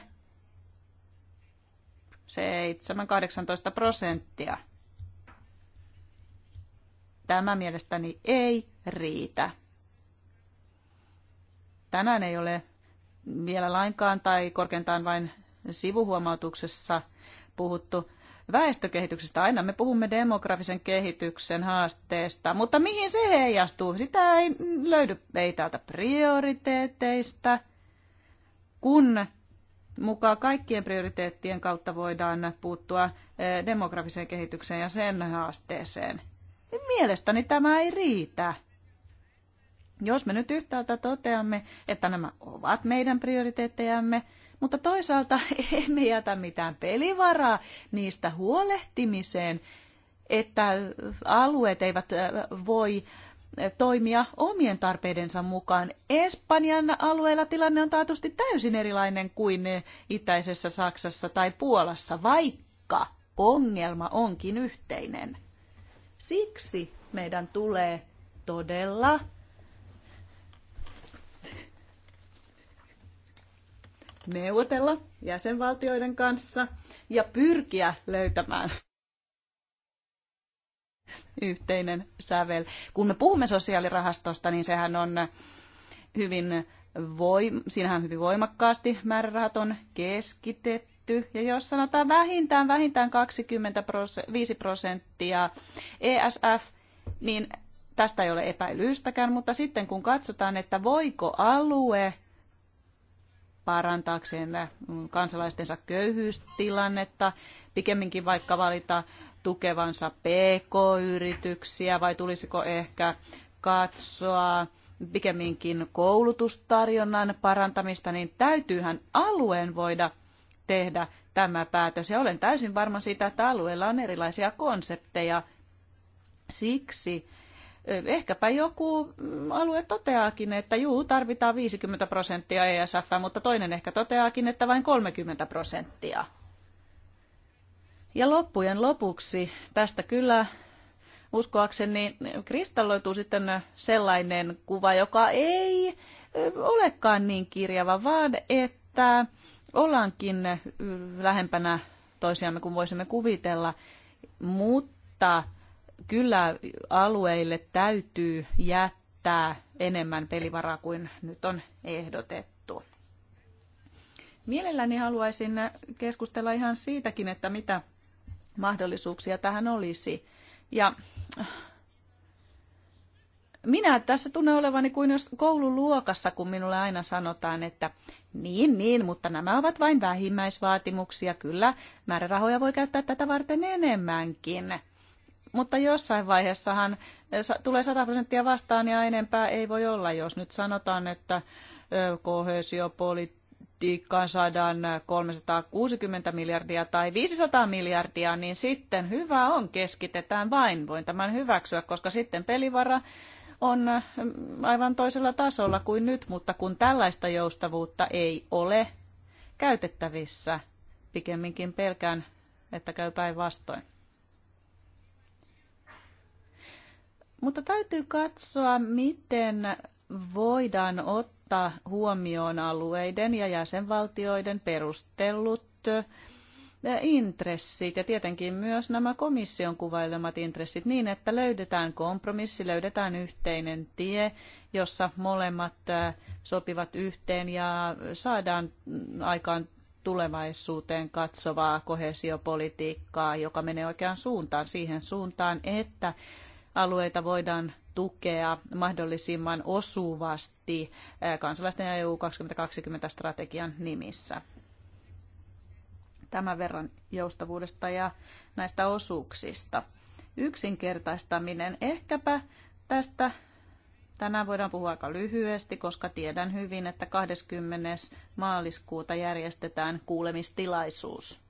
7-18 prosenttia. Tämä mielestäni ei riitä. Tänään ei ole vielä lainkaan tai korkeintaan vain sivuhuomautuksessa puhuttu väestökehityksestä. Aina me puhumme demografisen kehityksen haasteesta, mutta mihin se heijastuu? Sitä ei löydy ei täältä prioriteeteista. Kun mukaan kaikkien prioriteettien kautta voidaan puuttua eh, demografiseen kehitykseen ja sen haasteeseen. Mielestäni tämä ei riitä. Jos me nyt yhtäältä toteamme, että nämä ovat meidän prioriteettejämme, mutta toisaalta emme jätä mitään pelivaraa niistä huolehtimiseen, että alueet eivät eh, voi toimia omien tarpeidensa mukaan. Espanjan alueella tilanne on taatusti täysin erilainen kuin itäisessä Saksassa tai Puolassa, vaikka ongelma onkin yhteinen. Siksi meidän tulee todella neuvotella jäsenvaltioiden kanssa ja pyrkiä löytämään yhteinen sävel. Kun me puhumme sosiaalirahastosta, niin sehän on hyvin, voim- siinähän hyvin voimakkaasti määrärahat on keskitetty ja jos sanotaan vähintään, vähintään 25 prosenttia ESF, niin tästä ei ole epäilystäkään, mutta sitten kun katsotaan, että voiko alue parantaakseen kansalaistensa köyhyystilannetta, pikemminkin vaikka valita tukevansa PK-yrityksiä vai tulisiko ehkä katsoa pikemminkin koulutustarjonnan parantamista, niin täytyyhän alueen voida tehdä tämä päätös. Ja olen täysin varma siitä, että alueella on erilaisia konsepteja. Siksi ehkäpä joku mm, alue toteaakin, että juu, tarvitaan 50 prosenttia ESF, mutta toinen ehkä toteaakin, että vain 30 prosenttia. Ja loppujen lopuksi tästä kyllä uskoakseni kristalloituu sitten sellainen kuva, joka ei olekaan niin kirjava, vaan että ollaankin lähempänä toisiamme kuin voisimme kuvitella, mutta kyllä alueille täytyy jättää enemmän pelivaraa kuin nyt on ehdotettu. Mielelläni haluaisin keskustella ihan siitäkin, että mitä mahdollisuuksia tähän olisi. Ja äh, minä tässä tunnen olevani kuin jos koululuokassa, kun minulle aina sanotaan, että niin, niin, mutta nämä ovat vain vähimmäisvaatimuksia. Kyllä, määrärahoja voi käyttää tätä varten enemmänkin. Mutta jossain vaiheessahan äh, tulee 100 prosenttia vastaan ja enempää ei voi olla, jos nyt sanotaan, että äh, kohesiopolitiikka politiikkaan saadaan 360 miljardia tai 500 miljardia, niin sitten hyvä on, keskitetään vain. Voin tämän hyväksyä, koska sitten pelivara on mm, aivan toisella tasolla kuin nyt, mutta kun tällaista joustavuutta ei ole käytettävissä, pikemminkin pelkään, että käy päinvastoin. Mutta täytyy katsoa, miten voidaan ottaa ottaa huomioon alueiden ja jäsenvaltioiden perustellut eh, intressit ja tietenkin myös nämä komission kuvailemat intressit niin, että löydetään kompromissi, löydetään yhteinen tie, jossa molemmat eh, sopivat yhteen ja saadaan aikaan tulevaisuuteen katsovaa kohesiopolitiikkaa, joka menee oikeaan suuntaan, siihen suuntaan, että alueita voidaan tukea mahdollisimman osuvasti eh, kansalaisten ja EU 2020 strategian nimissä. Tämän verran joustavuudesta ja näistä osuuksista. Yksinkertaistaminen. Ehkäpä tästä tänään voidaan puhua aika lyhyesti, koska tiedän hyvin, että 20. maaliskuuta järjestetään kuulemistilaisuus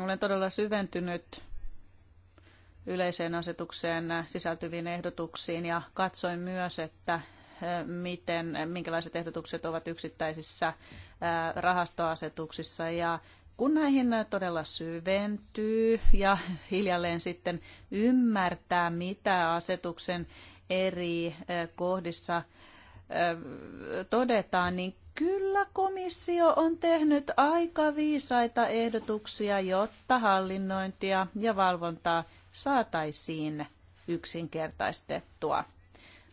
Olen todella syventynyt yleiseen asetukseen sisältyviin ehdotuksiin ja katsoin myös, että miten, minkälaiset ehdotukset ovat yksittäisissä rahastoasetuksissa ja kun näihin todella syventyy ja hiljalleen sitten ymmärtää, mitä asetuksen eri kohdissa todetaan, niin Kyllä komissio on tehnyt aika viisaita ehdotuksia, jotta hallinnointia ja valvontaa saataisiin yksinkertaistettua.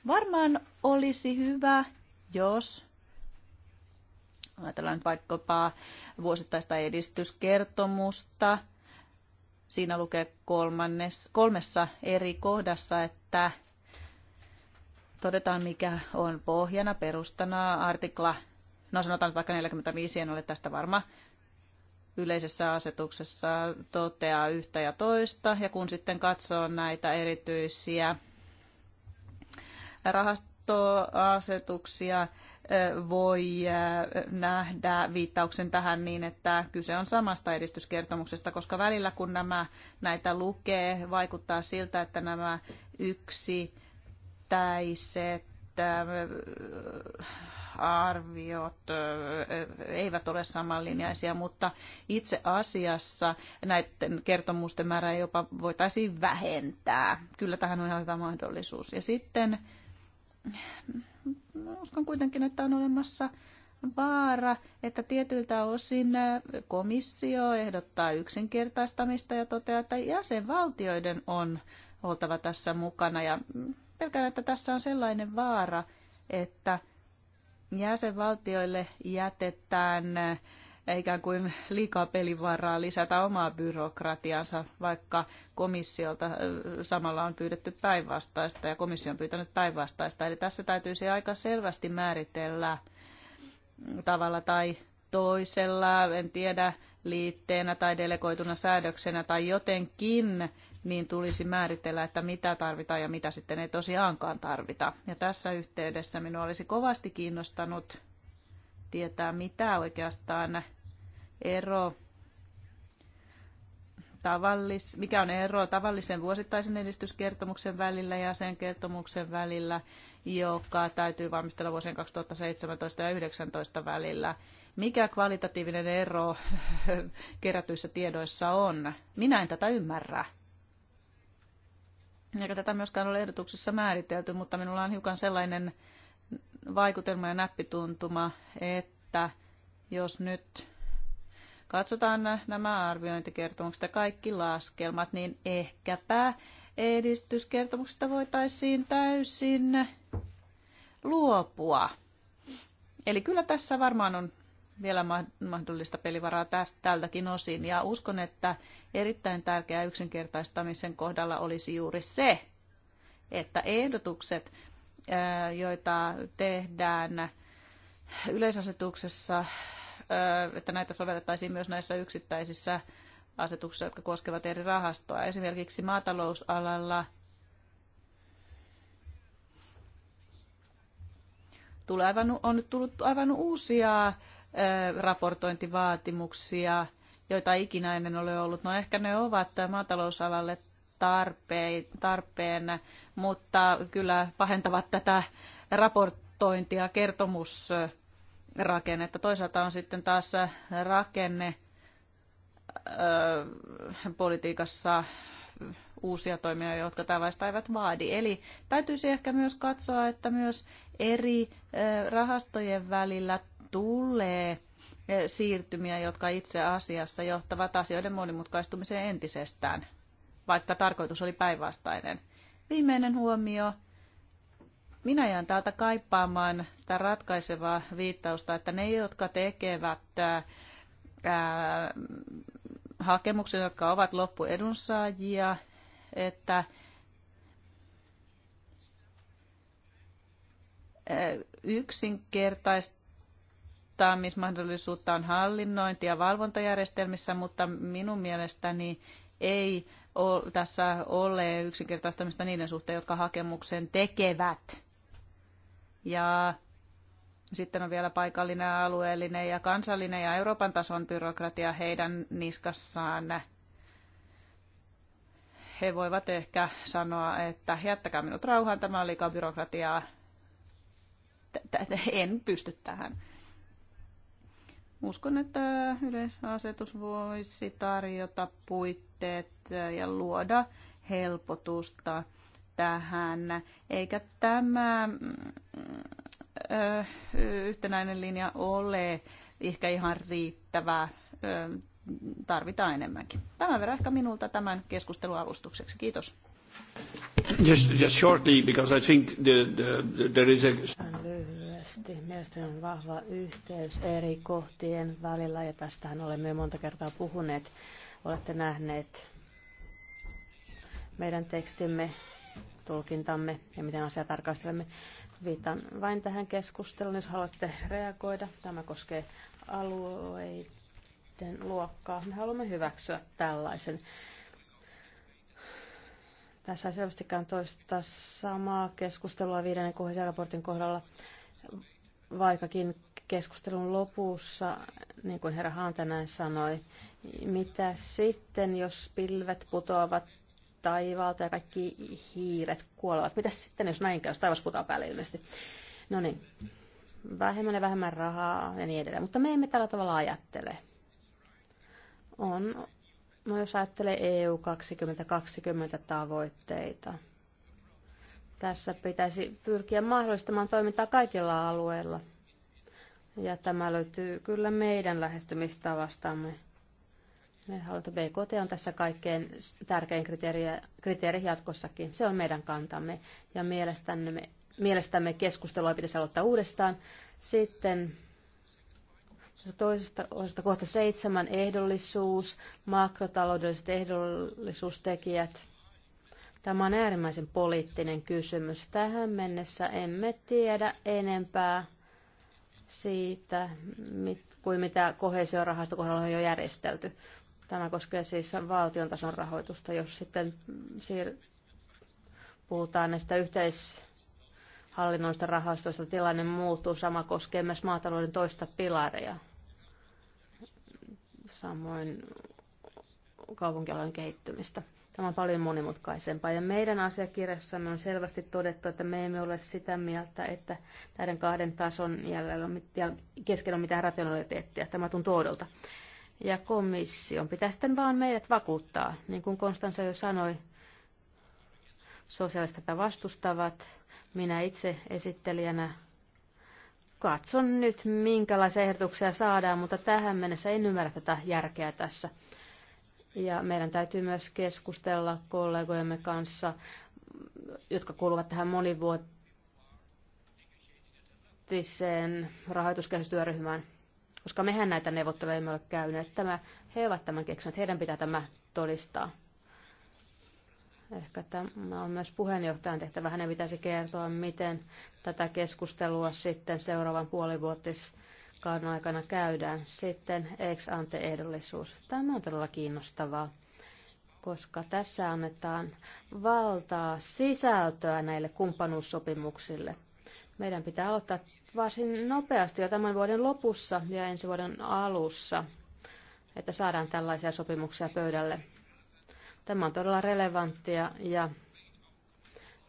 Varmaan olisi hyvä, jos ajatellaan nyt vaikkapa vuosittaista edistyskertomusta. Siinä lukee kolmannes, kolmessa eri kohdassa, että todetaan mikä on pohjana, perustana artikla no sanotaan nyt vaikka 45, en ole tästä varma, yleisessä asetuksessa toteaa yhtä ja toista. Ja kun sitten katsoo näitä erityisiä rahastoasetuksia, voi nähdä viittauksen tähän niin, että kyse on samasta edistyskertomuksesta, koska välillä kun nämä, näitä lukee, vaikuttaa siltä, että nämä yksittäiset arviot eivät ole samanlinjaisia, mutta itse asiassa näiden kertomusten määrää jopa voitaisiin vähentää. Kyllä tähän on ihan hyvä mahdollisuus. Ja sitten uskon kuitenkin, että on olemassa vaara, että tietyiltä osin komissio ehdottaa yksinkertaistamista ja toteaa, että jäsenvaltioiden on oltava tässä mukana. Ja pelkään, että tässä on sellainen vaara, että jäsenvaltioille jätetään eh, ikään kuin liikaa pelivaraa lisätä omaa byrokratiansa, vaikka komissiolta eh, samalla on pyydetty päinvastaista ja komissio on pyytänyt päinvastaista. Eli tässä täytyisi aika selvästi määritellä mm, tavalla tai toisella, en tiedä liitteenä tai delegoituna säädöksenä tai jotenkin, niin tulisi määritellä, että mitä tarvitaan ja mitä sitten ei tosiaankaan tarvita. Ja tässä yhteydessä minua olisi kovasti kiinnostanut tietää, mitä oikeastaan ero tavallis, mikä on ero tavallisen vuosittaisen edistyskertomuksen välillä ja sen kertomuksen välillä, joka täytyy valmistella vuosien 2017 ja 2019 välillä mikä kvalitatiivinen ero kerätyissä tiedoissa on. Minä en tätä ymmärrä. Eikä tätä myöskään ole ehdotuksessa määritelty, mutta minulla on hiukan sellainen vaikutelma ja näppituntuma, että jos nyt katsotaan nämä arviointikertomukset ja kaikki laskelmat, niin ehkäpä edistyskertomuksesta voitaisiin täysin luopua. Eli kyllä tässä varmaan on vielä mahdollista pelivaraa tästä, tältäkin osin. Ja uskon, että erittäin tärkeää yksinkertaistamisen kohdalla olisi juuri se, että ehdotukset, joita tehdään yleisasetuksessa, että näitä sovellettaisiin myös näissä yksittäisissä asetuksissa, jotka koskevat eri rahastoa. Esimerkiksi maatalousalalla tulee aivan, on nyt tullut aivan uusia raportointivaatimuksia, joita ikinä ennen ole ollut. No ehkä ne ovat maatalousalalle tarpeen, mutta kyllä pahentavat tätä raportointia, kertomusrakennetta. Toisaalta on sitten taas rakenne politiikassa uusia toimia, jotka tällaista eivät vaadi. Eli täytyisi ehkä myös katsoa, että myös eri rahastojen välillä tulee eh, siirtymiä, jotka itse asiassa johtavat asioiden monimutkaistumiseen entisestään, vaikka tarkoitus oli päinvastainen. Viimeinen huomio. Minä jään täältä kaipaamaan sitä ratkaisevaa viittausta, että ne, jotka tekevät ää, eh, eh, hakemuksen, jotka ovat loppuedunsaajia, että yksinkertaista kohtaamismahdollisuutta on hallinnointi- ja valvontajärjestelmissä, mutta minun mielestäni ei ole, tässä ole yksinkertaistamista niiden suhteen, jotka hakemuksen tekevät. Ja sitten on vielä paikallinen, alueellinen ja kansallinen ja Euroopan tason byrokratia heidän niskassaan. He voivat ehkä sanoa, että jättäkää minut rauhaan, tämä on liikaa byrokratiaa. En pysty tähän uskon, että yleisasetus voisi tarjota puitteet ja luoda helpotusta tähän. Eikä tämä mm, yhtenäinen linja ole ehkä ihan riittävä. Tarvitaan enemmänkin. Tämä verran ehkä minulta tämän keskustelun avustukseksi. Kiitos. Just, just shortly, because I think the, the, there is a lyhyesti. Mielestäni on vahva yhteys eri kohtien välillä ja tästähän olemme jo monta kertaa puhuneet. Olette nähneet meidän tekstimme, tulkintamme ja miten asiaa tarkastelemme. Viitan vain tähän keskusteluun, jos haluatte reagoida. Tämä koskee alueiden luokkaa. Me haluamme hyväksyä tällaisen tässä ei selvästikään toista samaa keskustelua viidennen raportin kohdalla vaikkakin keskustelun lopussa, niin kuin herra Hantanen sanoi, mitä sitten, jos pilvet putoavat taivaalta ja kaikki hiiret kuolevat? Mitä sitten, jos näin käy, jos taivas putoaa päälle ilmeisesti? No niin, vähemmän ja vähemmän rahaa ja niin edelleen. Mutta me emme tällä tavalla ajattele. On, no jos ajattelee EU 2020 tavoitteita – tässä pitäisi pyrkiä mahdollistamaan toimintaa kaikilla alueilla. Ja tämä löytyy kyllä meidän lähestymistavastamme. Me halutaan, BKT on tässä kaikkein tärkein kriteeri, kriteeri jatkossakin. Se on meidän kantamme ja mielestämme, mielestämme keskustelua pitäisi aloittaa uudestaan. Sitten toisesta osasta kohta seitsemän ehdollisuus, makrotaloudelliset ehdollisuustekijät. Tämä on äärimmäisen poliittinen kysymys. Tähän mennessä emme tiedä enempää siitä, mit, kuin mitä kohesiorahaston kohdalla on jo järjestelty. Tämä koskee siis valtion tason rahoitusta. Jos sitten siir- puhutaan näistä hallinnoista rahastoista, tilanne muuttuu. Sama koskee myös maatalouden toista pilaria. Samoin kaupunkialan kehittymistä. Tämä on paljon monimutkaisempaa. Ja meidän asiakirjassamme on selvästi todettu, että me emme ole sitä mieltä, että näiden kahden tason jäljellä on mitään rationaliteettia. Tämä tuntuu oudolta. Ja komission pitää sitten vaan meidät vakuuttaa. Niin kuin Konstansa jo sanoi, sosiaaliset tätä vastustavat. Minä itse esittelijänä katson nyt, minkälaisia ehdotuksia saadaan, mutta tähän mennessä en ymmärrä tätä järkeä tässä. Ja meidän täytyy myös keskustella kollegojemme kanssa, jotka kuuluvat tähän monivuotiseen rahoituskehystyöryhmään, koska mehän näitä neuvotteluja emme ole käyneet. Tämä, he ovat tämän keksineet, heidän pitää tämä todistaa. Ehkä tämä on myös puheenjohtajan tehtävä. Hänen pitäisi kertoa, miten tätä keskustelua sitten seuraavan puolivuotis kauden aikana käydään. Sitten ex ante ehdollisuus. Tämä on todella kiinnostavaa, koska tässä annetaan valtaa sisältöä näille kumppanuussopimuksille. Meidän pitää aloittaa varsin nopeasti jo tämän vuoden lopussa ja ensi vuoden alussa, että saadaan tällaisia sopimuksia pöydälle. Tämä on todella relevanttia ja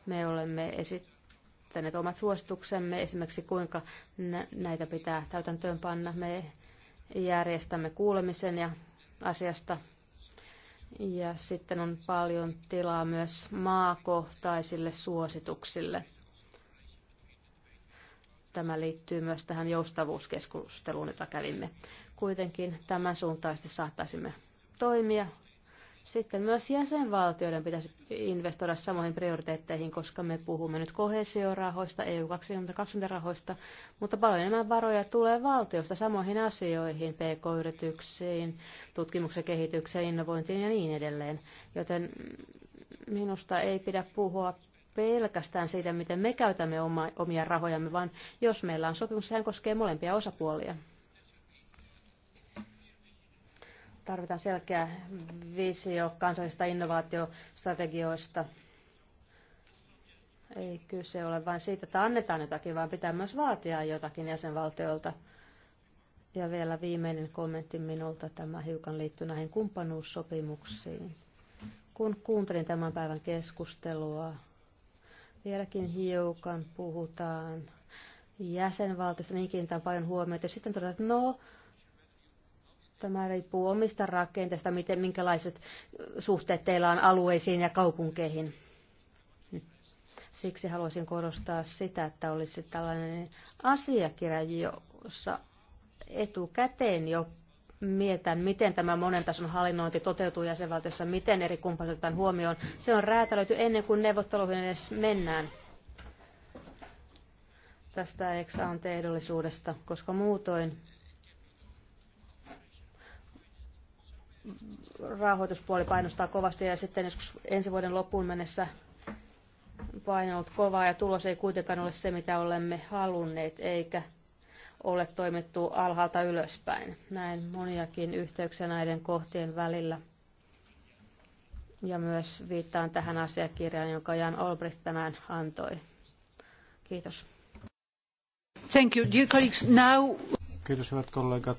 me olemme esittäneet esittäneet omat suosituksemme, esimerkiksi kuinka näitä pitää täytäntöön panna. Me järjestämme kuulemisen ja asiasta. Ja sitten on paljon tilaa myös maakohtaisille suosituksille. Tämä liittyy myös tähän joustavuuskeskusteluun, jota kävimme. Kuitenkin tämän suuntaisesti saattaisimme toimia. Sitten myös jäsenvaltioiden pitäisi investoida samoihin prioriteetteihin, koska me puhumme nyt kohesiorahoista, EU-2020-rahoista, mutta paljon enemmän varoja tulee valtiosta samoihin asioihin, pk-yrityksiin, tutkimuksen kehitykseen, innovointiin ja niin edelleen. Joten minusta ei pidä puhua pelkästään siitä, miten me käytämme oma, omia rahojamme, vaan jos meillä on sopimus, sehän koskee molempia osapuolia. Tarvitaan selkeä visio kansallisista innovaatiostrategioista. Ei kyse ole vain siitä, että annetaan jotakin, vaan pitää myös vaatia jotakin jäsenvaltiolta. Ja vielä viimeinen kommentti minulta. Tämä hiukan liittyy näihin kumppanuussopimuksiin. Kun kuuntelin tämän päivän keskustelua, vieläkin hiukan puhutaan jäsenvaltiosta, niin kiinnitän paljon huomiota. Sitten todetaan, että no, Tämä riippuu omista rakenteista, miten, minkälaiset suhteet teillä on alueisiin ja kaupunkeihin. Siksi haluaisin korostaa sitä, että olisi tällainen asiakirja, jossa etukäteen jo mietän, miten tämä monen tason hallinnointi toteutuu jäsenvaltiossa, miten eri kumppanit otetaan huomioon. Se on räätälöity ennen kuin neuvotteluihin edes mennään tästä ex-anteehdollisuudesta, koska muutoin rahoituspuoli painostaa kovasti ja sitten joskus ensi vuoden loppuun mennessä paine ollut kovaa ja tulos ei kuitenkaan ole se, mitä olemme halunneet, eikä ole toimittu alhaalta ylöspäin. Näin moniakin yhteyksiä näiden kohtien välillä. Ja myös viittaan tähän asiakirjaan, jonka Jan Olbricht tänään antoi. Kiitos. Thank you, dear colleagues. Now... Kiitos hyvät kollegat.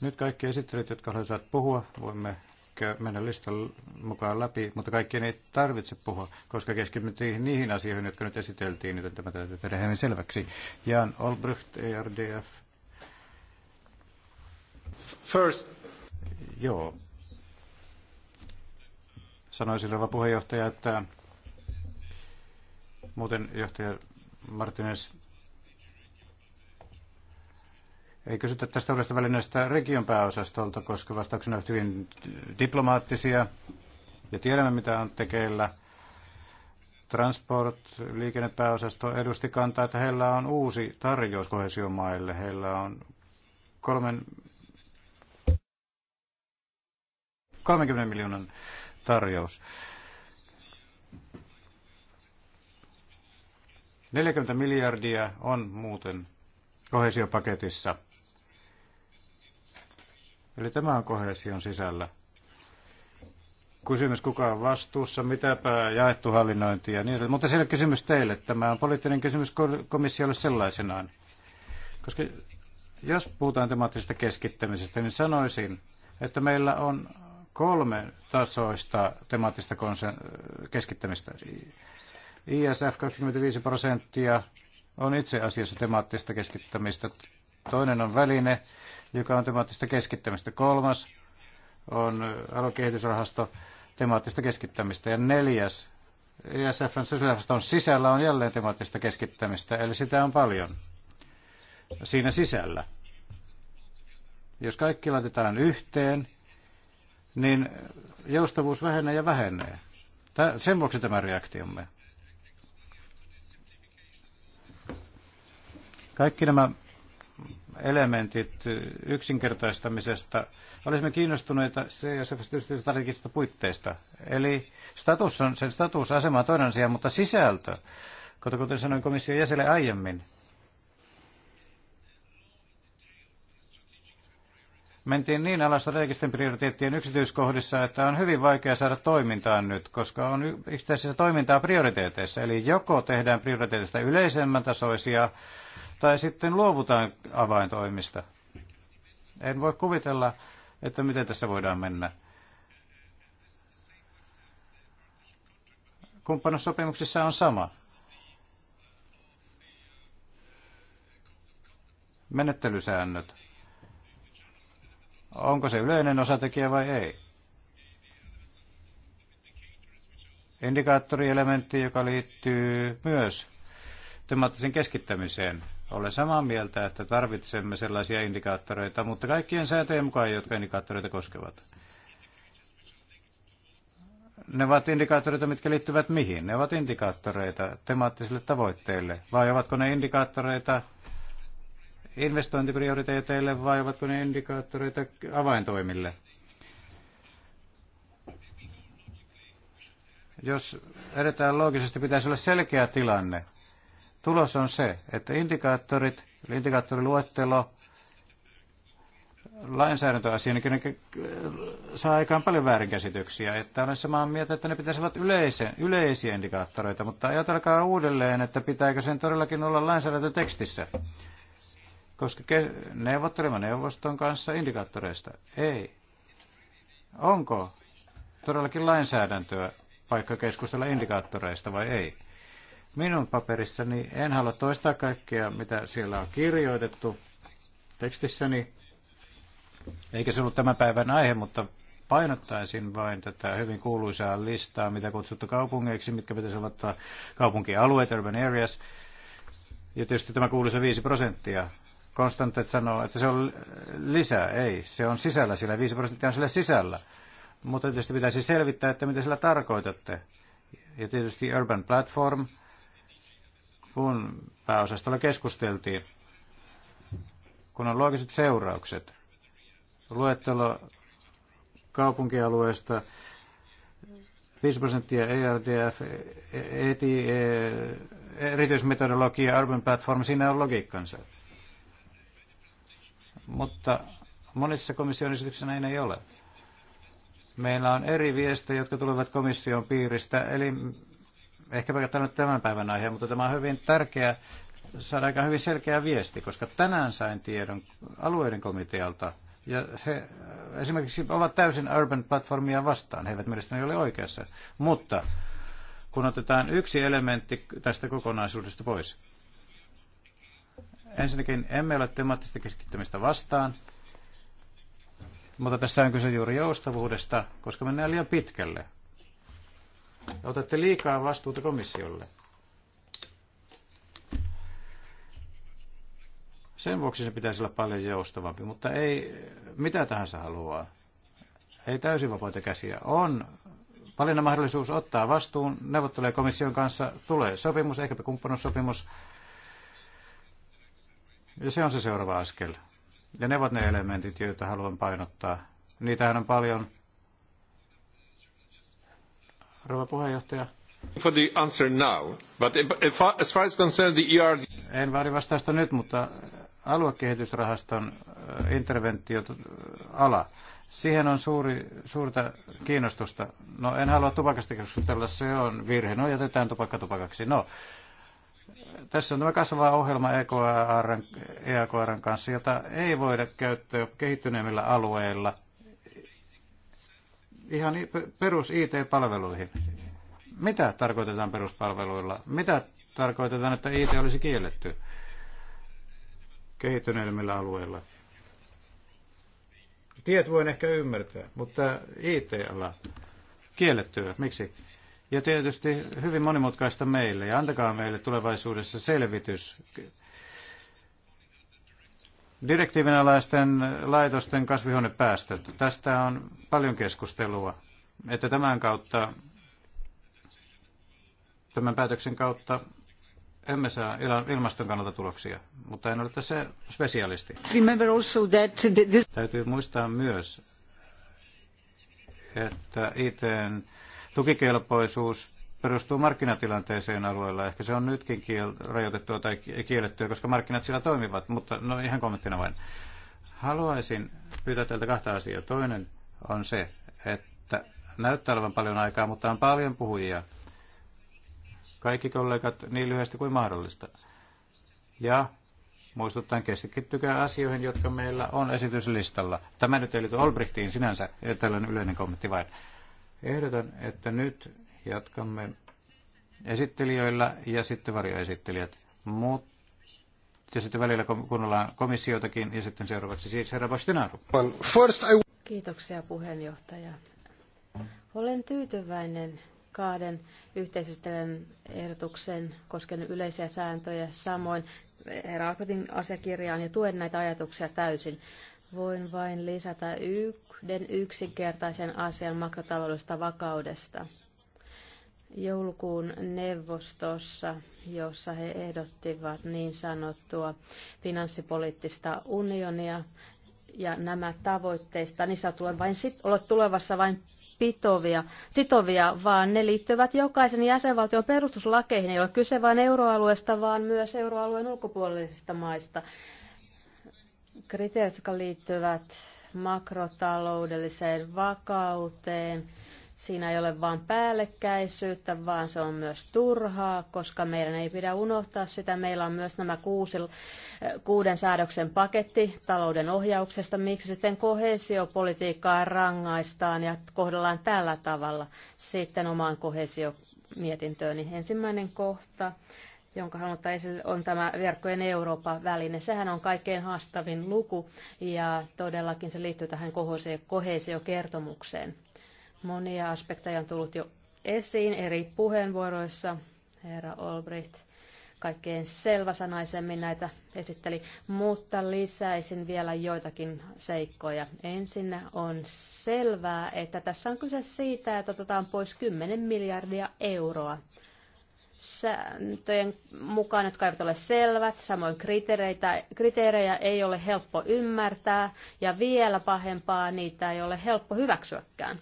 Nyt kaikki esittelyt, jotka haluaisivat puhua, voimme mennä listan mukaan läpi, mutta kaikkien ei tarvitse puhua, koska keskityttiin niihin asioihin, jotka nyt esiteltiin, joten tämä täytyy tehdä hyvin selväksi. Jan Olbrecht, ERDF. First. Joo. Sanoisin rouva puheenjohtaja, että muuten johtaja Martinez ei kysytä tästä uudesta välineestä region pääosastolta, koska vastauksena ovat hyvin diplomaattisia ja tiedämme, mitä on tekeillä. Transport, liikennepääosasto edusti kantaa, että heillä on uusi tarjous kohesiomaille. Heillä on kolmen, 30 miljoonan tarjous. 40 miljardia on muuten kohesiopaketissa – Eli tämä on kohesion sisällä. Kysymys, kuka on vastuussa, mitäpä jaettu hallinnointi ja niin edelleen. Mutta siellä kysymys teille. Tämä on poliittinen kysymys komissiolle sellaisenaan. Koska jos puhutaan temaattisesta keskittämisestä, niin sanoisin, että meillä on kolme tasoista temaattista keskittämistä. ISF 25 prosenttia on itse asiassa temaattista keskittämistä. Toinen on väline, joka on temaattista keskittämistä. Kolmas on aluekehitysrahasto temaattista keskittämistä. Ja neljäs ISFn e sosiaalirahaston sisällä on jälleen temaattista keskittämistä, eli sitä on paljon siinä sisällä. Jos kaikki laitetaan yhteen, niin joustavuus vähenee ja vähenee. Sen vuoksi tämä reaktiomme. Kaikki nämä elementit yksinkertaistamisesta. Olisimme kiinnostuneita CSF-strategisista puitteista. Eli status on, sen status, asema on toinen asia, mutta sisältö, kuten sanoin komission jäsenelle aiemmin, mentiin niin alas strategisten prioriteettien yksityiskohdissa, että on hyvin vaikea saada toimintaan nyt, koska on yksittäisessä toimintaa prioriteeteissa. Eli joko tehdään prioriteeteista yleisemmän tasoisia tai sitten luovutaan avaintoimista. En voi kuvitella, että miten tässä voidaan mennä. Kumppanussopimuksissa on sama. Menettelysäännöt. Onko se yleinen osatekijä vai ei? Indikaattorielementti, joka liittyy myös temaattisen keskittämiseen. Olen samaa mieltä, että tarvitsemme sellaisia indikaattoreita, mutta kaikkien säätöjen mukaan, jotka indikaattoreita koskevat. Ne ovat indikaattoreita, mitkä liittyvät mihin? Ne ovat indikaattoreita temaattisille tavoitteille, vai ovatko ne indikaattoreita investointiprioriteeteille, vai ovatko ne indikaattoreita avaintoimille? Jos edetään loogisesti, pitäisi olla selkeä tilanne Tulos on se, että indikaattorit, indikaattoriluettelo, lainsäädäntöasioiden niin saa aikaan paljon väärinkäsityksiä. Että olen samaa mieltä, että ne pitäisi olla yleisen, yleisiä indikaattoreita, mutta ajatelkaa uudelleen, että pitääkö sen todellakin olla lainsäädäntötekstissä. Koska ke- neuvottelemme neuvoston kanssa indikaattoreista. Ei. Onko todellakin lainsäädäntöä paikka keskustella indikaattoreista vai ei? minun paperissani. En halua toistaa kaikkea, mitä siellä on kirjoitettu tekstissäni, eikä se ollut tämän päivän aihe, mutta painottaisin vain tätä hyvin kuuluisaa listaa, mitä kutsuttu kaupungeiksi, mitkä pitäisi olla kaupunkialueet, urban areas. Ja tietysti tämä kuuluisa 5 prosenttia. Konstantet sanoo, että se on lisää. Ei, se on sisällä sillä. 5 prosenttia on sillä sisällä. Mutta tietysti pitäisi selvittää, että mitä sillä tarkoitatte. Ja tietysti Urban Platform – kun pääosastolla keskusteltiin, kun on loogiset seuraukset. Luettelo kaupunkialueesta 5 prosenttia ERDF, ETI, e, erityismetodologia, Urban Platform, siinä on logiikkansa. Mutta monissa komission esityksissä näin ei ole. Meillä on eri viestejä, jotka tulevat komission piiristä, eli Ehkä tämä nyt tämän päivän aihe, mutta tämä on hyvin tärkeä saada aika hyvin selkeä viesti, koska tänään sain tiedon alueiden komitealta, ja he äh, esimerkiksi ovat täysin Urban Platformia vastaan, he eivät mielestäni ole oikeassa, mutta kun otetaan yksi elementti tästä kokonaisuudesta pois, ensinnäkin emme ole temaattista keskittymistä vastaan, mutta tässä on kyse juuri joustavuudesta, koska mennään liian pitkälle. Otatte liikaa vastuuta komissiolle. Sen vuoksi se pitäisi olla paljon joustavampi, mutta ei mitä tahansa haluaa. Ei täysin vapaita käsiä. On valinnan mahdollisuus ottaa vastuun, neuvottelee komission kanssa, tulee sopimus, ehkäpä kumppanussopimus. Ja se on se seuraava askel. Ja ne ovat ne elementit, joita haluan painottaa. Niitähän on paljon Rouva puheenjohtaja. For the answer now, but as far as the ERD... En vaadi vastausta nyt, mutta äh, aluekehitysrahaston äh, äh, ala. Siihen on suuri, suurta kiinnostusta. No en halua tupakasta keskustella, se on virhe. No jätetään tupakka tupakaksi. No, tässä on tämä kasvava ohjelma EKRn, e EAKRn kanssa, jota ei voida käyttää kehittyneemmillä alueilla ihan perus IT-palveluihin. Mitä tarkoitetaan peruspalveluilla? Mitä tarkoitetaan, että IT olisi kielletty kehittyneemmillä alueilla? Tiet voin ehkä ymmärtää, mutta IT-ala kiellettyä. Miksi? Ja tietysti hyvin monimutkaista meille. Ja antakaa meille tulevaisuudessa selvitys Direktiivin alaisten laitosten kasvihuonepäästöt. Tästä on paljon keskustelua, että tämän kautta, tämän päätöksen kautta emme saa ilmaston kannalta tuloksia, mutta en ole tässä spesialisti. This... Täytyy muistaa myös, että iten tukikelpoisuus perustuu markkinatilanteeseen alueella. Ehkä se on nytkin kiel- rajoitettua tai kiellettyä, koska markkinat siellä toimivat, mutta no ihan kommenttina vain. Haluaisin pyytää teiltä kahta asiaa. Toinen on se, että näyttää olevan paljon aikaa, mutta on paljon puhujia. Kaikki kollegat niin lyhyesti kuin mahdollista. Ja muistuttaen keskittykää asioihin, jotka meillä on esityslistalla. Tämä nyt ei liity Olbrichtiin sinänsä, tällainen yleinen kommentti vain. Ehdotan, että nyt Jatkamme esittelijöillä ja sitten varjoesittelijät. Mut, ja sitten välillä kuunnellaan komissiotakin ja sitten seuraavaksi siis herra Bostinaru. Kiitoksia puheenjohtaja. Olen tyytyväinen kahden yhteisöstelen ehdotuksen kosken yleisiä sääntöjä samoin herra Alkotin asiakirjaan ja tuen näitä ajatuksia täysin. Voin vain lisätä yhden yksinkertaisen asian makrotaloudesta vakaudesta – joulukuun neuvostossa, jossa he ehdottivat niin sanottua finanssipoliittista unionia. Ja nämä tavoitteista, niistä tulee vain sit, ole tulevassa vain pitovia, sitovia, vaan ne liittyvät jokaisen jäsenvaltion perustuslakeihin. Ei ole kyse vain euroalueesta, vaan myös euroalueen ulkopuolisista maista. Kriteerit, jotka liittyvät makrotaloudelliseen vakauteen, Siinä ei ole vain päällekkäisyyttä, vaan se on myös turhaa, koska meidän ei pidä unohtaa sitä. Meillä on myös nämä kuusi, eh, kuuden säädöksen paketti talouden ohjauksesta. Miksi sitten kohesiopolitiikkaa rangaistaan ja kohdellaan tällä tavalla sitten omaan kohesiomietintöön? Niin ensimmäinen kohta jonka haluan esille, on tämä verkkojen Eurooppa-väline. Sehän on kaikkein haastavin luku ja todellakin se liittyy tähän kohesiokertomukseen. Monia aspekteja on tullut jo esiin eri puheenvuoroissa. Herra Olbricht kaikkein selväsanaisemmin näitä esitteli, mutta lisäisin vielä joitakin seikkoja. Ensinnä on selvää, että tässä on kyse siitä, että otetaan pois 10 miljardia euroa sääntöjen mukaan, jotka eivät ole selvät, samoin kriteereitä, kriteerejä ei ole helppo ymmärtää ja vielä pahempaa, niitä ei ole helppo hyväksyäkään.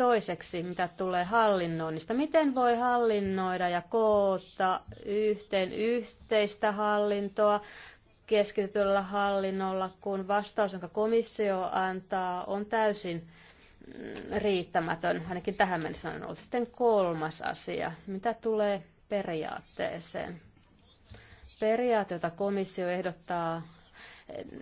Toiseksi, mitä tulee hallinnoinnista, miten voi hallinnoida ja koota yhteen yhteistä hallintoa keskitytyllä hallinnolla, kun vastaus, jonka komissio antaa, on täysin mm, riittämätön, ainakin tähän mennessä on ollut. Sitten kolmas asia, mitä tulee periaatteeseen. Periaate, jota komissio ehdottaa,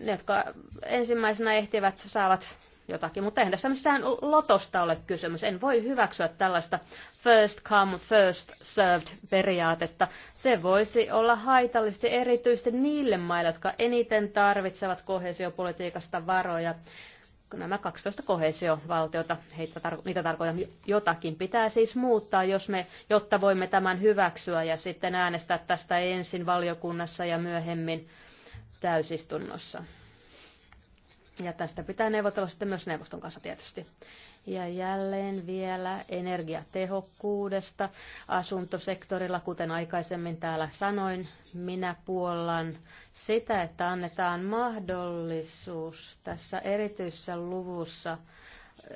ne, jotka ensimmäisenä ehtivät, saavat jotakin, mutta eihän tässä missään lotosta ole kysymys. En voi hyväksyä tällaista first come, first served periaatetta. Se voisi olla haitallisesti erityisesti niille maille, jotka eniten tarvitsevat kohesiopolitiikasta varoja. Nämä 12 kohesiovaltiota, heitä tar- niitä tarkoitan jotakin, pitää siis muuttaa, jos me, jotta voimme tämän hyväksyä ja sitten äänestää tästä ensin valiokunnassa ja myöhemmin täysistunnossa. Ja tästä pitää neuvotella sitten myös neuvoston kanssa tietysti. Ja jälleen vielä energiatehokkuudesta asuntosektorilla, kuten aikaisemmin täällä sanoin, minä puollan sitä, että annetaan mahdollisuus tässä erityisessä luvussa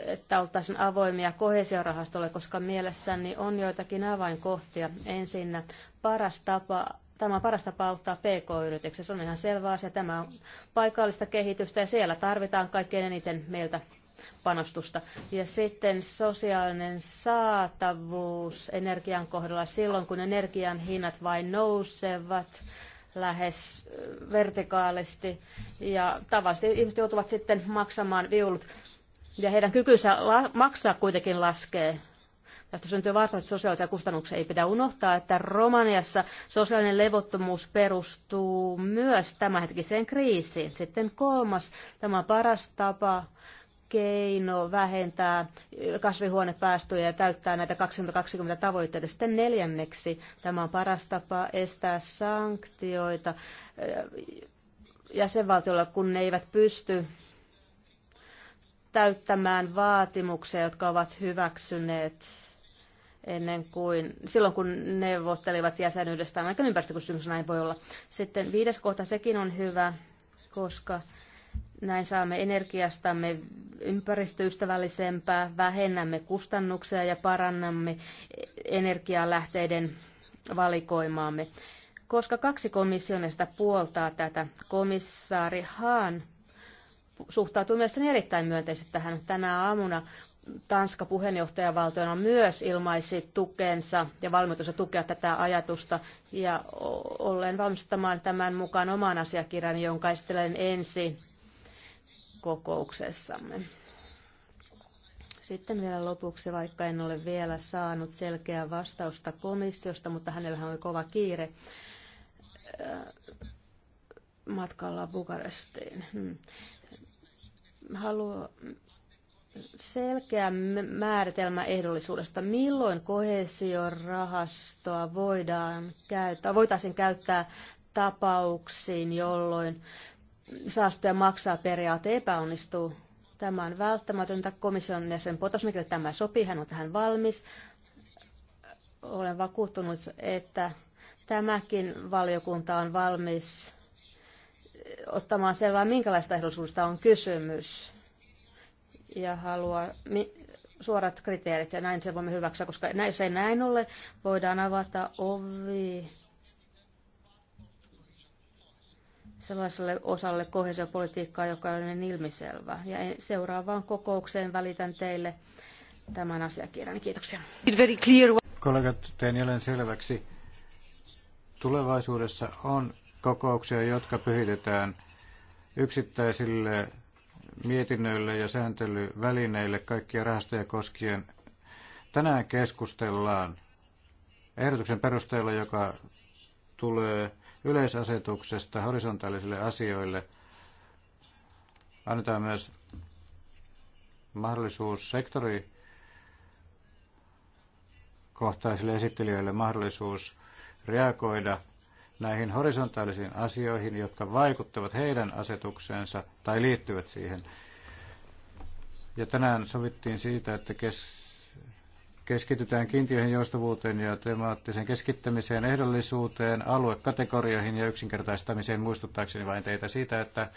että oltaisiin avoimia kohesiorahastolle, koska mielessäni on joitakin avainkohtia. Ensinnä paras tapa Tämä on paras tapa auttaa PK-yrityksessä. Se on ihan selvä asia. Tämä on paikallista kehitystä ja siellä tarvitaan kaikkein eniten meiltä panostusta. Ja sitten sosiaalinen saatavuus energian kohdalla silloin, kun energian hinnat vain nousevat lähes vertikaalisti ja tavallisesti ihmiset joutuvat sitten maksamaan viulut ja heidän kykynsä maksaa kuitenkin laskee Tästä syntyy varmasti sosiaalisia kustannuksia. Ei pidä unohtaa, että Romaniassa sosiaalinen levottomuus perustuu myös tämänhetkiseen kriisiin. Sitten kolmas, tämä paras tapa keino vähentää kasvihuonepäästöjä ja täyttää näitä 2020 tavoitteita. Sitten neljänneksi tämä on paras tapa estää sanktioita eh, jäsenvaltiolla, kun ne eivät pysty täyttämään vaatimuksia, jotka ovat hyväksyneet ennen kuin, silloin kun neuvottelivat on aika ympäristökysymys näin voi olla. Sitten viides kohta, sekin on hyvä, koska näin saamme energiastamme ympäristöystävällisempää, vähennämme kustannuksia ja parannamme energialähteiden valikoimaamme. Koska kaksi komissionista puoltaa tätä, komissaari Haan suhtautuu mielestäni erittäin myönteisesti tähän tänä aamuna. Tanska puheenjohtajavaltiona myös ilmaisi tukensa ja valmiutensa tukea tätä ajatusta. Ja olen valmistamaan tämän mukaan oman asiakirjan, jonka esittelen ensi kokouksessamme. Sitten vielä lopuksi, vaikka en ole vielä saanut selkeää vastausta komissiosta, mutta hänellähän oli kova kiire äh, matkalla Bukarestiin. Hmm. Haluan selkeä määritelmä ehdollisuudesta. Milloin kohesiorahastoa voidaan käyttää, voitaisiin käyttää tapauksiin, jolloin saastuja maksaa periaate epäonnistuu? Tämä on välttämätöntä komission jäsen Potosmikille Tämä sopii, hän on tähän valmis. Olen vakuuttunut, että tämäkin valiokunta on valmis ottamaan selvää, minkälaista ehdollisuudesta on kysymys ja haluaa suorat kriteerit ja näin se voimme hyväksyä, koska näin, ei näin ole, voidaan avata ovi sellaiselle osalle kohesiopolitiikkaa, joka on niin ilmiselvä. Ja seuraavaan kokoukseen välitän teille tämän asiakirjan. Kiitoksia. Kollegat, tein jälleen selväksi. Tulevaisuudessa on kokouksia, jotka pyhitetään yksittäisille mietinnöille ja sääntelyvälineille kaikkia rahastoja koskien. Tänään keskustellaan ehdotuksen perusteella, joka tulee yleisasetuksesta horisontaalisille asioille. Annetaan myös mahdollisuus sektori kohtaisille esittelijöille mahdollisuus reagoida – näihin horisontaalisiin asioihin, jotka vaikuttavat heidän asetukseensa tai liittyvät siihen. Ja tänään sovittiin siitä, että kes- keskitytään kiintiöihin, joustavuuteen ja temaattiseen keskittämiseen, ehdollisuuteen, aluekategorioihin ja yksinkertaistamiseen muistuttaakseni vain teitä siitä, että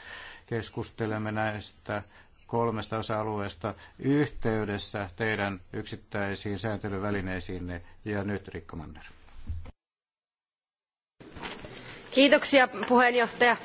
keskustelemme näistä kolmesta osa-alueesta yhteydessä teidän yksittäisiin sääntelyvälineisiinne ja nyt Rikko Manner. Kiitoksia puheenjohtaja.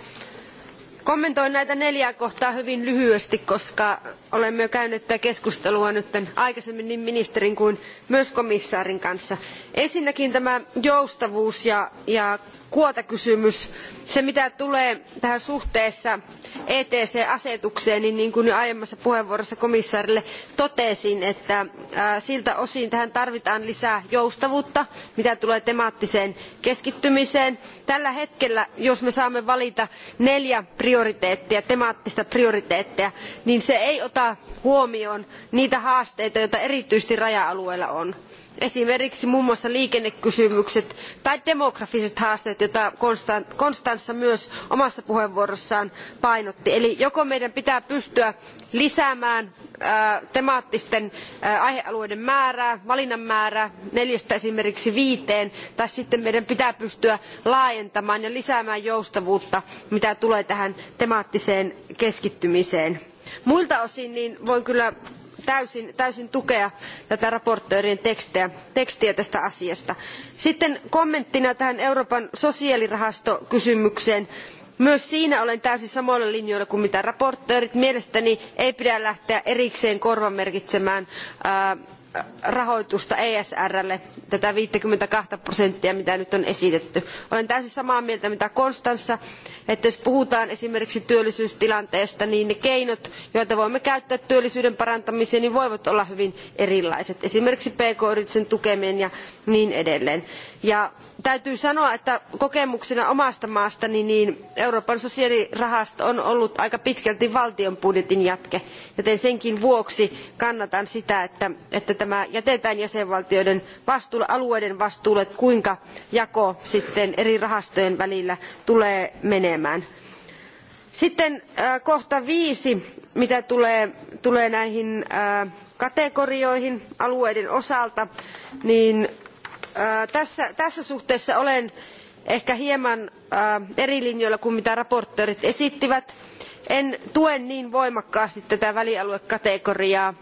Kommentoin näitä neljää kohtaa hyvin lyhyesti, koska olemme jo käyneet tätä keskustelua nyt aikaisemmin niin ministerin kuin myös komissaarin kanssa. Ensinnäkin tämä joustavuus ja, ja kuotakysymys. Se mitä tulee tähän suhteessa ETC-asetukseen, niin, niin kuin jo aiemmassa puheenvuorossa komissaarille totesin, että ää, siltä osin tähän tarvitaan lisää joustavuutta, mitä tulee temaattiseen keskittymiseen. Tällä hetkellä, jos me saamme valita neljä prioriteettia, temaattista prioriteettia, niin se ei ota ottaa huomioon niitä haasteita, joita erityisesti raja-alueilla on. Esimerkiksi muun muassa liikennekysymykset tai demografiset haasteet, joita Konstanssa myös omassa puheenvuorossaan painotti. Eli joko meidän pitää pystyä lisäämään temaattisten aihealueiden määrää, valinnan määrää neljästä esimerkiksi viiteen, tai sitten meidän pitää pystyä laajentamaan ja lisäämään joustavuutta, mitä tulee tähän temaattiseen keskittymiseen Muilta osin niin voin kyllä täysin, täysin tukea tätä raportöörien tekstiä, tekstiä tästä asiasta. Sitten kommenttina tähän Euroopan sosiaalirahastokysymykseen. Myös siinä olen täysin samoilla linjoilla kuin mitä raportöörit. Mielestäni ei pidä lähteä erikseen korvamerkitsemään ää, rahoitusta ESRlle, tätä 52 prosenttia, mitä nyt on esitetty. Olen täysin samaa mieltä, mitä Konstanssa, että jos puhutaan esimerkiksi työllisyystilanteesta, niin ne keinot, joita voimme käyttää työllisyyden parantamiseen, niin voivat olla hyvin erilaiset. Esimerkiksi PK-yritysten tukeminen ja niin edelleen. Ja täytyy sanoa, että kokemuksena omasta maastani niin Euroopan sosiaalirahasto on ollut aika pitkälti valtion budjetin jatke, joten senkin vuoksi kannatan sitä, että, tämä jätetään jäsenvaltioiden vastuulle, alueiden vastuulle, kuinka jako sitten eri rahastojen välillä tulee menemään. Sitten kohta viisi, mitä tulee, tulee näihin kategorioihin alueiden osalta, niin tässä, suhteessa olen ehkä hieman eri linjoilla kuin mitä esittelijät esittivät. en tue niin voimakkaasti tätä välialuekategoriaa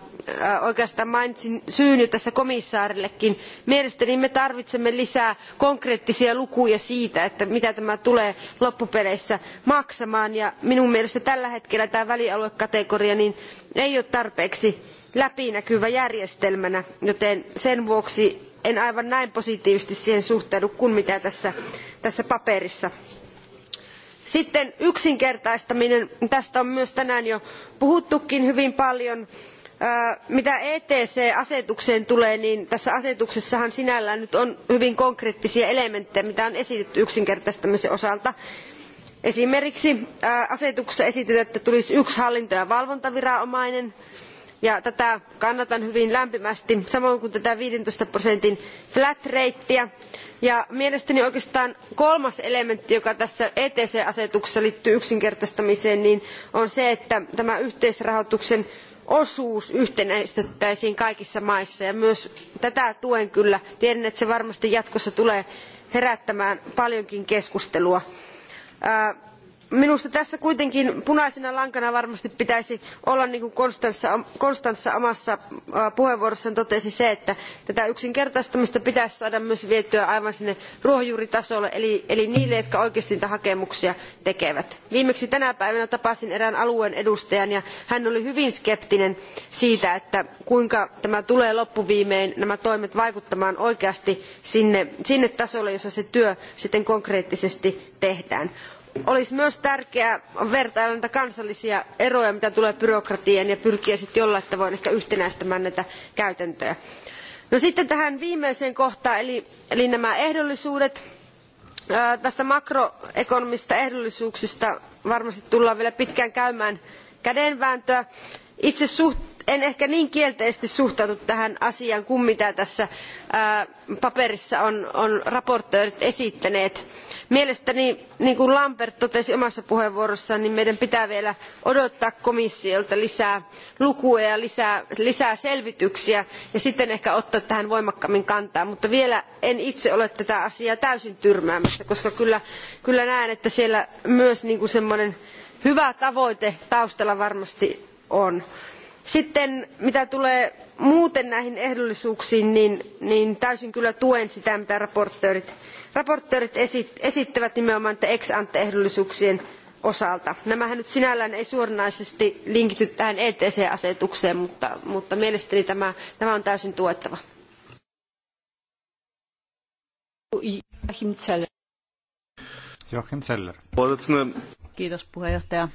oikeastaan mainitsin syyn jo tässä komissaarillekin. mielestäni me tarvitsemme lisää konkreettisia lukuja siitä että mitä tämä tulee loppupeleissä maksamaan ja minun mielestäni tällä hetkellä tämä välialuekategoria niin ei ole tarpeeksi läpinäkyvä järjestelmänä joten sen vuoksi en aivan näin positiivisesti siihen suhtaudu kuin mitä tässä, tässä paperissa. Sitten yksinkertaistaminen, tästä on myös tänään jo puhuttukin hyvin paljon. Mitä ETC-asetukseen tulee, niin tässä asetuksessahan sinällään nyt on hyvin konkreettisia elementtejä, mitä on esitetty yksinkertaistamisen osalta. Esimerkiksi asetuksessa esitetään, että tulisi yksi hallinto- ja valvontaviranomainen, ja tätä kannatan hyvin lämpimästi samoin kuin tätä viisitoista prosentin flat ratea ja mielestäni oikeastaan kolmas elementti joka tässä ets asetuksessa liittyy yksinkertaistamiseen niin on se että tämä yhteisrahoituksen osuus yhtenäistettäisiin kaikissa maissa ja myös tätä tuen kyllä. tiedän että se varmasti jatkossa tulee herättämään paljonkin keskustelua. Ää, minusta tässä kuitenkin punaisena lankana varmasti pitäisi olla niin kuin Konstanssa, omassa puheenvuorossaan totesi se, että tätä yksinkertaistamista pitäisi saada myös vietyä aivan sinne ruohonjuuritasolle, eli, eli niille, jotka oikeasti niitä hakemuksia tekevät. Viimeksi tänä päivänä tapasin erään alueen edustajan ja hän oli hyvin skeptinen siitä, että kuinka tämä tulee loppuviimein nämä toimet vaikuttamaan oikeasti sinne tasolle, jossa se työ sitten konkreettisesti tehdään olisi myös tärkeää vertailla näitä kansallisia eroja, mitä tulee byrokratiaan ja pyrkiä sitten jollain tavoin ehkä yhtenäistämään näitä käytäntöjä. No sitten tähän viimeiseen kohtaan, eli, eli nämä ehdollisuudet. tästä makroekonomisista ehdollisuuksista varmasti tullaan vielä pitkään käymään kädenvääntöä. Itse suht, en ehkä niin kielteisesti suhtautu tähän asiaan kuin mitä tässä ää, paperissa on, on raportöörit esittäneet mielestäni niin kuin lambert totesi omassa puheenvuorossaan niin meidän pitää vielä odottaa komissiolta lisää lukuja ja lisää, selvityksiä ja sitten ehkä ottaa tähän voimakkaammin kantaa mutta vielä en itse ole tätä asiaa täysin tyrmäämässä koska kyllä, näen että siellä myös niin kuin semmoinen hyvä tavoite taustalla varmasti on. sitten mitä tulee muuten näihin ehdollisuuksiin niin, niin täysin kyllä tuen sitä mitä esittelijät esittelijät esittävät nimenomaan ex ante ehdollisuuksien osalta nämähän nyt sinällään eivät suoranaisesti linkity tähän ets asetukseen mutta, mielestäni tämä, on täysin tuettava. Kiitos puheenjohtaja.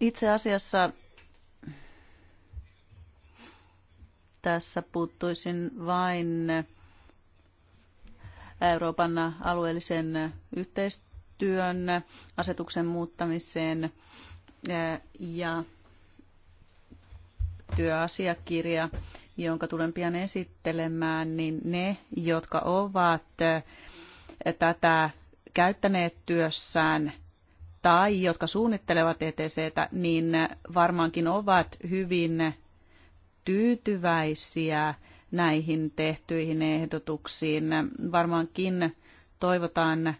Itse asiassa tässä puuttuisin vain Euroopan alueellisen yhteistyön asetuksen muuttamiseen ja työasiakirja, jonka tulen pian esittelemään, niin ne, jotka ovat tätä käyttäneet työssään tai jotka suunnittelevat ETCtä, niin varmaankin ovat hyvin tyytyväisiä näihin tehtyihin ehdotuksiin. Varmaankin toivotaan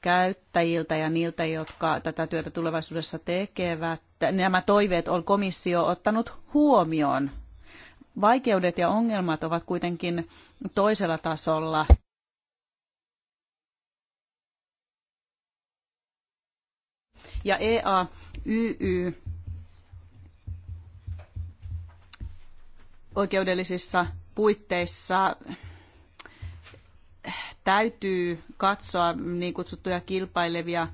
käyttäjiltä ja niiltä, jotka tätä työtä tulevaisuudessa tekevät. Nämä toiveet on komissio ottanut huomioon. Vaikeudet ja ongelmat ovat kuitenkin toisella tasolla. Ja EAYY oikeudellisissa puitteissa täytyy katsoa niin kutsuttuja kilpailevia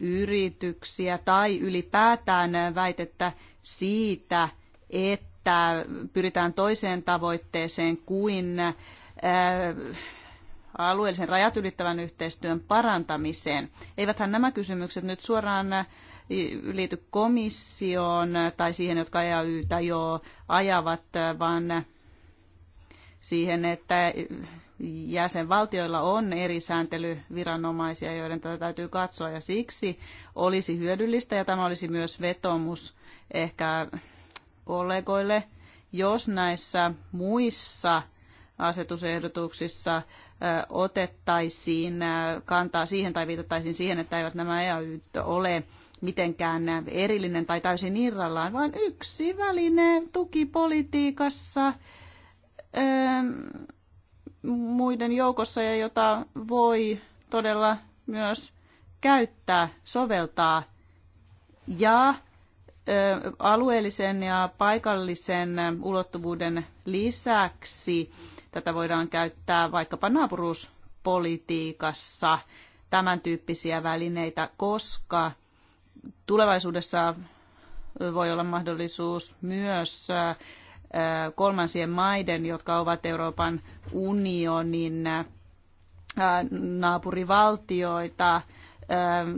yrityksiä tai ylipäätään väitettä siitä, että pyritään toiseen tavoitteeseen kuin äh, alueellisen rajat ylittävän yhteistyön parantamiseen. Eiväthän nämä kysymykset nyt suoraan äh, liity komissioon tai siihen, jotka EU tai jo ajavat, äh, vaan siihen, että jäsenvaltioilla on eri sääntelyviranomaisia, joiden tätä täytyy katsoa, ja siksi olisi hyödyllistä, ja tämä olisi myös vetomus ehkä kollegoille, jos näissä muissa asetusehdotuksissa otettaisiin kantaa siihen tai viitattaisiin siihen, että eivät nämä EAY ole mitenkään erillinen tai täysin irrallaan, vaan yksi väline tukipolitiikassa muiden joukossa ja jota voi todella myös käyttää, soveltaa ja alueellisen ja paikallisen ulottuvuuden lisäksi tätä voidaan käyttää vaikkapa naapuruuspolitiikassa tämän tyyppisiä välineitä, koska tulevaisuudessa voi olla mahdollisuus myös Äh, kolmansien maiden, jotka ovat Euroopan unionin äh, naapurivaltioita, äh,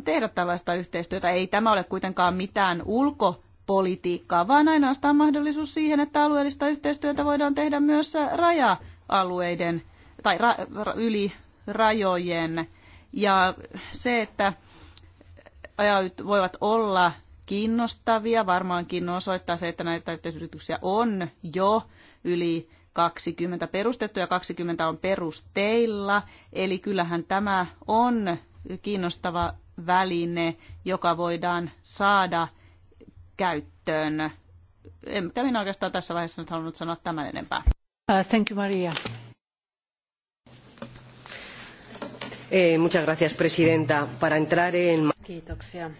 tehdä tällaista yhteistyötä. Ei tämä ole kuitenkaan mitään ulko politiikkaa, vaan ainoastaan mahdollisuus siihen, että alueellista yhteistyötä voidaan tehdä myös raja-alueiden tai ra- ra- yli rajojen. Ja se, että ajat voivat olla kiinnostavia. Varmaankin osoittaa se, että näitä yhteisyrityksiä on jo yli 20 perustettu ja 20 on perusteilla. Eli kyllähän tämä on kiinnostava väline, joka voidaan saada käyttöön. En minä oikeastaan tässä vaiheessa nyt halunnut sanoa tämän enempää. Uh, thank you, Maria. Eh, muchas gracias, presidenta. Para entrar en... Kiitoksia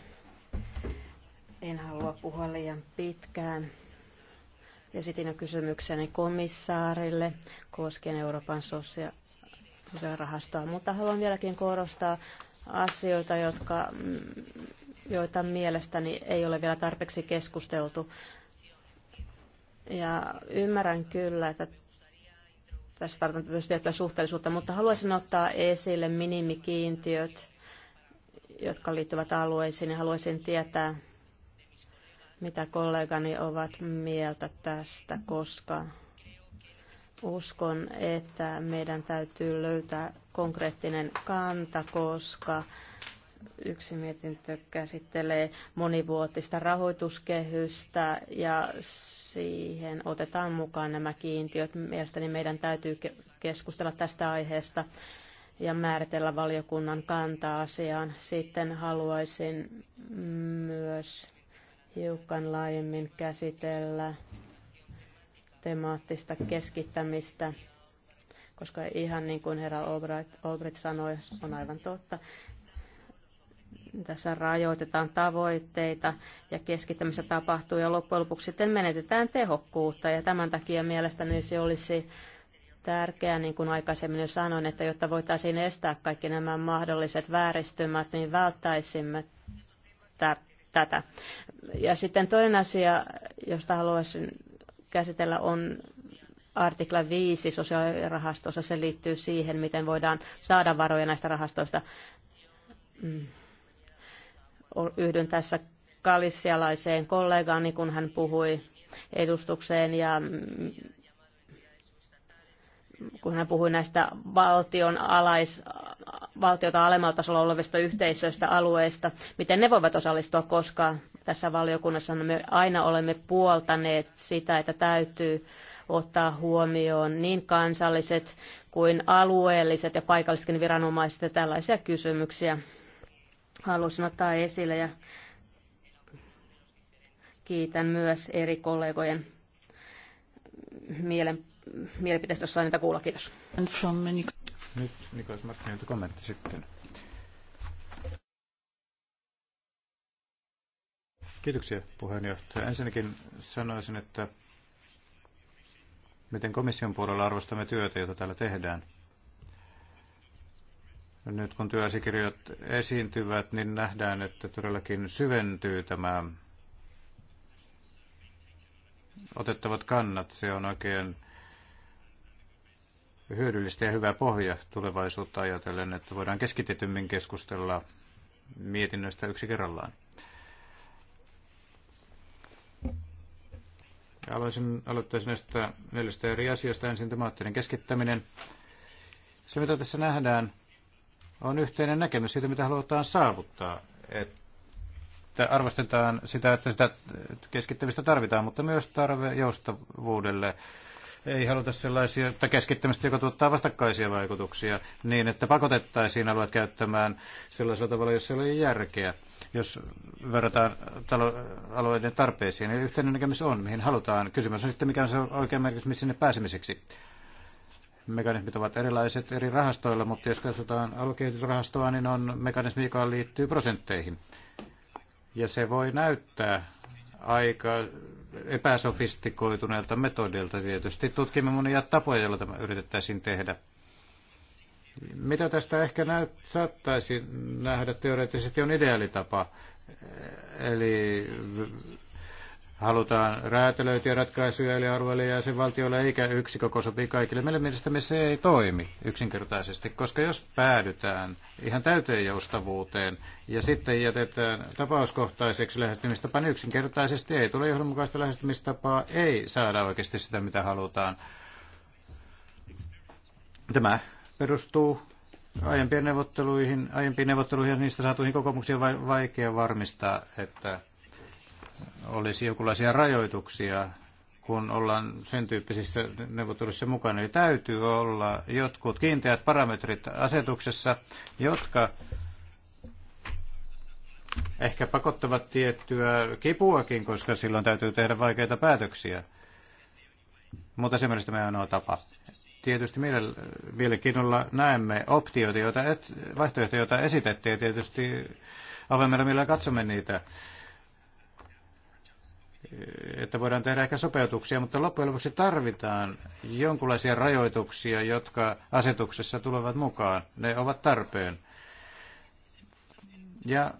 en halua puhua liian pitkään. Esitin jo kysymykseni komissaarille koskien Euroopan sosia- sosiaalirahastoa, mutta haluan vieläkin korostaa asioita, jotka, mm, joita mielestäni ei ole vielä tarpeeksi keskusteltu. Ja ymmärrän kyllä, että tässä tarvitaan tietysti tiettyä suhteellisuutta, mutta haluaisin ottaa esille minimikiintiöt, jotka liittyvät alueisiin ja haluaisin tietää, mitä kollegani ovat mieltä tästä, koska uskon, että meidän täytyy löytää konkreettinen kanta, koska yksi mietintö käsittelee monivuotista rahoituskehystä ja siihen otetaan mukaan nämä kiintiöt. Mielestäni meidän täytyy keskustella tästä aiheesta ja määritellä valiokunnan kanta asiaan. Sitten haluaisin myös hiukan laajemmin käsitellä temaattista keskittämistä, koska ihan niin kuin herra Olbricht sanoi, on aivan totta, tässä rajoitetaan tavoitteita ja keskittämistä tapahtuu ja loppujen lopuksi sitten menetetään tehokkuutta ja tämän takia mielestäni se olisi tärkeää, niin kuin aikaisemmin jo sanoin, että jotta voitaisiin estää kaikki nämä mahdolliset vääristymät, niin välttäisimme tätä. Ja sitten toinen asia, josta haluaisin käsitellä, on artikla 5 sosiaalirahastossa. Se liittyy siihen, miten voidaan saada varoja näistä rahastoista. Mm. Yhdyn tässä kalissialaiseen kollegaani, kun hän puhui edustukseen ja kun hän puhui näistä valtion alais, valtiota alemmalla tasolla olevista yhteisöistä, alueista, miten ne voivat osallistua, koska tässä valiokunnassa me aina olemme puoltaneet sitä, että täytyy ottaa huomioon niin kansalliset kuin alueelliset ja paikallisetkin viranomaiset ja tällaisia kysymyksiä halusin ottaa esille ja kiitän myös eri kollegojen mielen mielipiteistä, jos saa niitä kuulla. Kiitos. Nyt Nikos Marttinilta kommentti sitten. Kiitoksia puheenjohtaja. Ensinnäkin sanoisin, että miten komission puolella arvostamme työtä, jota täällä tehdään. Nyt kun työasikirjat esiintyvät, niin nähdään, että todellakin syventyy tämä otettavat kannat. Se on oikein hyödyllistä ja hyvä pohja tulevaisuutta ajatellen, että voidaan keskitetymmin keskustella mietinnöistä yksi kerrallaan. Aloisin, aloittaisin näistä neljästä eri asiasta. Ensin temaattinen keskittäminen. Se, mitä tässä nähdään, on yhteinen näkemys siitä, mitä halutaan saavuttaa. Että arvostetaan sitä, että sitä keskittämistä tarvitaan, mutta myös tarve joustavuudelle ei haluta sellaisia tai keskittämistä, joka tuottaa vastakkaisia vaikutuksia niin, että pakotettaisiin alueet käyttämään sellaisella tavalla, jossa ei ole järkeä, jos verrataan talo- alueiden tarpeisiin. Eli niin yhteinen näkemys on, mihin halutaan. Kysymys on sitten, mikä on se oikea merkitys sinne pääsemiseksi. Mekanismit ovat erilaiset eri rahastoilla, mutta jos katsotaan aluekehitysrahastoa, niin on mekanismi, joka liittyy prosentteihin. Ja se voi näyttää aika epäsofistikoituneelta metodilta tietysti. Tutkimme monia tapoja, joilla tämä yritettäisiin tehdä. Mitä tästä ehkä näyt, saattaisi nähdä teoreettisesti on ideaalitapa, eli halutaan räätälöityjä ratkaisuja eli alueelle ja sen valtiolle, eikä yksi koko sopii kaikille. Meidän mielestämme se ei toimi yksinkertaisesti, koska jos päädytään ihan täyteen joustavuuteen ja sitten jätetään tapauskohtaiseksi lähestymistapa, niin yksinkertaisesti ei tule johdonmukaista lähestymistapaa, ei saada oikeasti sitä, mitä halutaan. Tämä perustuu aiempien neuvotteluihin, aiempiin neuvotteluihin ja niistä saatuihin kokemuksiin on vaikea varmistaa, että olisi jokinlaisia rajoituksia, kun ollaan sen tyyppisissä neuvotteluissa mukana. niin täytyy olla jotkut kiinteät parametrit asetuksessa, jotka ehkä pakottavat tiettyä kipuakin, koska silloin täytyy tehdä vaikeita päätöksiä. Mutta se mielestäni ainoa tapa. Tietysti mielenkiinnolla näemme optioita, joita et, vaihtoehtoja, joita esitettiin, ja tietysti avaimella millä katsomme niitä että voidaan tehdä ehkä sopeutuksia, mutta loppujen lopuksi tarvitaan jonkinlaisia rajoituksia, jotka asetuksessa tulevat mukaan. Ne ovat tarpeen. Ja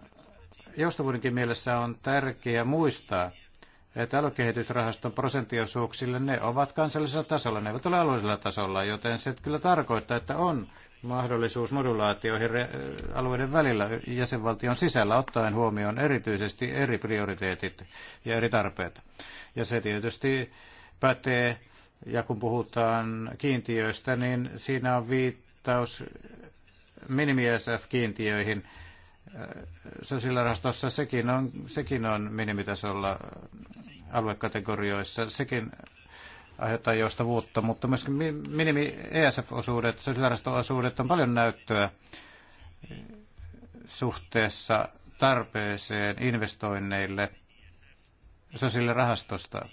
joustavuudenkin mielessä on tärkeää muistaa, että aluekehitysrahaston prosenttiosuuksille ne ovat kansallisella tasolla, ne eivät ole alueellisella tasolla, joten se kyllä tarkoittaa, että on mahdollisuus modulaatioihin alueiden välillä jäsenvaltion sisällä ottaen huomioon erityisesti eri prioriteetit ja eri tarpeet. Ja se tietysti pätee, ja kun puhutaan kiintiöistä, niin siinä on viittaus minimi-SF-kiintiöihin. Sosiaalirahastossa sekin on, sekin on minimitasolla aluekategorioissa. Sekin aiheuttaa joustavuutta, mutta myöskin minimi ESF-osuudet, sosiaalirahastoosuudet on paljon näyttöä suhteessa tarpeeseen investoinneille sosiaalirahastosta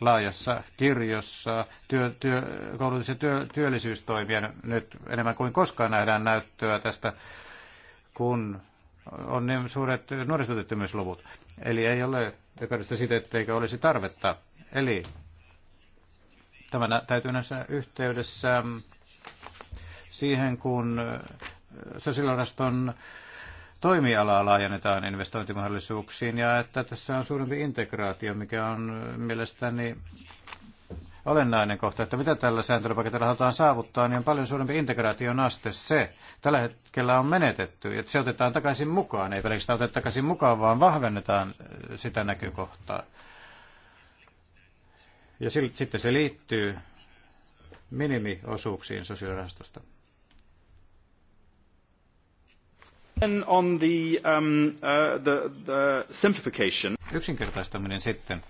laajassa kirjossa työ, työ, koulutus- ja työ, työllisyystoimien nyt enemmän kuin koskaan nähdään näyttöä tästä, kun on niin suuret nuorisotyöttömyysluvut. Eli ei ole epäilystä siitä, etteikö olisi tarvetta Eli tämä täytyy näissä yhteydessä siihen, kun sosiaaliraston toimialaa laajennetaan investointimahdollisuuksiin ja että tässä on suurempi integraatio, mikä on mielestäni olennainen kohta, että mitä tällä sääntelypaketilla halutaan saavuttaa, niin on paljon suurempi integraation aste se. Tällä hetkellä on menetetty, että se otetaan takaisin mukaan, ei pelkästään oteta takaisin mukaan, vaan vahvennetaan sitä näkökohtaa. Ja sitten se liittyy minimiosuuksiin sosiaalirahastosta. On the, um, uh, the, the simplification. Yksinkertaistaminen sitten.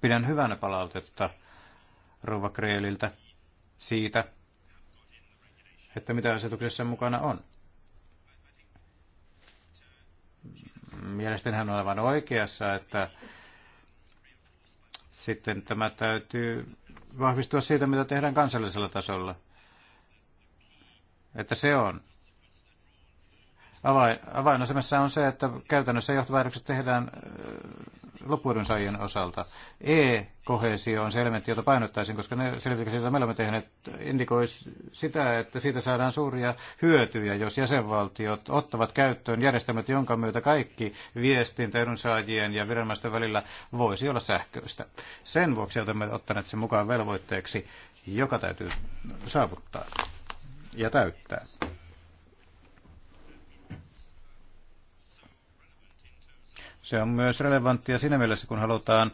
Pidän hyvänä palautetta Rova Kreeliltä siitä, että mitä asetuksessa mukana on. Mielestäni hän on aivan oikeassa, että sitten tämä täytyy vahvistua siitä, mitä tehdään kansallisella tasolla. Että se on. Avain, avainasemassa on se, että käytännössä johtopäätökset tehdään loppuedun saajien osalta. E-kohesio on se elementti, jota painottaisin, koska ne selvitykset, joita me olemme tehneet, indikoi sitä, että siitä saadaan suuria hyötyjä, jos jäsenvaltiot ottavat käyttöön järjestelmät, jonka myötä kaikki viestintä edunsaajien ja viranomaisten välillä voisi olla sähköistä. Sen vuoksi olemme ottaneet sen mukaan velvoitteeksi, joka täytyy saavuttaa ja täyttää. Se on myös relevanttia siinä mielessä, kun halutaan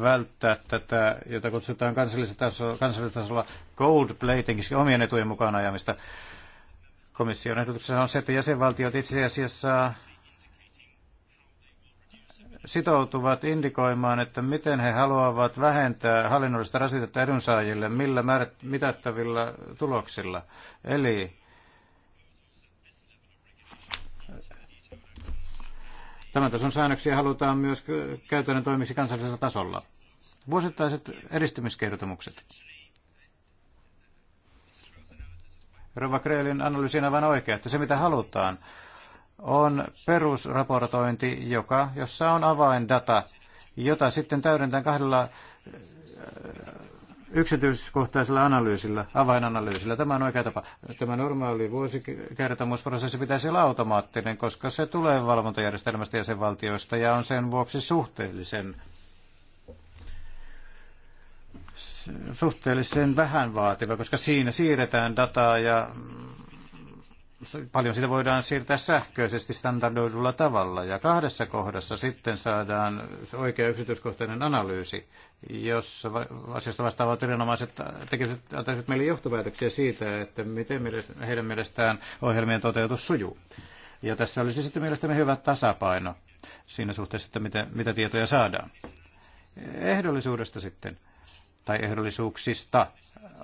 välttää tätä, jota kutsutaan kansallisella tasolla gold platingiksi omien etujen mukaan ajamista. Komission ehdotuksessa on se, että jäsenvaltiot itse asiassa sitoutuvat indikoimaan, että miten he haluavat vähentää hallinnollista rasitetta edunsaajille, millä määrät, mitattavilla tuloksilla. Eli Tämän tason säännöksiä halutaan myös käytännön toimiksi kansallisella tasolla. Vuosittaiset edistymiskertomukset. Rova Kreelin analyysi on aivan oikea, että se mitä halutaan on perusraportointi, joka, jossa on avaindata, jota sitten täydentää kahdella yksityiskohtaisella analyysillä, avainanalyysillä. Tämä on oikea tapa. Tämä normaali vuosikertomusprosessi pitäisi olla automaattinen, koska se tulee valvontajärjestelmästä jäsenvaltioista ja on sen vuoksi suhteellisen suhteellisen vähän vaativa, koska siinä siirretään dataa ja paljon sitä voidaan siirtää sähköisesti standardoidulla tavalla. Ja kahdessa kohdassa sitten saadaan oikea yksityiskohtainen analyysi, jossa asiasta vastaavat viranomaiset tekevät, meille johtopäätöksiä siitä, että miten heidän mielestään ohjelmien toteutus sujuu. Ja tässä olisi sitten mielestäni hyvä tasapaino siinä suhteessa, että mitä, mitä tietoja saadaan. Ehdollisuudesta sitten tai ehdollisuuksista.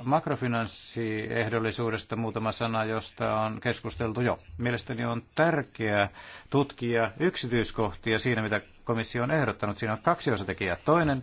Makrofinanssiehdollisuudesta muutama sana, josta on keskusteltu jo. Mielestäni on tärkeää tutkia yksityiskohtia siinä, mitä komissio on ehdottanut. Siinä on kaksi osatekijää. Toinen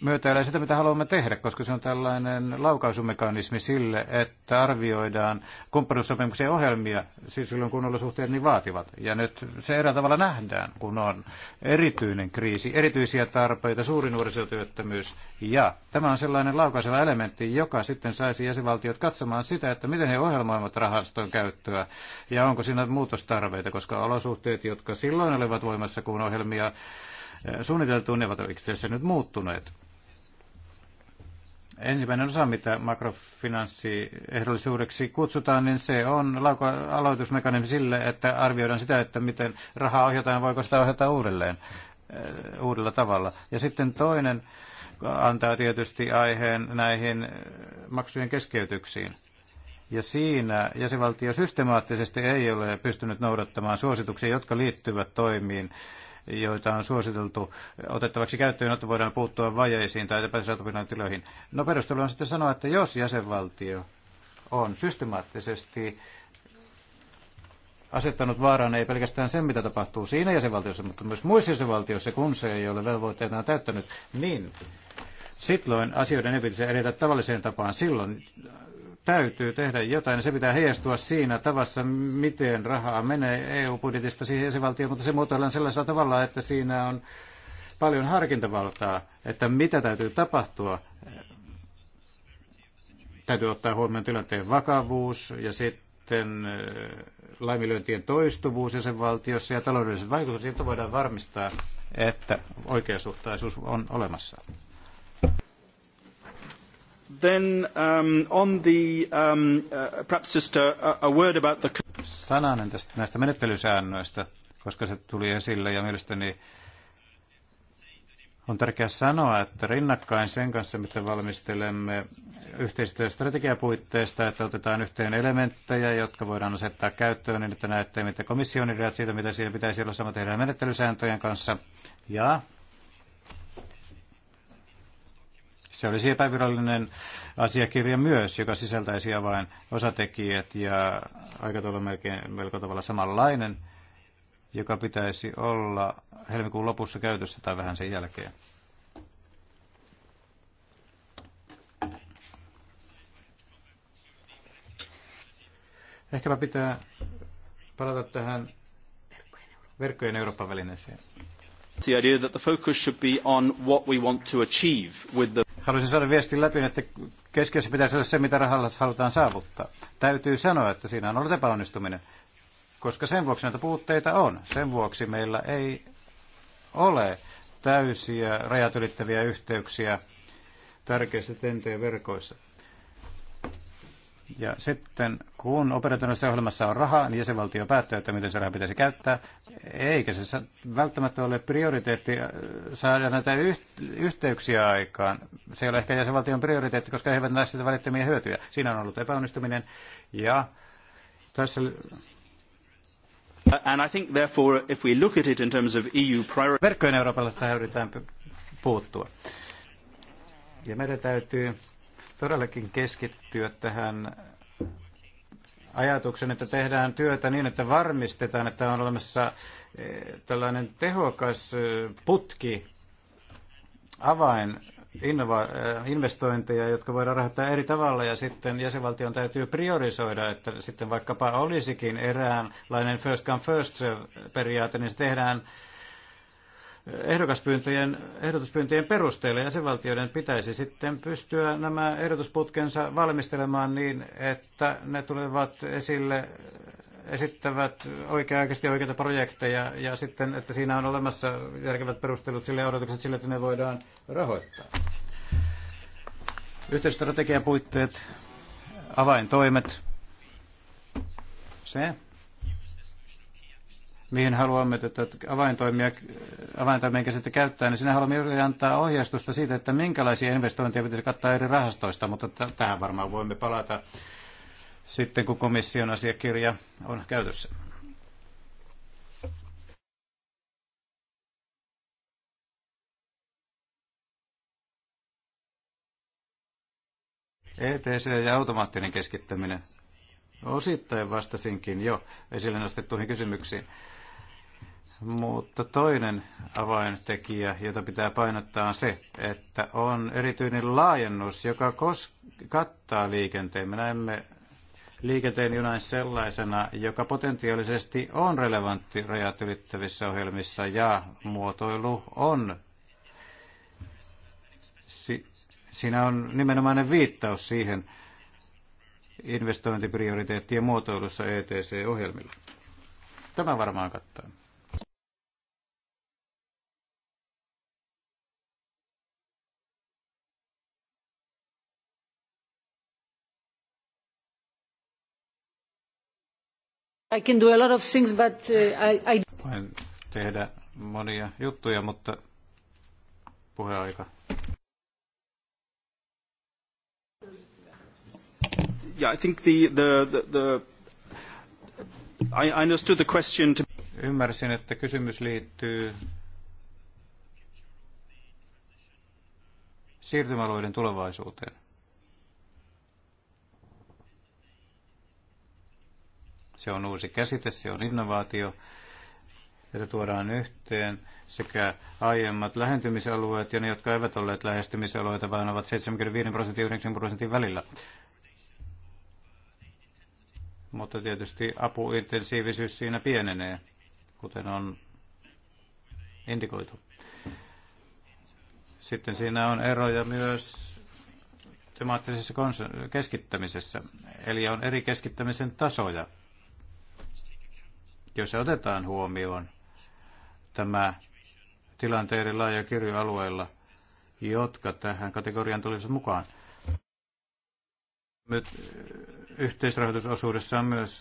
myötäilee sitä, mitä haluamme tehdä, koska se on tällainen laukaisumekanismi sille, että arvioidaan kumppanuussopimuksen ohjelmia siis silloin, kun olosuhteet niin vaativat. Ja nyt se erää tavalla nähdään, kun on erityinen kriisi, erityisiä tarpeita, suuri nuorisotyöttömyys. Ja tämä on sellainen laukaiseva elementti, joka sitten saisi jäsenvaltiot katsomaan sitä, että miten he ohjelmoivat rahaston käyttöä ja onko siinä muutostarveita, koska olosuhteet, jotka silloin olivat voimassa, kun ohjelmia eh, suunniteltuun, ne ovat itse asiassa nyt muuttuneet ensimmäinen osa, mitä makrofinanssiehdollisuudeksi kutsutaan, niin se on aloitusmekanismi sille, että arvioidaan sitä, että miten rahaa ohjataan, voiko sitä ohjata uudelleen äh, uudella tavalla. Ja sitten toinen antaa tietysti aiheen näihin äh, maksujen keskeytyksiin. Ja siinä jäsenvaltio systemaattisesti ei ole pystynyt noudattamaan suosituksia, jotka liittyvät toimiin joita on suositeltu otettavaksi käyttöön, jotta voidaan puuttua vajeisiin tai epätasapainoihin tiloihin. No perustelu on sitten sanoa, että jos jäsenvaltio on systemaattisesti asettanut vaaraan ei pelkästään sen, mitä tapahtuu siinä jäsenvaltiossa, mutta myös muissa jäsenvaltioissa, kun se ei ole velvoitteitaan täyttänyt, niin silloin asioiden ei pitäisi edetä tavalliseen tapaan. Silloin täytyy tehdä jotain, ja se pitää heijastua siinä tavassa, miten rahaa menee EU-budjetista siihen jäsenvaltioon, mutta se muotoillaan sellaisella tavalla, että siinä on paljon harkintavaltaa, että mitä täytyy tapahtua. Täytyy ottaa huomioon tilanteen vakavuus ja sitten äh, laiminlyöntien toistuvuus jäsenvaltiossa ja taloudelliset vaikutukset, jotta voidaan varmistaa, että oikeasuhtaisuus on olemassa. Sananen tästä näistä menettelysäännöistä, koska se tuli esille ja mielestäni on tärkeää sanoa, että rinnakkain sen kanssa, miten valmistelemme strategiapuitteista, että otetaan yhteen elementtejä, jotka voidaan asettaa käyttöön niin, että näette, mitä komission ideat siitä, mitä siellä pitäisi olla sama tehdään menettelysääntöjen kanssa. Ja Se olisi epävirallinen asiakirja myös, joka sisältäisi avain osatekijät ja aikataulu melkein melko tavalla samanlainen, joka pitäisi olla helmikuun lopussa käytössä tai vähän sen jälkeen. Ehkäpä pitää palata tähän verkkojen Eurooppa-välineeseen. The idea that the focus should be on what we want to achieve with the Haluaisin saada viesti läpi, että keskiössä pitäisi olla se, mitä rahalla halutaan saavuttaa. Täytyy sanoa, että siinä on ollut epäonnistuminen, koska sen vuoksi näitä puutteita on. Sen vuoksi meillä ei ole täysiä rajat ylittäviä yhteyksiä tärkeissä TNT-verkoissa. Ja sitten kun operatiivisessa ohjelmassa on rahaa, niin jäsenvaltio päättää, että miten se raha pitäisi käyttää. Eikä se välttämättä ole prioriteetti äh, saada näitä yhteyksiä aikaan. Se ei ole ehkä jäsenvaltion prioriteetti, koska he eivät näe sitä välittömiä hyötyjä. Siinä on ollut epäonnistuminen. Ja tässä And I think therefore if we look at it in terms of EU priority... Verkkojen Euroopalla tähän yritetään puuttua. Ja meidän täytyy todellakin keskittyä tähän ajatuksen, että tehdään työtä niin, että varmistetaan, että on olemassa eh, tällainen tehokas eh, putki, avain eh, investointeja, jotka voidaan rahoittaa eri tavalla ja sitten jäsenvaltion täytyy priorisoida, että sitten vaikkapa olisikin eräänlainen first come first periaate, niin se tehdään ehdokaspyyntöjen, ehdotuspyyntöjen perusteella jäsenvaltioiden pitäisi sitten pystyä nämä ehdotusputkensa valmistelemaan niin, että ne tulevat esille, esittävät oikea-aikaisesti oikeita projekteja ja sitten, että siinä on olemassa järkevät perustelut sille odotukset sille, että ne voidaan rahoittaa. puitteet, avaintoimet, se mihin haluamme tätä avaintoimia, avaintoimien käsitettä käyttää, niin sinä haluamme juuri antaa ohjeistusta siitä, että minkälaisia investointeja pitäisi kattaa eri rahastoista, mutta t- tähän varmaan voimme palata sitten, kun komission asiakirja on käytössä. ETC ja automaattinen keskittäminen. Osittain vastasinkin jo esille nostettuihin kysymyksiin. Mutta toinen avaintekijä, jota pitää painottaa, on se, että on erityinen laajennus, joka kos- kattaa liikenteen. Me näemme liikenteen junain sellaisena, joka potentiaalisesti on relevantti rajat ylittävissä ohjelmissa ja muotoilu on. Si- siinä on nimenomainen viittaus siihen investointiprioriteettien muotoilussa ETC-ohjelmilla. Tämä varmaan kattaa. I can do a lot of things, but uh, I, I... Voin tehdä monia juttuja, mutta puheaika. Yeah, I think the, the, the, the I understood the question to... Ymmärsin, että kysymys liittyy siirtymäalueiden tulevaisuuteen. Se on uusi käsite, se on innovaatio, jota tuodaan yhteen sekä aiemmat lähentymisalueet ja ne, jotka eivät olleet lähestymisalueita, vaan ovat 75 prosentin ja 90 prosentin välillä. Mutta tietysti apuintensiivisyys siinä pienenee, kuten on indikoitu. Sitten siinä on eroja myös temaattisessa keskittämisessä, eli on eri keskittämisen tasoja. Jos otetaan huomioon tämä tilanteiden laaja kirjo alueella, jotka tähän kategoriaan tulisivat mukaan. Nyt yhteisrahoitusosuudessa on myös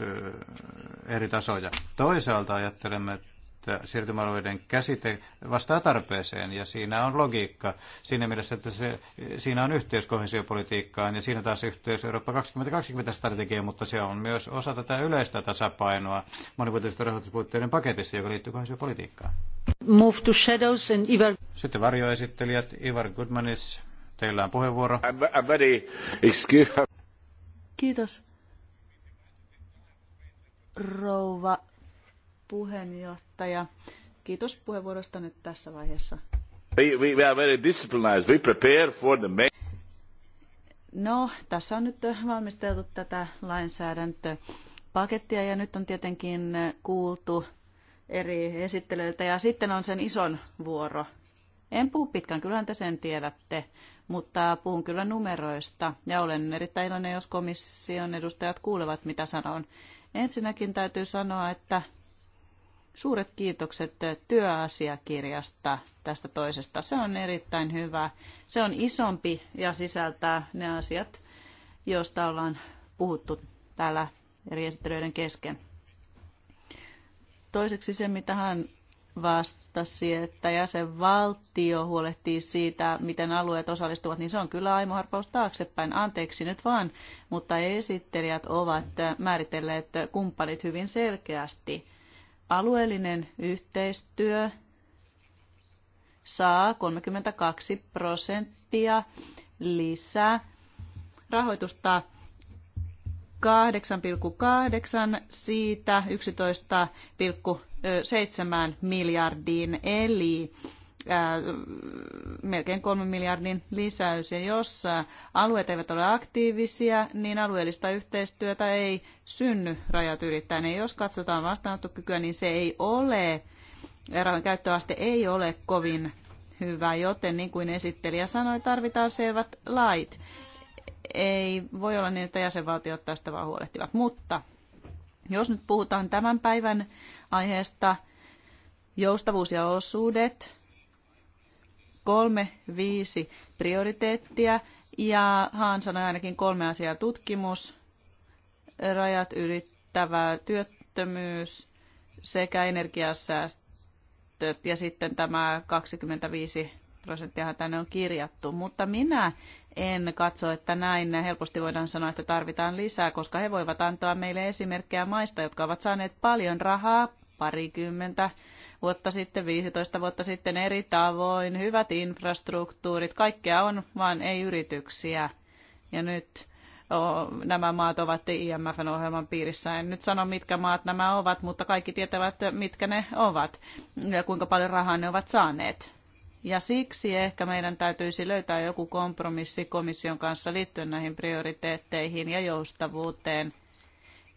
eri tasoja. Toisaalta ajattelemme että siirtymäalueiden käsite vastaa tarpeeseen ja siinä on logiikka siinä mielessä, että se, siinä on yhteys kohesiopolitiikkaan ja siinä taas yhteys Eurooppa 2020 strategia, mutta se on myös osa tätä yleistä tasapainoa monivuotisten rahoituspuitteiden paketissa, joka liittyy kohesiopolitiikkaan. Move to shadows and Ivar... Sitten varjoesittelijät Ivar Goodmanis, teillä on puheenvuoro. Kiitos rouva puheenjohtaja. Kiitos puheenvuorosta nyt tässä vaiheessa. We, we are very disciplined. We prepare for the main... No, tässä on nyt valmisteltu tätä lainsäädäntöpakettia ja nyt on tietenkin kuultu eri esittelyiltä ja sitten on sen ison vuoro. En puhu pitkään, kyllähän te sen tiedätte, mutta puhun kyllä numeroista ja olen erittäin iloinen, jos komission edustajat kuulevat, mitä sanon. Ensinnäkin täytyy sanoa, että suuret kiitokset työasiakirjasta tästä toisesta. Se on erittäin hyvä. Se on isompi ja sisältää ne asiat, joista ollaan puhuttu täällä eri esittelyiden kesken. Toiseksi se, mitä hän vastasi, että jäsenvaltio huolehtii siitä, miten alueet osallistuvat, niin se on kyllä aimoharppaus taaksepäin. Anteeksi nyt vaan, mutta esittelijät ovat määritelleet kumppanit hyvin selkeästi – alueellinen yhteistyö saa 32 prosenttia lisää rahoitusta 8,8 siitä 11,7 miljardiin, eli Äh, melkein kolme miljardin lisäys. Ja jos äh, alueet eivät ole aktiivisia, niin alueellista yhteistyötä ei synny rajat ylittäen. Ja jos katsotaan vastaanottokykyä, niin se ei ole, rahojen käyttöaste ei ole kovin hyvä, joten niin kuin esittelijä sanoi, tarvitaan selvät lait. Ei voi olla niin, että jäsenvaltiot tästä vaan huolehtivat, mutta jos nyt puhutaan tämän päivän aiheesta, joustavuus ja osuudet, kolme, viisi prioriteettia ja Haan sanoi ainakin kolme asiaa tutkimus, rajat ylittävä työttömyys sekä energiasäästöt ja sitten tämä 25 prosenttia tänne on kirjattu, mutta minä en katso, että näin helposti voidaan sanoa, että tarvitaan lisää, koska he voivat antaa meille esimerkkejä maista, jotka ovat saaneet paljon rahaa, parikymmentä vuotta sitten, 15 vuotta sitten eri tavoin, hyvät infrastruktuurit, kaikkea on, vaan ei yrityksiä. Ja nyt nämä maat ovat imf ohjelman piirissä. En nyt sano, mitkä maat nämä ovat, mutta kaikki tietävät, mitkä ne ovat ja kuinka paljon rahaa ne ovat saaneet. Ja siksi ehkä meidän täytyisi löytää joku kompromissi komission kanssa liittyen näihin prioriteetteihin ja joustavuuteen.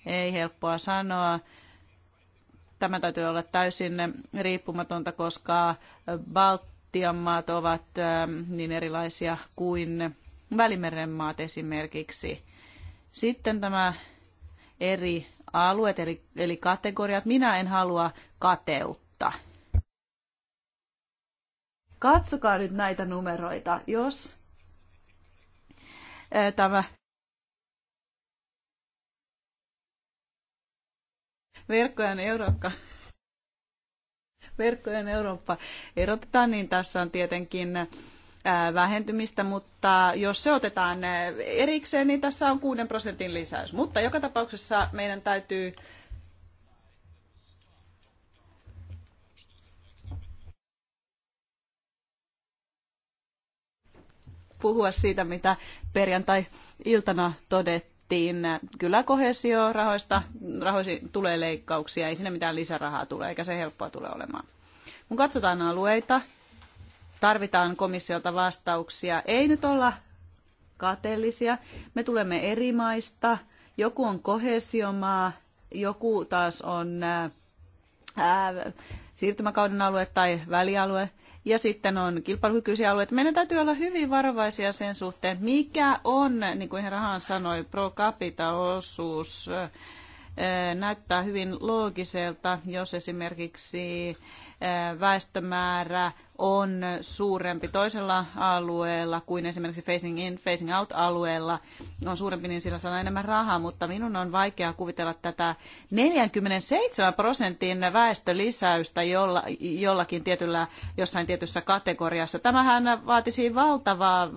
Ei helppoa sanoa, Tämä täytyy olla täysin riippumatonta, koska Baltian maat ovat niin erilaisia kuin Välimeren maat esimerkiksi. Sitten tämä eri alueet eli, eli kategoriat. Minä en halua kateutta. Katsokaa nyt näitä numeroita. Jos tämä verkkojen Eurooppa verkkojen Eurooppa erotetaan, niin tässä on tietenkin vähentymistä, mutta jos se otetaan erikseen, niin tässä on 6 prosentin lisäys. Mutta joka tapauksessa meidän täytyy puhua siitä, mitä perjantai-iltana todettiin puhuttiin, kyllä kohesiorahoista rahoisi, tulee leikkauksia, ei sinne mitään lisärahaa tule, eikä se helppoa tule olemaan. Kun katsotaan alueita, tarvitaan komissiolta vastauksia. Ei nyt olla kateellisia. Me tulemme eri maista. Joku on kohesiomaa, joku taas on ää, siirtymäkauden alue tai välialue ja sitten on kilpailukykyisiä alueita. Meidän täytyy olla hyvin varovaisia sen suhteen, mikä on, niin kuin herra Haan sanoi, pro capita osuus näyttää hyvin loogiselta, jos esimerkiksi väestömäärä on suurempi toisella alueella kuin esimerkiksi facing in, facing out alueella on suurempi, niin sillä saa enemmän rahaa, mutta minun on vaikea kuvitella tätä 47 prosentin väestölisäystä jolla, jollakin tietyllä, jossain tietyssä kategoriassa. Tämähän vaatisi valtavaa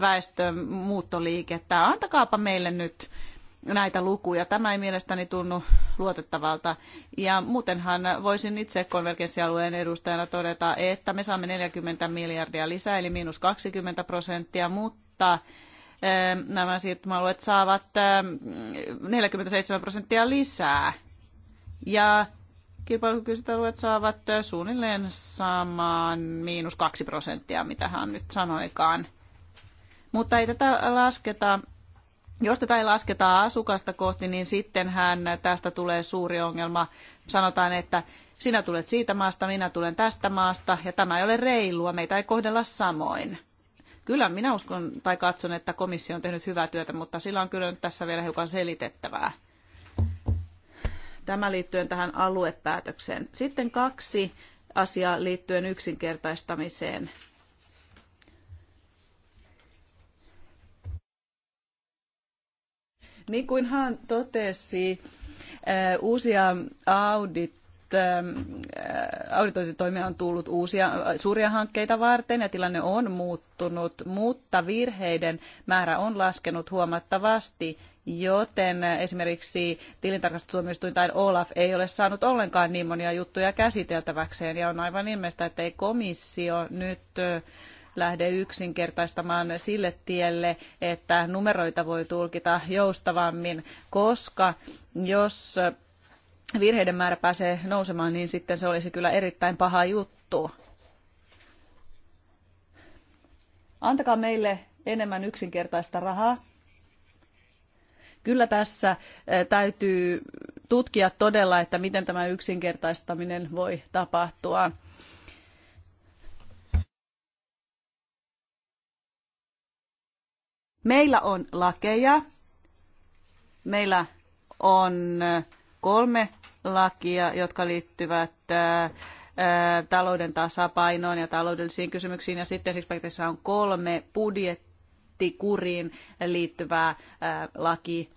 väestön muuttoliikettä. Antakaapa meille nyt näitä lukuja. Tämä ei mielestäni tunnu luotettavalta. Ja muutenhan voisin itse konvergenssialueen edustajana todeta, että me saamme 40 miljardia lisää, eli miinus 20 prosenttia, mutta eh, nämä siirtymäalueet saavat 47 eh, prosenttia lisää. Ja kilpailukykyiset alueet saavat eh, suunnilleen saman miinus 2 prosenttia, mitä hän nyt sanoikaan. Mutta ei tätä lasketa jos tätä ei lasketa asukasta kohti, niin sittenhän tästä tulee suuri ongelma. Sanotaan, että sinä tulet siitä maasta, minä tulen tästä maasta, ja tämä ei ole reilua, meitä ei kohdella samoin. Kyllä minä uskon tai katson, että komissio on tehnyt hyvää työtä, mutta sillä on kyllä nyt tässä vielä hiukan selitettävää. Tämä liittyen tähän aluepäätökseen. Sitten kaksi asiaa liittyen yksinkertaistamiseen. Niin kuin hän totesi, äh, uusia audit äh, auditointitoimia on tullut uusia suuria hankkeita varten ja tilanne on muuttunut, mutta virheiden määrä on laskenut huomattavasti, joten esimerkiksi tilintarkastustuomioistuin tai Olaf ei ole saanut ollenkaan niin monia juttuja käsiteltäväkseen ja on aivan ilmeistä, että ei komissio nyt äh, lähde yksinkertaistamaan sille tielle, että numeroita voi tulkita joustavammin, koska jos virheiden määrä pääsee nousemaan, niin sitten se olisi kyllä erittäin paha juttu. Antakaa meille enemmän yksinkertaista rahaa. Kyllä tässä eh, täytyy tutkia todella, että miten tämä yksinkertaistaminen voi tapahtua. Meillä on lakeja, meillä on äh, kolme lakia, jotka liittyvät äh, äh, talouden tasapainoon ja taloudellisiin kysymyksiin. Ja sitten siksi on kolme budjettikuriin liittyvää laki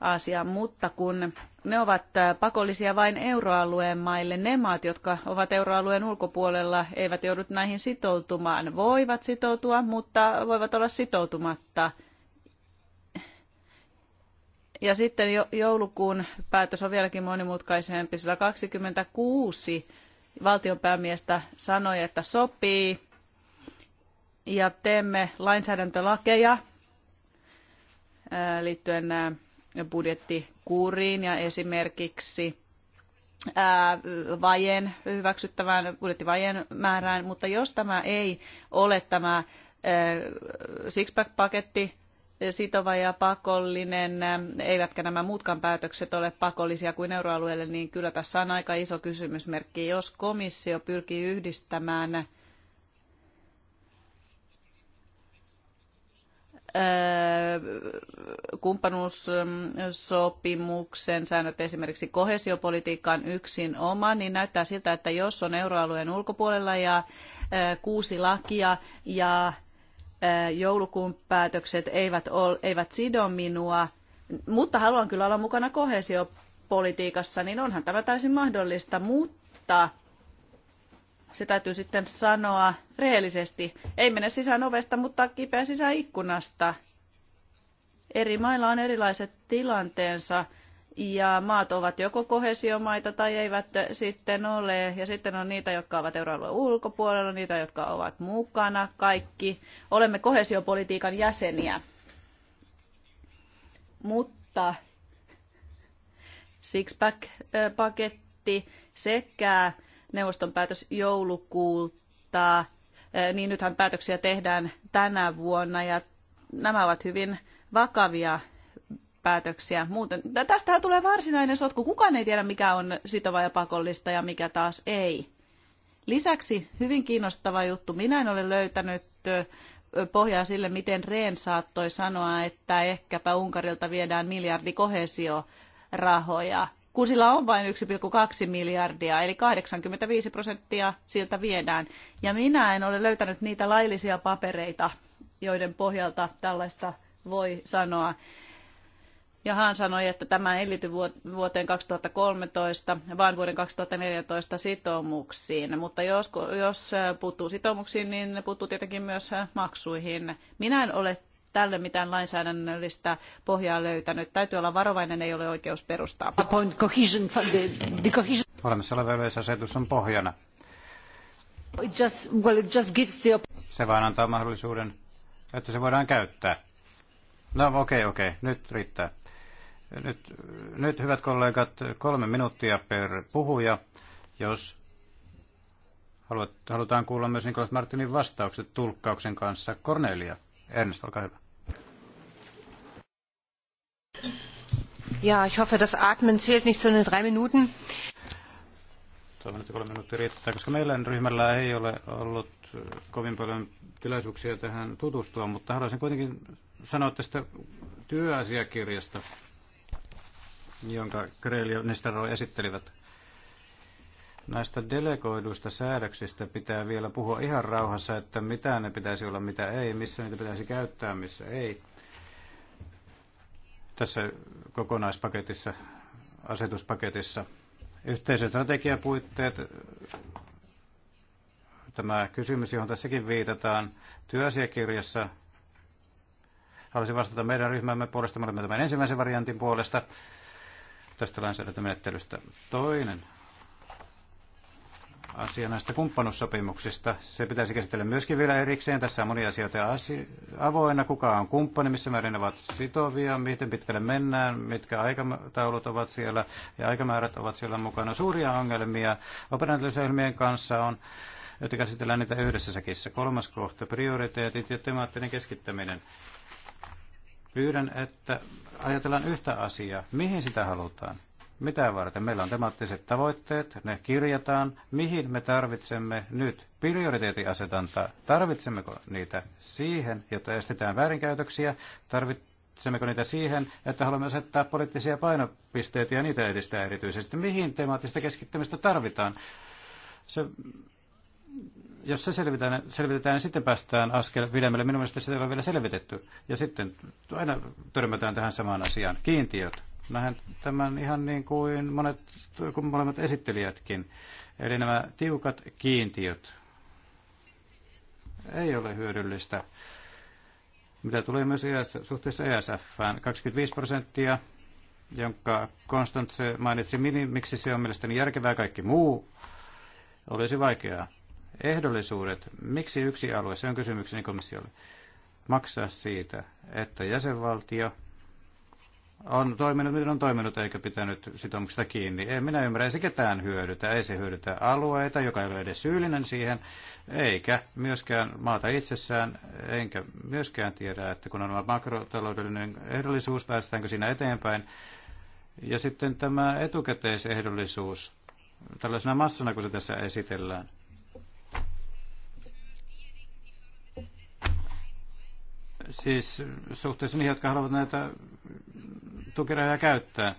Aasiaan, mutta kun ne ovat äh, pakollisia vain euroalueen maille, ne maat, jotka ovat euroalueen ulkopuolella, eivät joudu näihin sitoutumaan. Voivat sitoutua, mutta voivat olla sitoutumatta. Ja sitten joulukuun päätös on vieläkin monimutkaisempi, sillä 26 valtionpäämiestä sanoi, että sopii ja teemme lainsäädäntölakeja äh, liittyen äh, budjettikuriin ja esimerkiksi vajeen hyväksyttävään budjettivajeen määrään, mutta jos tämä ei ole tämä sixpack-paketti sitova ja pakollinen, eivätkä nämä muutkaan päätökset ole pakollisia kuin euroalueelle, niin kyllä tässä on aika iso kysymysmerkki. Jos komissio pyrkii yhdistämään kumppanuussopimuksen säännöt esimerkiksi kohesiopolitiikkaan yksin oma, niin näyttää siltä, että jos on euroalueen ulkopuolella ja kuusi lakia ja joulukuun päätökset eivät, ol, eivät sido minua, mutta haluan kyllä olla mukana kohesiopolitiikassa, niin onhan tämä täysin mahdollista, mutta se täytyy sitten sanoa rehellisesti. Ei mene sisään ovesta, mutta kipeä sisään ikkunasta. Eri mailla on erilaiset tilanteensa ja maat ovat joko kohesiomaita tai eivät sitten ole. Ja sitten on niitä, jotka ovat euroalueen ulkopuolella, niitä, jotka ovat mukana, kaikki. Olemme kohesiopolitiikan jäseniä. Mutta Sixpack-paketti sekä neuvoston päätös joulukuulta, niin nythän päätöksiä tehdään tänä vuonna ja nämä ovat hyvin vakavia päätöksiä. Muuten, tästähän tulee varsinainen sotku. Kukaan ei tiedä, mikä on sitova ja pakollista ja mikä taas ei. Lisäksi hyvin kiinnostava juttu. Minä en ole löytänyt pohjaa sille, miten Reen saattoi sanoa, että ehkäpä Unkarilta viedään miljardi kohesiorahoja kun sillä on vain 1,2 miljardia, eli 85 prosenttia siltä viedään. Ja minä en ole löytänyt niitä laillisia papereita, joiden pohjalta tällaista voi sanoa. Ja hän sanoi, että tämä ei liity vuoteen 2013, vaan vuoden 2014 sitoumuksiin. Mutta jos, jos puuttuu sitoumuksiin, niin puuttuu tietenkin myös maksuihin. Minä en ole tälle mitään lainsäädännöllistä pohjaa löytänyt. Täytyy olla varovainen, ei ole oikeus perustaa. Olemassa oleva yleisasetus on pohjana. Se vain antaa mahdollisuuden, että se voidaan käyttää. No okei, okay, okei, okay. nyt riittää. Nyt, nyt, hyvät kollegat, kolme minuuttia per puhuja. Jos haluat, halutaan kuulla myös Nikolas Martinin vastaukset tulkkauksen kanssa. Cornelia. Ernst, olkaa hyvä. Ja, ich hoffe, das Atmen zählt nicht zu den drei Minuten. Toivon, että kolme minuuttia riittää, koska meillä ryhmällä ei ole ollut äh, kovin paljon tilaisuuksia tähän tutustua, mutta haluaisin kuitenkin sanoa tästä työasiakirjasta, jonka Kreel ja Nesteroi esittelivät. Näistä delegoiduista säädöksistä pitää vielä puhua ihan rauhassa, että mitä ne pitäisi olla, mitä ei, missä niitä pitäisi käyttää, missä ei. Tässä kokonaispaketissa, asetuspaketissa. Yhteisöstrategiapuitteet, tämä kysymys, johon tässäkin viitataan, työasiakirjassa haluaisin vastata meidän ryhmämme puolesta, me olemme tämän ensimmäisen variantin puolesta tästä lainsäädäntömenettelystä. Toinen asia näistä kumppanuussopimuksista. Se pitäisi käsitellä myöskin vielä erikseen. Tässä on monia asioita avoinna. Kuka on kumppani, missä määrin ne ovat sitovia, miten pitkälle mennään, mitkä aikataulut ovat siellä ja aikamäärät ovat siellä mukana. Suuria ongelmia operatiivisohjelmien kanssa on joita käsitellään niitä yhdessä säkissä. Kolmas kohta, prioriteetit ja temaattinen keskittäminen. Pyydän, että ajatellaan yhtä asiaa. Mihin sitä halutaan? mitä varten. Meillä on temaattiset tavoitteet, ne kirjataan, mihin me tarvitsemme nyt prioriteetiasetantaa. Tarvitsemmeko niitä siihen, jotta estetään väärinkäytöksiä? Tarvitsemmeko niitä siihen, että haluamme asettaa poliittisia painopisteitä ja niitä edistää erityisesti? Mihin temaattista keskittämistä tarvitaan? Se, jos se selvitetään, selvitetään niin sitten päästään askel pidemmälle. Minun mielestä sitä ei ole vielä selvitetty. Ja sitten aina törmätään tähän samaan asiaan. Kiintiöt Nähän tämän ihan niin kuin monet, kuin molemmat esittelijätkin. Eli nämä tiukat kiintiöt ei ole hyödyllistä. Mitä tulee myös ES, suhteessa ESF. 25 prosenttia, jonka Konstant mainitsi miksi se on mielestäni järkevää, kaikki muu olisi vaikeaa. Ehdollisuudet, miksi yksi alue, se on kysymykseni komissiolle, maksaa siitä, että jäsenvaltio on toiminut, miten on toiminut, eikä pitänyt sitoumuksista kiinni. En minä ymmärrä, ei se ketään hyödytä. Ei se hyödytä alueita, joka ei ole edes syyllinen siihen, eikä myöskään maata itsessään, enkä myöskään tiedä, että kun on makrotaloudellinen ehdollisuus, päästäänkö siinä eteenpäin. Ja sitten tämä etukäteisehdollisuus, tällaisena massana, kun se tässä esitellään. siis suhteessa niihin, jotka haluavat näitä tukirajoja käyttää.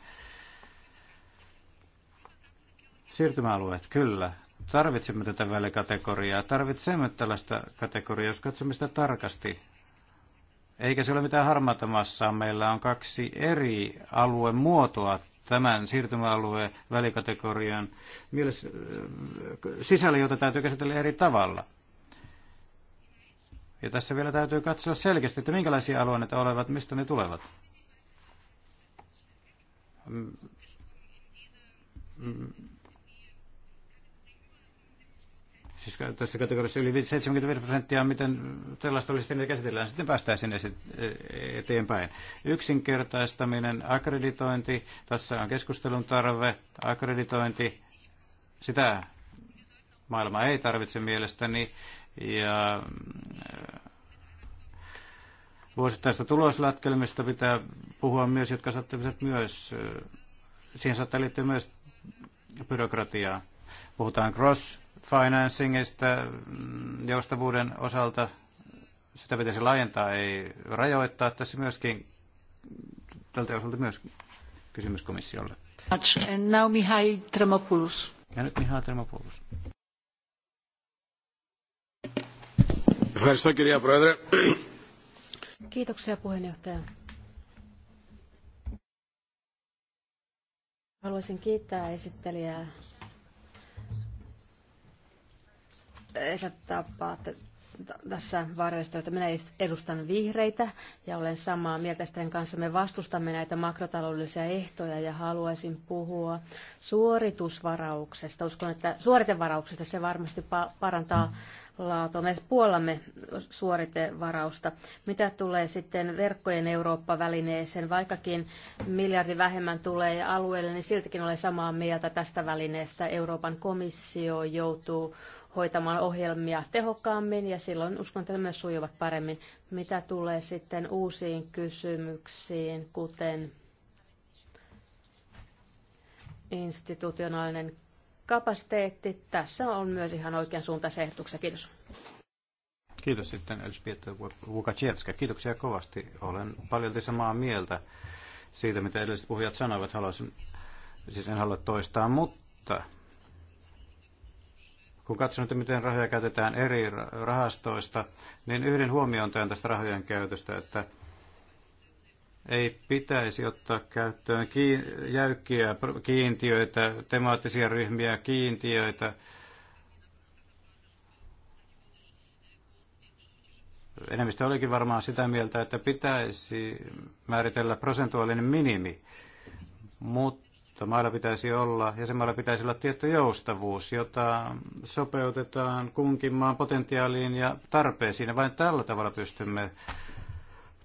Siirtymäalueet, kyllä. Tarvitsemme tätä välikategoriaa. Tarvitsemme tällaista kategoriaa, jos katsomme sitä tarkasti. Eikä se ole mitään harmaata massaa. Meillä on kaksi eri alueen muotoa tämän siirtymäalueen välikategorian mielessä, sisällä, jota täytyy käsitellä eri tavalla. Ja tässä vielä täytyy katsoa selkeästi, että minkälaisia alueita olevat, mistä ne tulevat siis tässä kategoriassa yli 75 prosenttia, miten tällaista olisi, niitä käsitellään, sitten päästään sinne eteenpäin. Yksinkertaistaminen, akkreditointi, tässä on keskustelun tarve, akkreditointi, sitä maailma ei tarvitse mielestäni, ja Vuosittaista tuloslätkelmistä pitää puhua myös, jotka saattavat myös, siihen saattaa liittyä myös byrokratiaa. Puhutaan cross-financingista mm, joustavuuden osalta. Sitä pitäisi laajentaa, ei rajoittaa. Tässä myöskin, tältä osalta myös kysymys komissiolle. And now Tremopoulos. Ja nyt Mihail Tremopoulos. Ευχαριστώ κυρία Πρόεδρε. Kiitoksia puheenjohtaja. Haluaisin kiittää esittelijää, että tapaatte tässä varjoista, minä edustan vihreitä ja olen samaa mieltä sitten kanssa. Me vastustamme näitä makrotaloudellisia ehtoja ja haluaisin puhua suoritusvarauksesta. Uskon, että suoritevarauksesta se varmasti parantaa laatua. Me puolamme suoritevarausta. Mitä tulee sitten verkkojen Eurooppa-välineeseen, vaikkakin miljardi vähemmän tulee alueelle, niin siltikin olen samaa mieltä tästä välineestä. Euroopan komissio joutuu hoitamaan ohjelmia tehokkaammin ja silloin uskon, että ne myös sujuvat paremmin. Mitä tulee sitten uusiin kysymyksiin, kuten institutionaalinen kapasiteetti. Tässä on myös ihan oikean suuntaisen ehdotuksen. Kiitos. Kiitos sitten Elspieto Vukacielska. Kiitoksia kovasti. Olen paljon samaa mieltä siitä, mitä edelliset puhujat sanoivat. Haluaisin, siis en halua toistaa, mutta kun katson, että miten rahoja käytetään eri rahastoista, niin yhden huomioon tämän tästä rahojen käytöstä, että ei pitäisi ottaa käyttöön jäykkiä kiintiöitä, temaattisia ryhmiä, kiintiöitä, enemmistö olikin varmaan sitä mieltä, että pitäisi määritellä prosentuaalinen minimi, mutta mutta mailla pitäisi olla, ja mailla pitäisi olla tietty joustavuus, jota sopeutetaan kunkin maan potentiaaliin ja tarpeisiin, ja vain tällä tavalla pystymme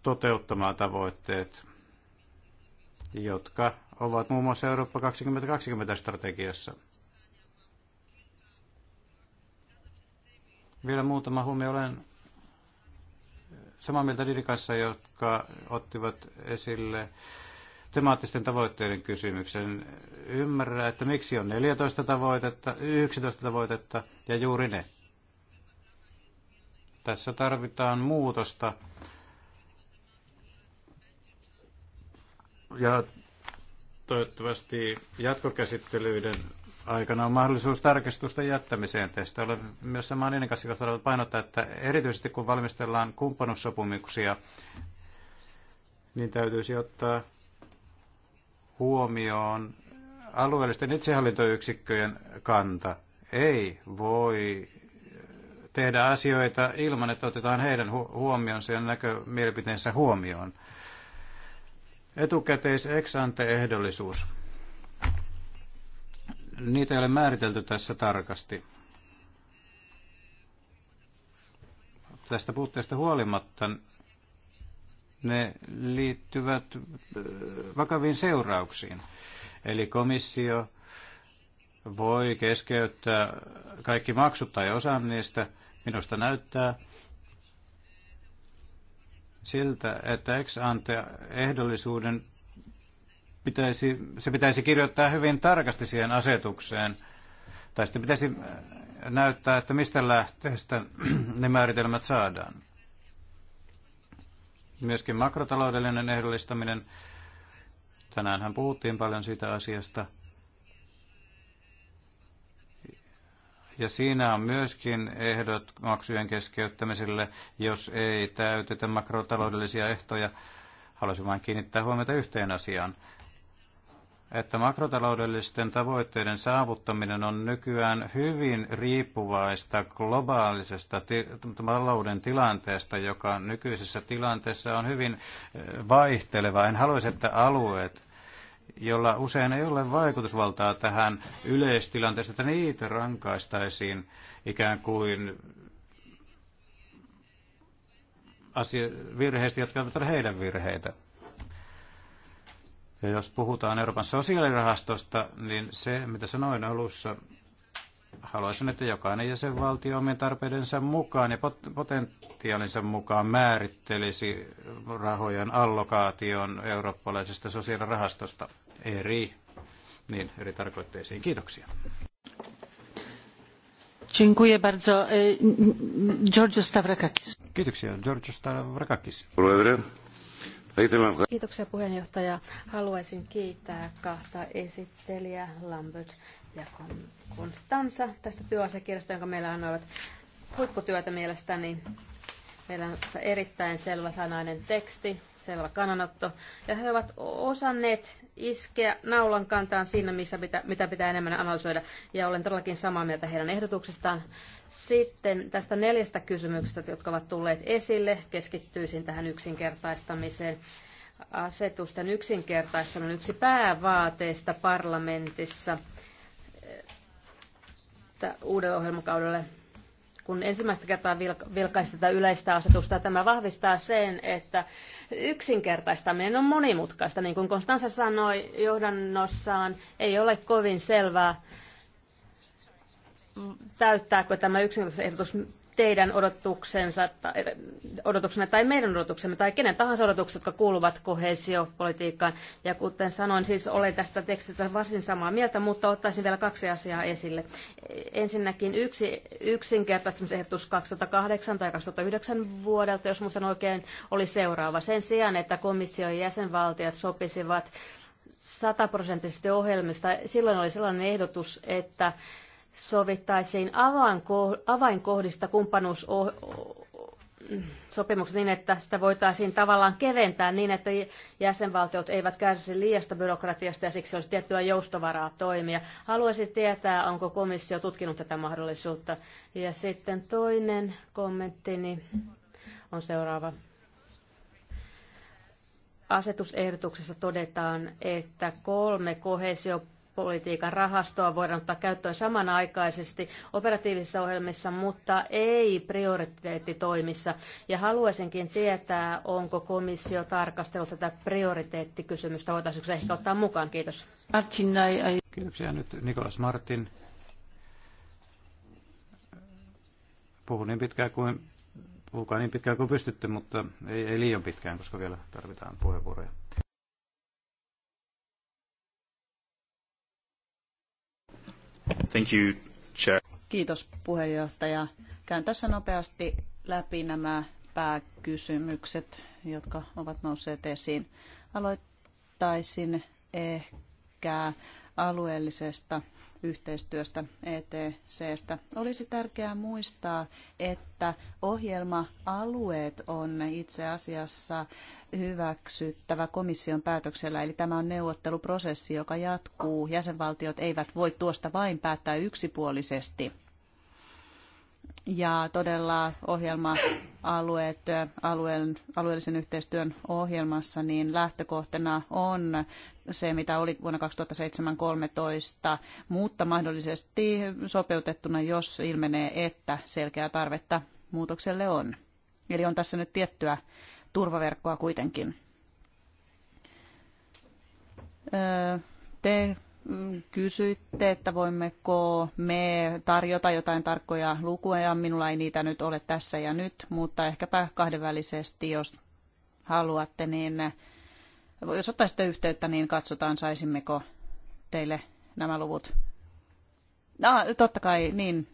toteuttamaan tavoitteet, jotka ovat muun muassa Eurooppa 2020-strategiassa. Vielä muutama huomio. Olen samaa mieltä Didi kanssa, jotka ottivat esille temaattisten tavoitteiden kysymyksen. Ymmärrä, että miksi on 14 tavoitetta, 11 tavoitetta ja juuri ne. Tässä tarvitaan muutosta. Ja toivottavasti jatkokäsittelyiden aikana on mahdollisuus tarkistusta jättämiseen tästä. Olen myös samaan ennen kanssa kohdalla painottaa, että erityisesti kun valmistellaan kumppanussopimuksia, niin täytyisi ottaa huomioon alueellisten itsehallintoyksikköjen kanta. Ei voi tehdä asioita ilman, että otetaan heidän huomionsa ja näkömielipiteensä huomioon. Etukäteis ex ante ehdollisuus. Niitä ei ole määritelty tässä tarkasti. Tästä puutteesta huolimatta ne liittyvät vakaviin seurauksiin. Eli komissio voi keskeyttää kaikki maksut tai osan niistä. Minusta näyttää siltä, että ex ante ehdollisuuden pitäisi, se pitäisi kirjoittaa hyvin tarkasti siihen asetukseen. Tai sitten pitäisi näyttää, että mistä lähteestä ne määritelmät saadaan. Myöskin makrotaloudellinen ehdollistaminen. Tänäänhän puhuttiin paljon siitä asiasta. Ja siinä on myöskin ehdot maksujen keskeyttämiselle, jos ei täytetä makrotaloudellisia ehtoja. Haluaisin vain kiinnittää huomiota yhteen asiaan että makrotaloudellisten tavoitteiden saavuttaminen on nykyään hyvin riippuvaista globaalisesta talouden tilanteesta, joka nykyisessä tilanteessa on hyvin eh, vaihteleva. En haluaisi, että alueet, jolla usein ei ole vaikutusvaltaa tähän yleistilanteeseen, että niitä rankaistaisiin ikään kuin asia, virheistä, jotka ovat heidän virheitä. Ja jos puhutaan Euroopan sosiaalirahastosta, niin se, mitä sanoin alussa, haluaisin, että jokainen jäsenvaltio omien tarpeidensa mukaan ja potentiaalinsa mukaan määrittelisi rahojen allokaation eurooppalaisesta sosiaalirahastosta eri, niin, eri tarkoitteisiin. Kiitoksia. Dziękuję bardzo. E, Giorgio Stavrakakis. Kiitoksia. Giorgio Stavrakakis. Puhemies. Kiitoksia puheenjohtaja. Haluaisin kiittää kahta esittelijää, Lambert ja Konstansa, tästä työasiakirjasta, jonka meillä annoivat huipputyötä mielestäni. Meillä on erittäin selväsanainen teksti, selvä kannanotto. Ja he ovat osanneet iskeä naulan kantaan siinä, missä pitä, mitä pitää enemmän analysoida. Ja olen todellakin samaa mieltä heidän ehdotuksestaan. Sitten tästä neljästä kysymyksestä, jotka ovat tulleet esille, keskittyisin tähän yksinkertaistamiseen. Asetusten yksinkertaistaminen on yksi päävaateista parlamentissa uudelle ohjelmakaudelle kun ensimmäistä kertaa vilkaisi tätä yleistä asetusta, tämä vahvistaa sen, että yksinkertaistaminen on monimutkaista. Niin kuin Konstansa sanoi johdannossaan, ei ole kovin selvää, täyttääkö tämä yksinkertaisehdotus teidän odotuksensa, odotuksena, tai meidän odotuksemme tai kenen tahansa odotukset, jotka kuuluvat kohesiopolitiikkaan. Ja kuten sanoin, siis olen tästä tekstistä varsin samaa mieltä, mutta ottaisin vielä kaksi asiaa esille. Ensinnäkin yksi ehdotus 2008 tai 2009 vuodelta, jos muistan oikein, oli seuraava. Sen sijaan, että komission jäsenvaltiot sopisivat sataprosenttisesti ohjelmista, silloin oli sellainen ehdotus, että sovittaisiin avainkohdista kumppanuussopimukset niin, että sitä voitaisiin tavallaan keventää niin, että jäsenvaltiot eivät kärsisi liiasta byrokratiasta ja siksi olisi tiettyä joustovaraa toimia. Haluaisin tietää, onko komissio tutkinut tätä mahdollisuutta. Ja sitten toinen kommenttini on seuraava. Asetusehdotuksessa todetaan, että kolme kohesio politiikan rahastoa voidaan ottaa käyttöön samanaikaisesti operatiivisissa ohjelmissa, mutta ei prioriteettitoimissa. Ja haluaisinkin tietää, onko komissio tarkastellut tätä prioriteettikysymystä. Voitaisiinko se ehkä ottaa mukaan? Kiitos. Martin, ai, ai. Kiitoksia nyt Nikolas Martin. Puhun niin pitkään kuin, puhukaa niin pitkään kuin pystytte, mutta ei, ei liian pitkään, koska vielä tarvitaan puheenvuoroja. Thank you, Chair. Kiitos puheenjohtaja. Käyn tässä nopeasti läpi nämä pääkysymykset, jotka ovat nousseet esiin. Aloittaisin ehkä alueellisesta yhteistyöstä ETCstä. Olisi tärkeää muistaa, että ohjelma-alueet on itse asiassa hyväksyttävä komission päätöksellä, eli tämä on neuvotteluprosessi, joka jatkuu. Jäsenvaltiot eivät voi tuosta vain päättää yksipuolisesti. Ja todella ohjelma alueet alueen, alueellisen yhteistyön ohjelmassa, niin lähtökohtana on se, mitä oli vuonna 2007-2013, mutta mahdollisesti sopeutettuna, jos ilmenee, että selkeää tarvetta muutokselle on. Eli on tässä nyt tiettyä turvaverkkoa kuitenkin. Te Mm, kysyitte, että voimmeko me tarjota jotain tarkkoja lukuja. Minulla ei niitä nyt ole tässä ja nyt, mutta ehkäpä kahdenvälisesti, jos haluatte, niin jos ottaisitte yhteyttä, niin katsotaan, saisimmeko teille nämä luvut. Ah, totta kai, niin.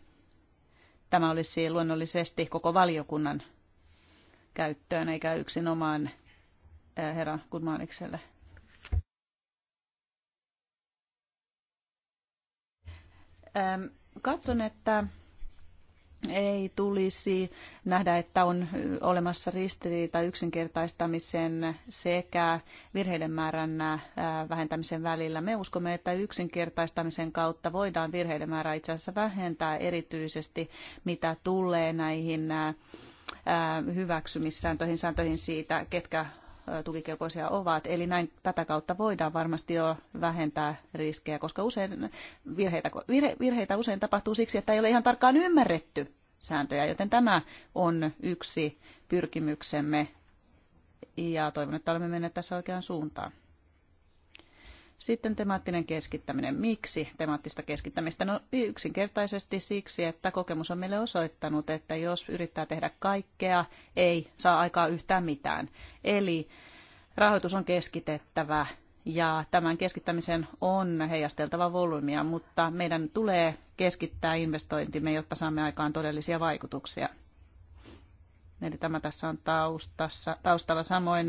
Tämä olisi luonnollisesti koko valiokunnan käyttöön, eikä yksinomaan eh, herra Gudmanikselle. Katson, että ei tulisi nähdä, että on olemassa ristiriita yksinkertaistamisen sekä virheiden määrän vähentämisen välillä. Me uskomme, että yksinkertaistamisen kautta voidaan virheiden määrää itse asiassa vähentää erityisesti, mitä tulee näihin hyväksymissääntöihin, sääntöihin siitä, ketkä tukikelpoisia ovat. Eli näin tätä kautta voidaan varmasti jo vähentää riskejä, koska usein virheitä, virheitä usein tapahtuu siksi, että ei ole ihan tarkkaan ymmärretty sääntöjä, joten tämä on yksi pyrkimyksemme ja toivon, että olemme menneet tässä oikeaan suuntaan. Sitten temaattinen keskittäminen. Miksi temaattista keskittämistä? No yksinkertaisesti siksi, että kokemus on meille osoittanut, että jos yrittää tehdä kaikkea, ei saa aikaa yhtään mitään. Eli rahoitus on keskitettävä ja tämän keskittämisen on heijasteltava volyymia, mutta meidän tulee keskittää investointimme, jotta saamme aikaan todellisia vaikutuksia. Eli tämä tässä on taustassa, taustalla samoin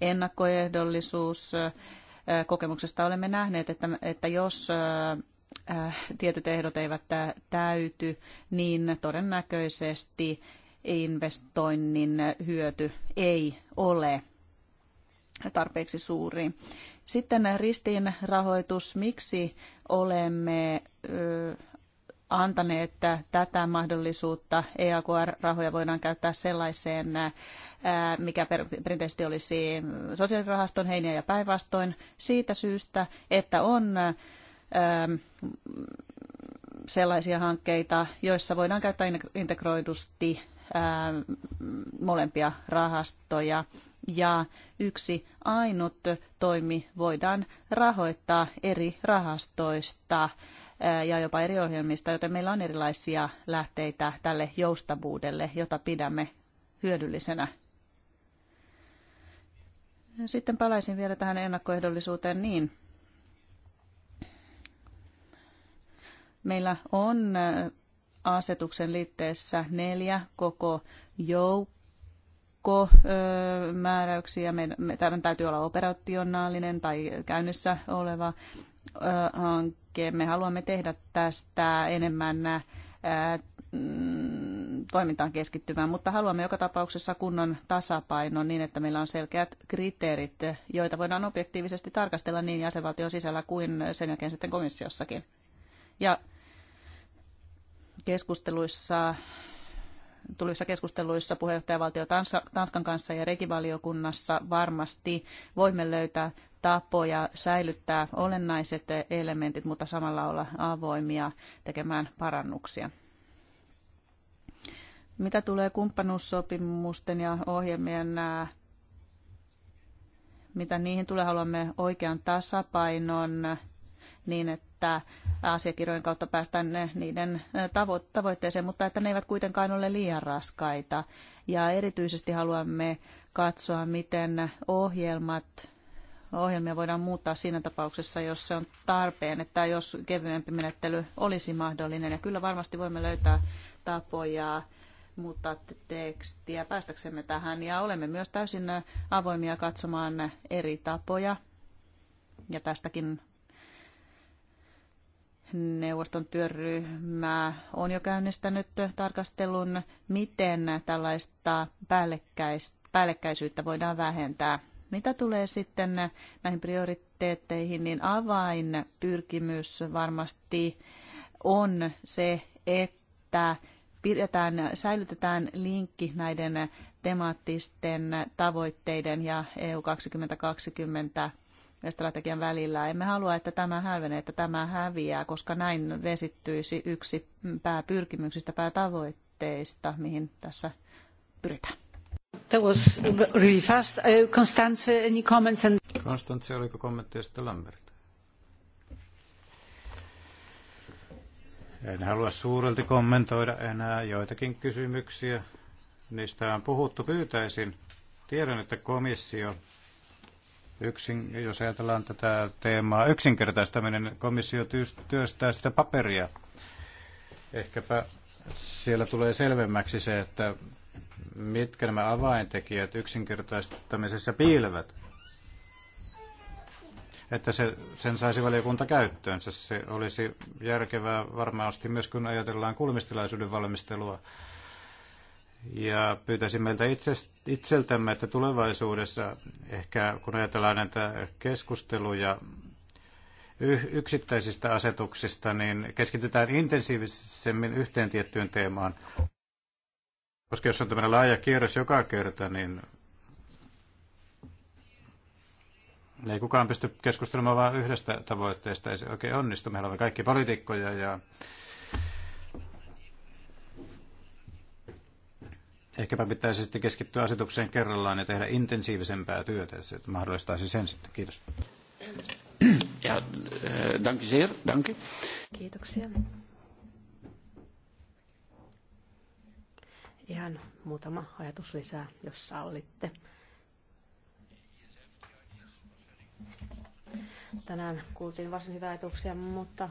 ennakkoehdollisuus, kokemuksesta olemme nähneet, että, että jos tietyt ehdot eivät täyty, niin todennäköisesti investoinnin hyöty ei ole tarpeeksi suuri. Sitten ristiin rahoitus, miksi olemme antaneet että tätä mahdollisuutta. EAKR-rahoja voidaan käyttää sellaiseen, mikä perinteisesti olisi sosiaalirahaston heiniä ja päinvastoin siitä syystä, että on sellaisia hankkeita, joissa voidaan käyttää integroidusti molempia rahastoja ja yksi ainut toimi voidaan rahoittaa eri rahastoista ja jopa eri ohjelmista, joten meillä on erilaisia lähteitä tälle joustavuudelle, jota pidämme hyödyllisenä. Sitten palaisin vielä tähän ennakkoehdollisuuteen niin. Meillä on asetuksen liitteessä neljä koko joukko määräyksiä. Meidän, tämän täytyy olla operationaalinen tai käynnissä oleva hanke. Me haluamme tehdä tästä enemmän mm, toimintaan keskittyvää, mutta haluamme joka tapauksessa kunnon tasapainon niin, että meillä on selkeät kriteerit, joita voidaan objektiivisesti tarkastella niin jäsenvaltion sisällä kuin sen jälkeen sitten komissiossakin. Ja keskusteluissa, tulissa keskusteluissa puheenjohtajavaltio Tanskan kanssa ja regivaliokunnassa varmasti voimme löytää tapoja säilyttää olennaiset elementit, mutta samalla olla avoimia tekemään parannuksia. Mitä tulee kumppanuussopimusten ja ohjelmien mitä niihin tulee, haluamme oikean tasapainon niin, että asiakirjojen kautta päästään niiden tavoitteeseen, mutta että ne eivät kuitenkaan ole liian raskaita. Ja erityisesti haluamme katsoa, miten ohjelmat ohjelmia voidaan muuttaa siinä tapauksessa, jos se on tarpeen, että jos kevyempi menettely olisi mahdollinen. Ja kyllä varmasti voimme löytää tapoja muuttaa tekstiä päästäksemme tähän. Ja olemme myös täysin avoimia katsomaan eri tapoja. Ja tästäkin neuvoston työryhmä on jo käynnistänyt tarkastelun, miten tällaista päällekkäisyyttä voidaan vähentää mitä tulee sitten näihin prioriteetteihin, niin avainpyrkimys varmasti on se, että pidetään, säilytetään linkki näiden temaattisten tavoitteiden ja EU 2020 strategian välillä. Emme halua, että tämä hälvenee, että tämä häviää, koska näin vesittyisi yksi pääpyrkimyksistä, päätavoitteista, mihin tässä pyritään. That was really fast. Uh, Constance, any comments? And... Konstantse, oliko kommentteja Lambertille. En halua suurelti kommentoida enää joitakin kysymyksiä. Niistä on puhuttu. Pyytäisin. Tiedän, että komissio, yksin, jos ajatellaan tätä teemaa, yksinkertaistaminen, komissio työstää sitä paperia. Ehkäpä siellä tulee selvemmäksi se, että mitkä nämä avaintekijät yksinkertaistamisessa piilevät, että se, sen saisi valiokunta käyttöönsä. Se olisi järkevää varmasti myös, kun ajatellaan kulmistilaisuuden valmistelua. Ja pyytäisin meiltä itse, itseltämme, että tulevaisuudessa ehkä kun ajatellaan näitä keskusteluja yksittäisistä asetuksista, niin keskitytään intensiivisemmin yhteen tiettyyn teemaan. Koska jos on tämmöinen laaja kierros joka kerta, niin ei kukaan pysty keskustelemaan vain yhdestä tavoitteesta, ei se oikein onnistu. Meillä on kaikki poliitikkoja ja ehkäpä pitäisi sitten keskittyä asetukseen kerrallaan ja tehdä intensiivisempää työtä, Se mahdollistaisi sen sitten. Kiitos. Ja, äh, danke sehr, danke. Kiitoksia. Ihan muutama ajatus lisää, jos sallitte. Tänään kuultiin varsin hyviä ajatuksia, mutta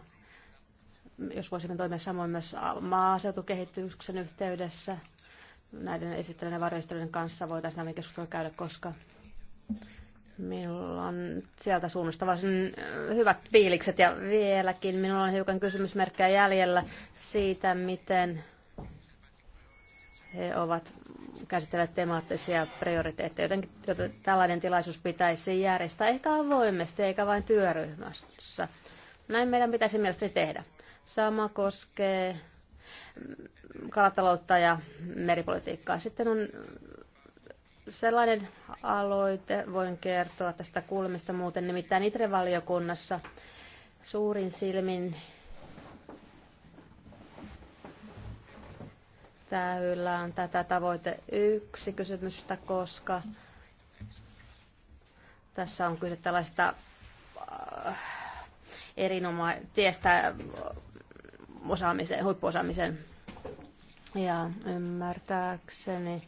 jos voisimme toimia samoin myös maaseutukehityksen yhteydessä, näiden esittelyiden ja kanssa voitaisiin nämä keskustelua käydä, koska minulla on sieltä suunnasta varsin äh, hyvät fiilikset ja vieläkin minulla on hiukan kysymysmerkkejä jäljellä siitä, miten he ovat käsitellään temaattisia prioriteetteja. Jotenkin tällainen tilaisuus pitäisi järjestää ehkä avoimesti eikä vain työryhmässä. Näin meidän pitäisi mielestäni tehdä. Sama koskee kalataloutta ja meripolitiikkaa. Sitten on sellainen aloite, voin kertoa tästä kuulemista muuten, nimittäin Itre-valiokunnassa suurin silmin täyllään tätä tavoite yksi kysymystä, koska tässä on kyse tällaista äh, erinomaista äh, osaamisen, huippuosaamisen Ja ymmärtääkseni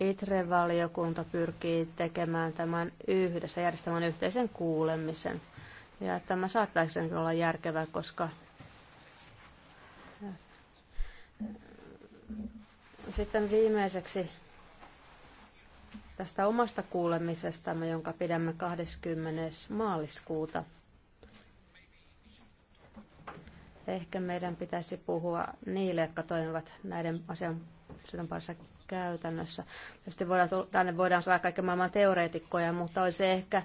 ITRE-valiokunta pyrkii tekemään tämän yhdessä, järjestämään yhteisen kuulemisen. Ja tämä saattaisi olla järkevää, koska sitten viimeiseksi tästä omasta kuulemisestamme, jonka pidämme 20. maaliskuuta. Ehkä meidän pitäisi puhua niille, jotka toimivat näiden asian parissa käytännössä. Tietysti voidaan, tänne voidaan saada kaiken maailman teoreetikkoja, mutta olisi ehkä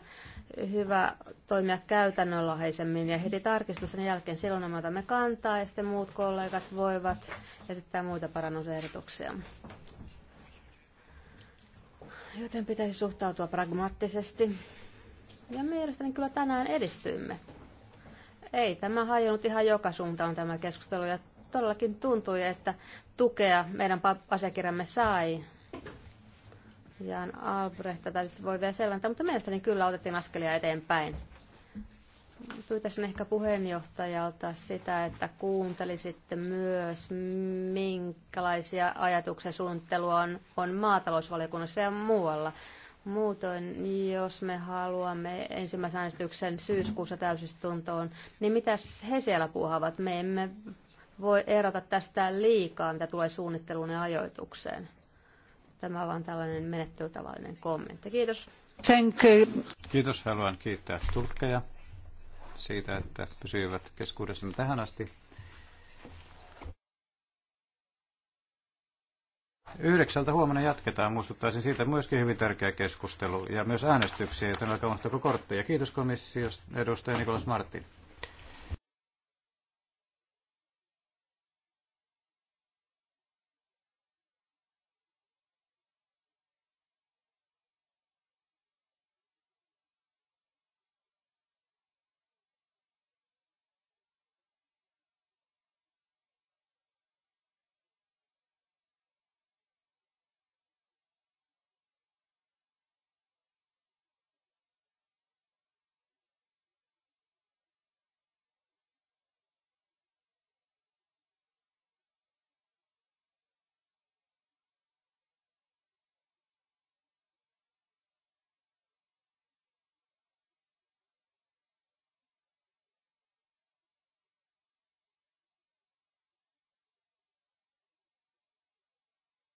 hyvä toimia käytännönläheisemmin ja heti tarkistuksen jälkeen silloin me otamme kantaa ja sitten muut kollegat voivat esittää muita parannusehdotuksia. Joten pitäisi suhtautua pragmaattisesti. Ja mielestäni kyllä tänään edistyimme. Ei tämä hajonnut ihan joka suuntaan tämä keskustelu ja todellakin tuntui, että tukea meidän asiakirjamme sai Jan Albrecht sitten voi vielä selventää, mutta mielestäni kyllä otettiin askelia eteenpäin. Pyytäisin ehkä puheenjohtajalta sitä, että kuuntelisitte myös, minkälaisia ajatuksia suunnittelua on, on maatalousvaliokunnassa ja muualla. Muutoin, jos me haluamme ensimmäisen äänestyksen syyskuussa täysistuntoon, niin mitä he siellä puuhaavat? Me emme voi erota tästä liikaa, mitä tulee suunnitteluun ja ajoitukseen. Tämä on vain tällainen menettelytavallinen kommentti. Kiitos. Kiitos. Haluan kiittää tulkkeja siitä, että pysyivät keskuudessamme tähän asti. Yhdeksältä huomenna jatketaan. Muistuttaisin siitä myöskin hyvin tärkeä keskustelu ja myös äänestyksiä, joten älkää unohtako kortteja. Kiitos komission edustaja Nikolas Martin.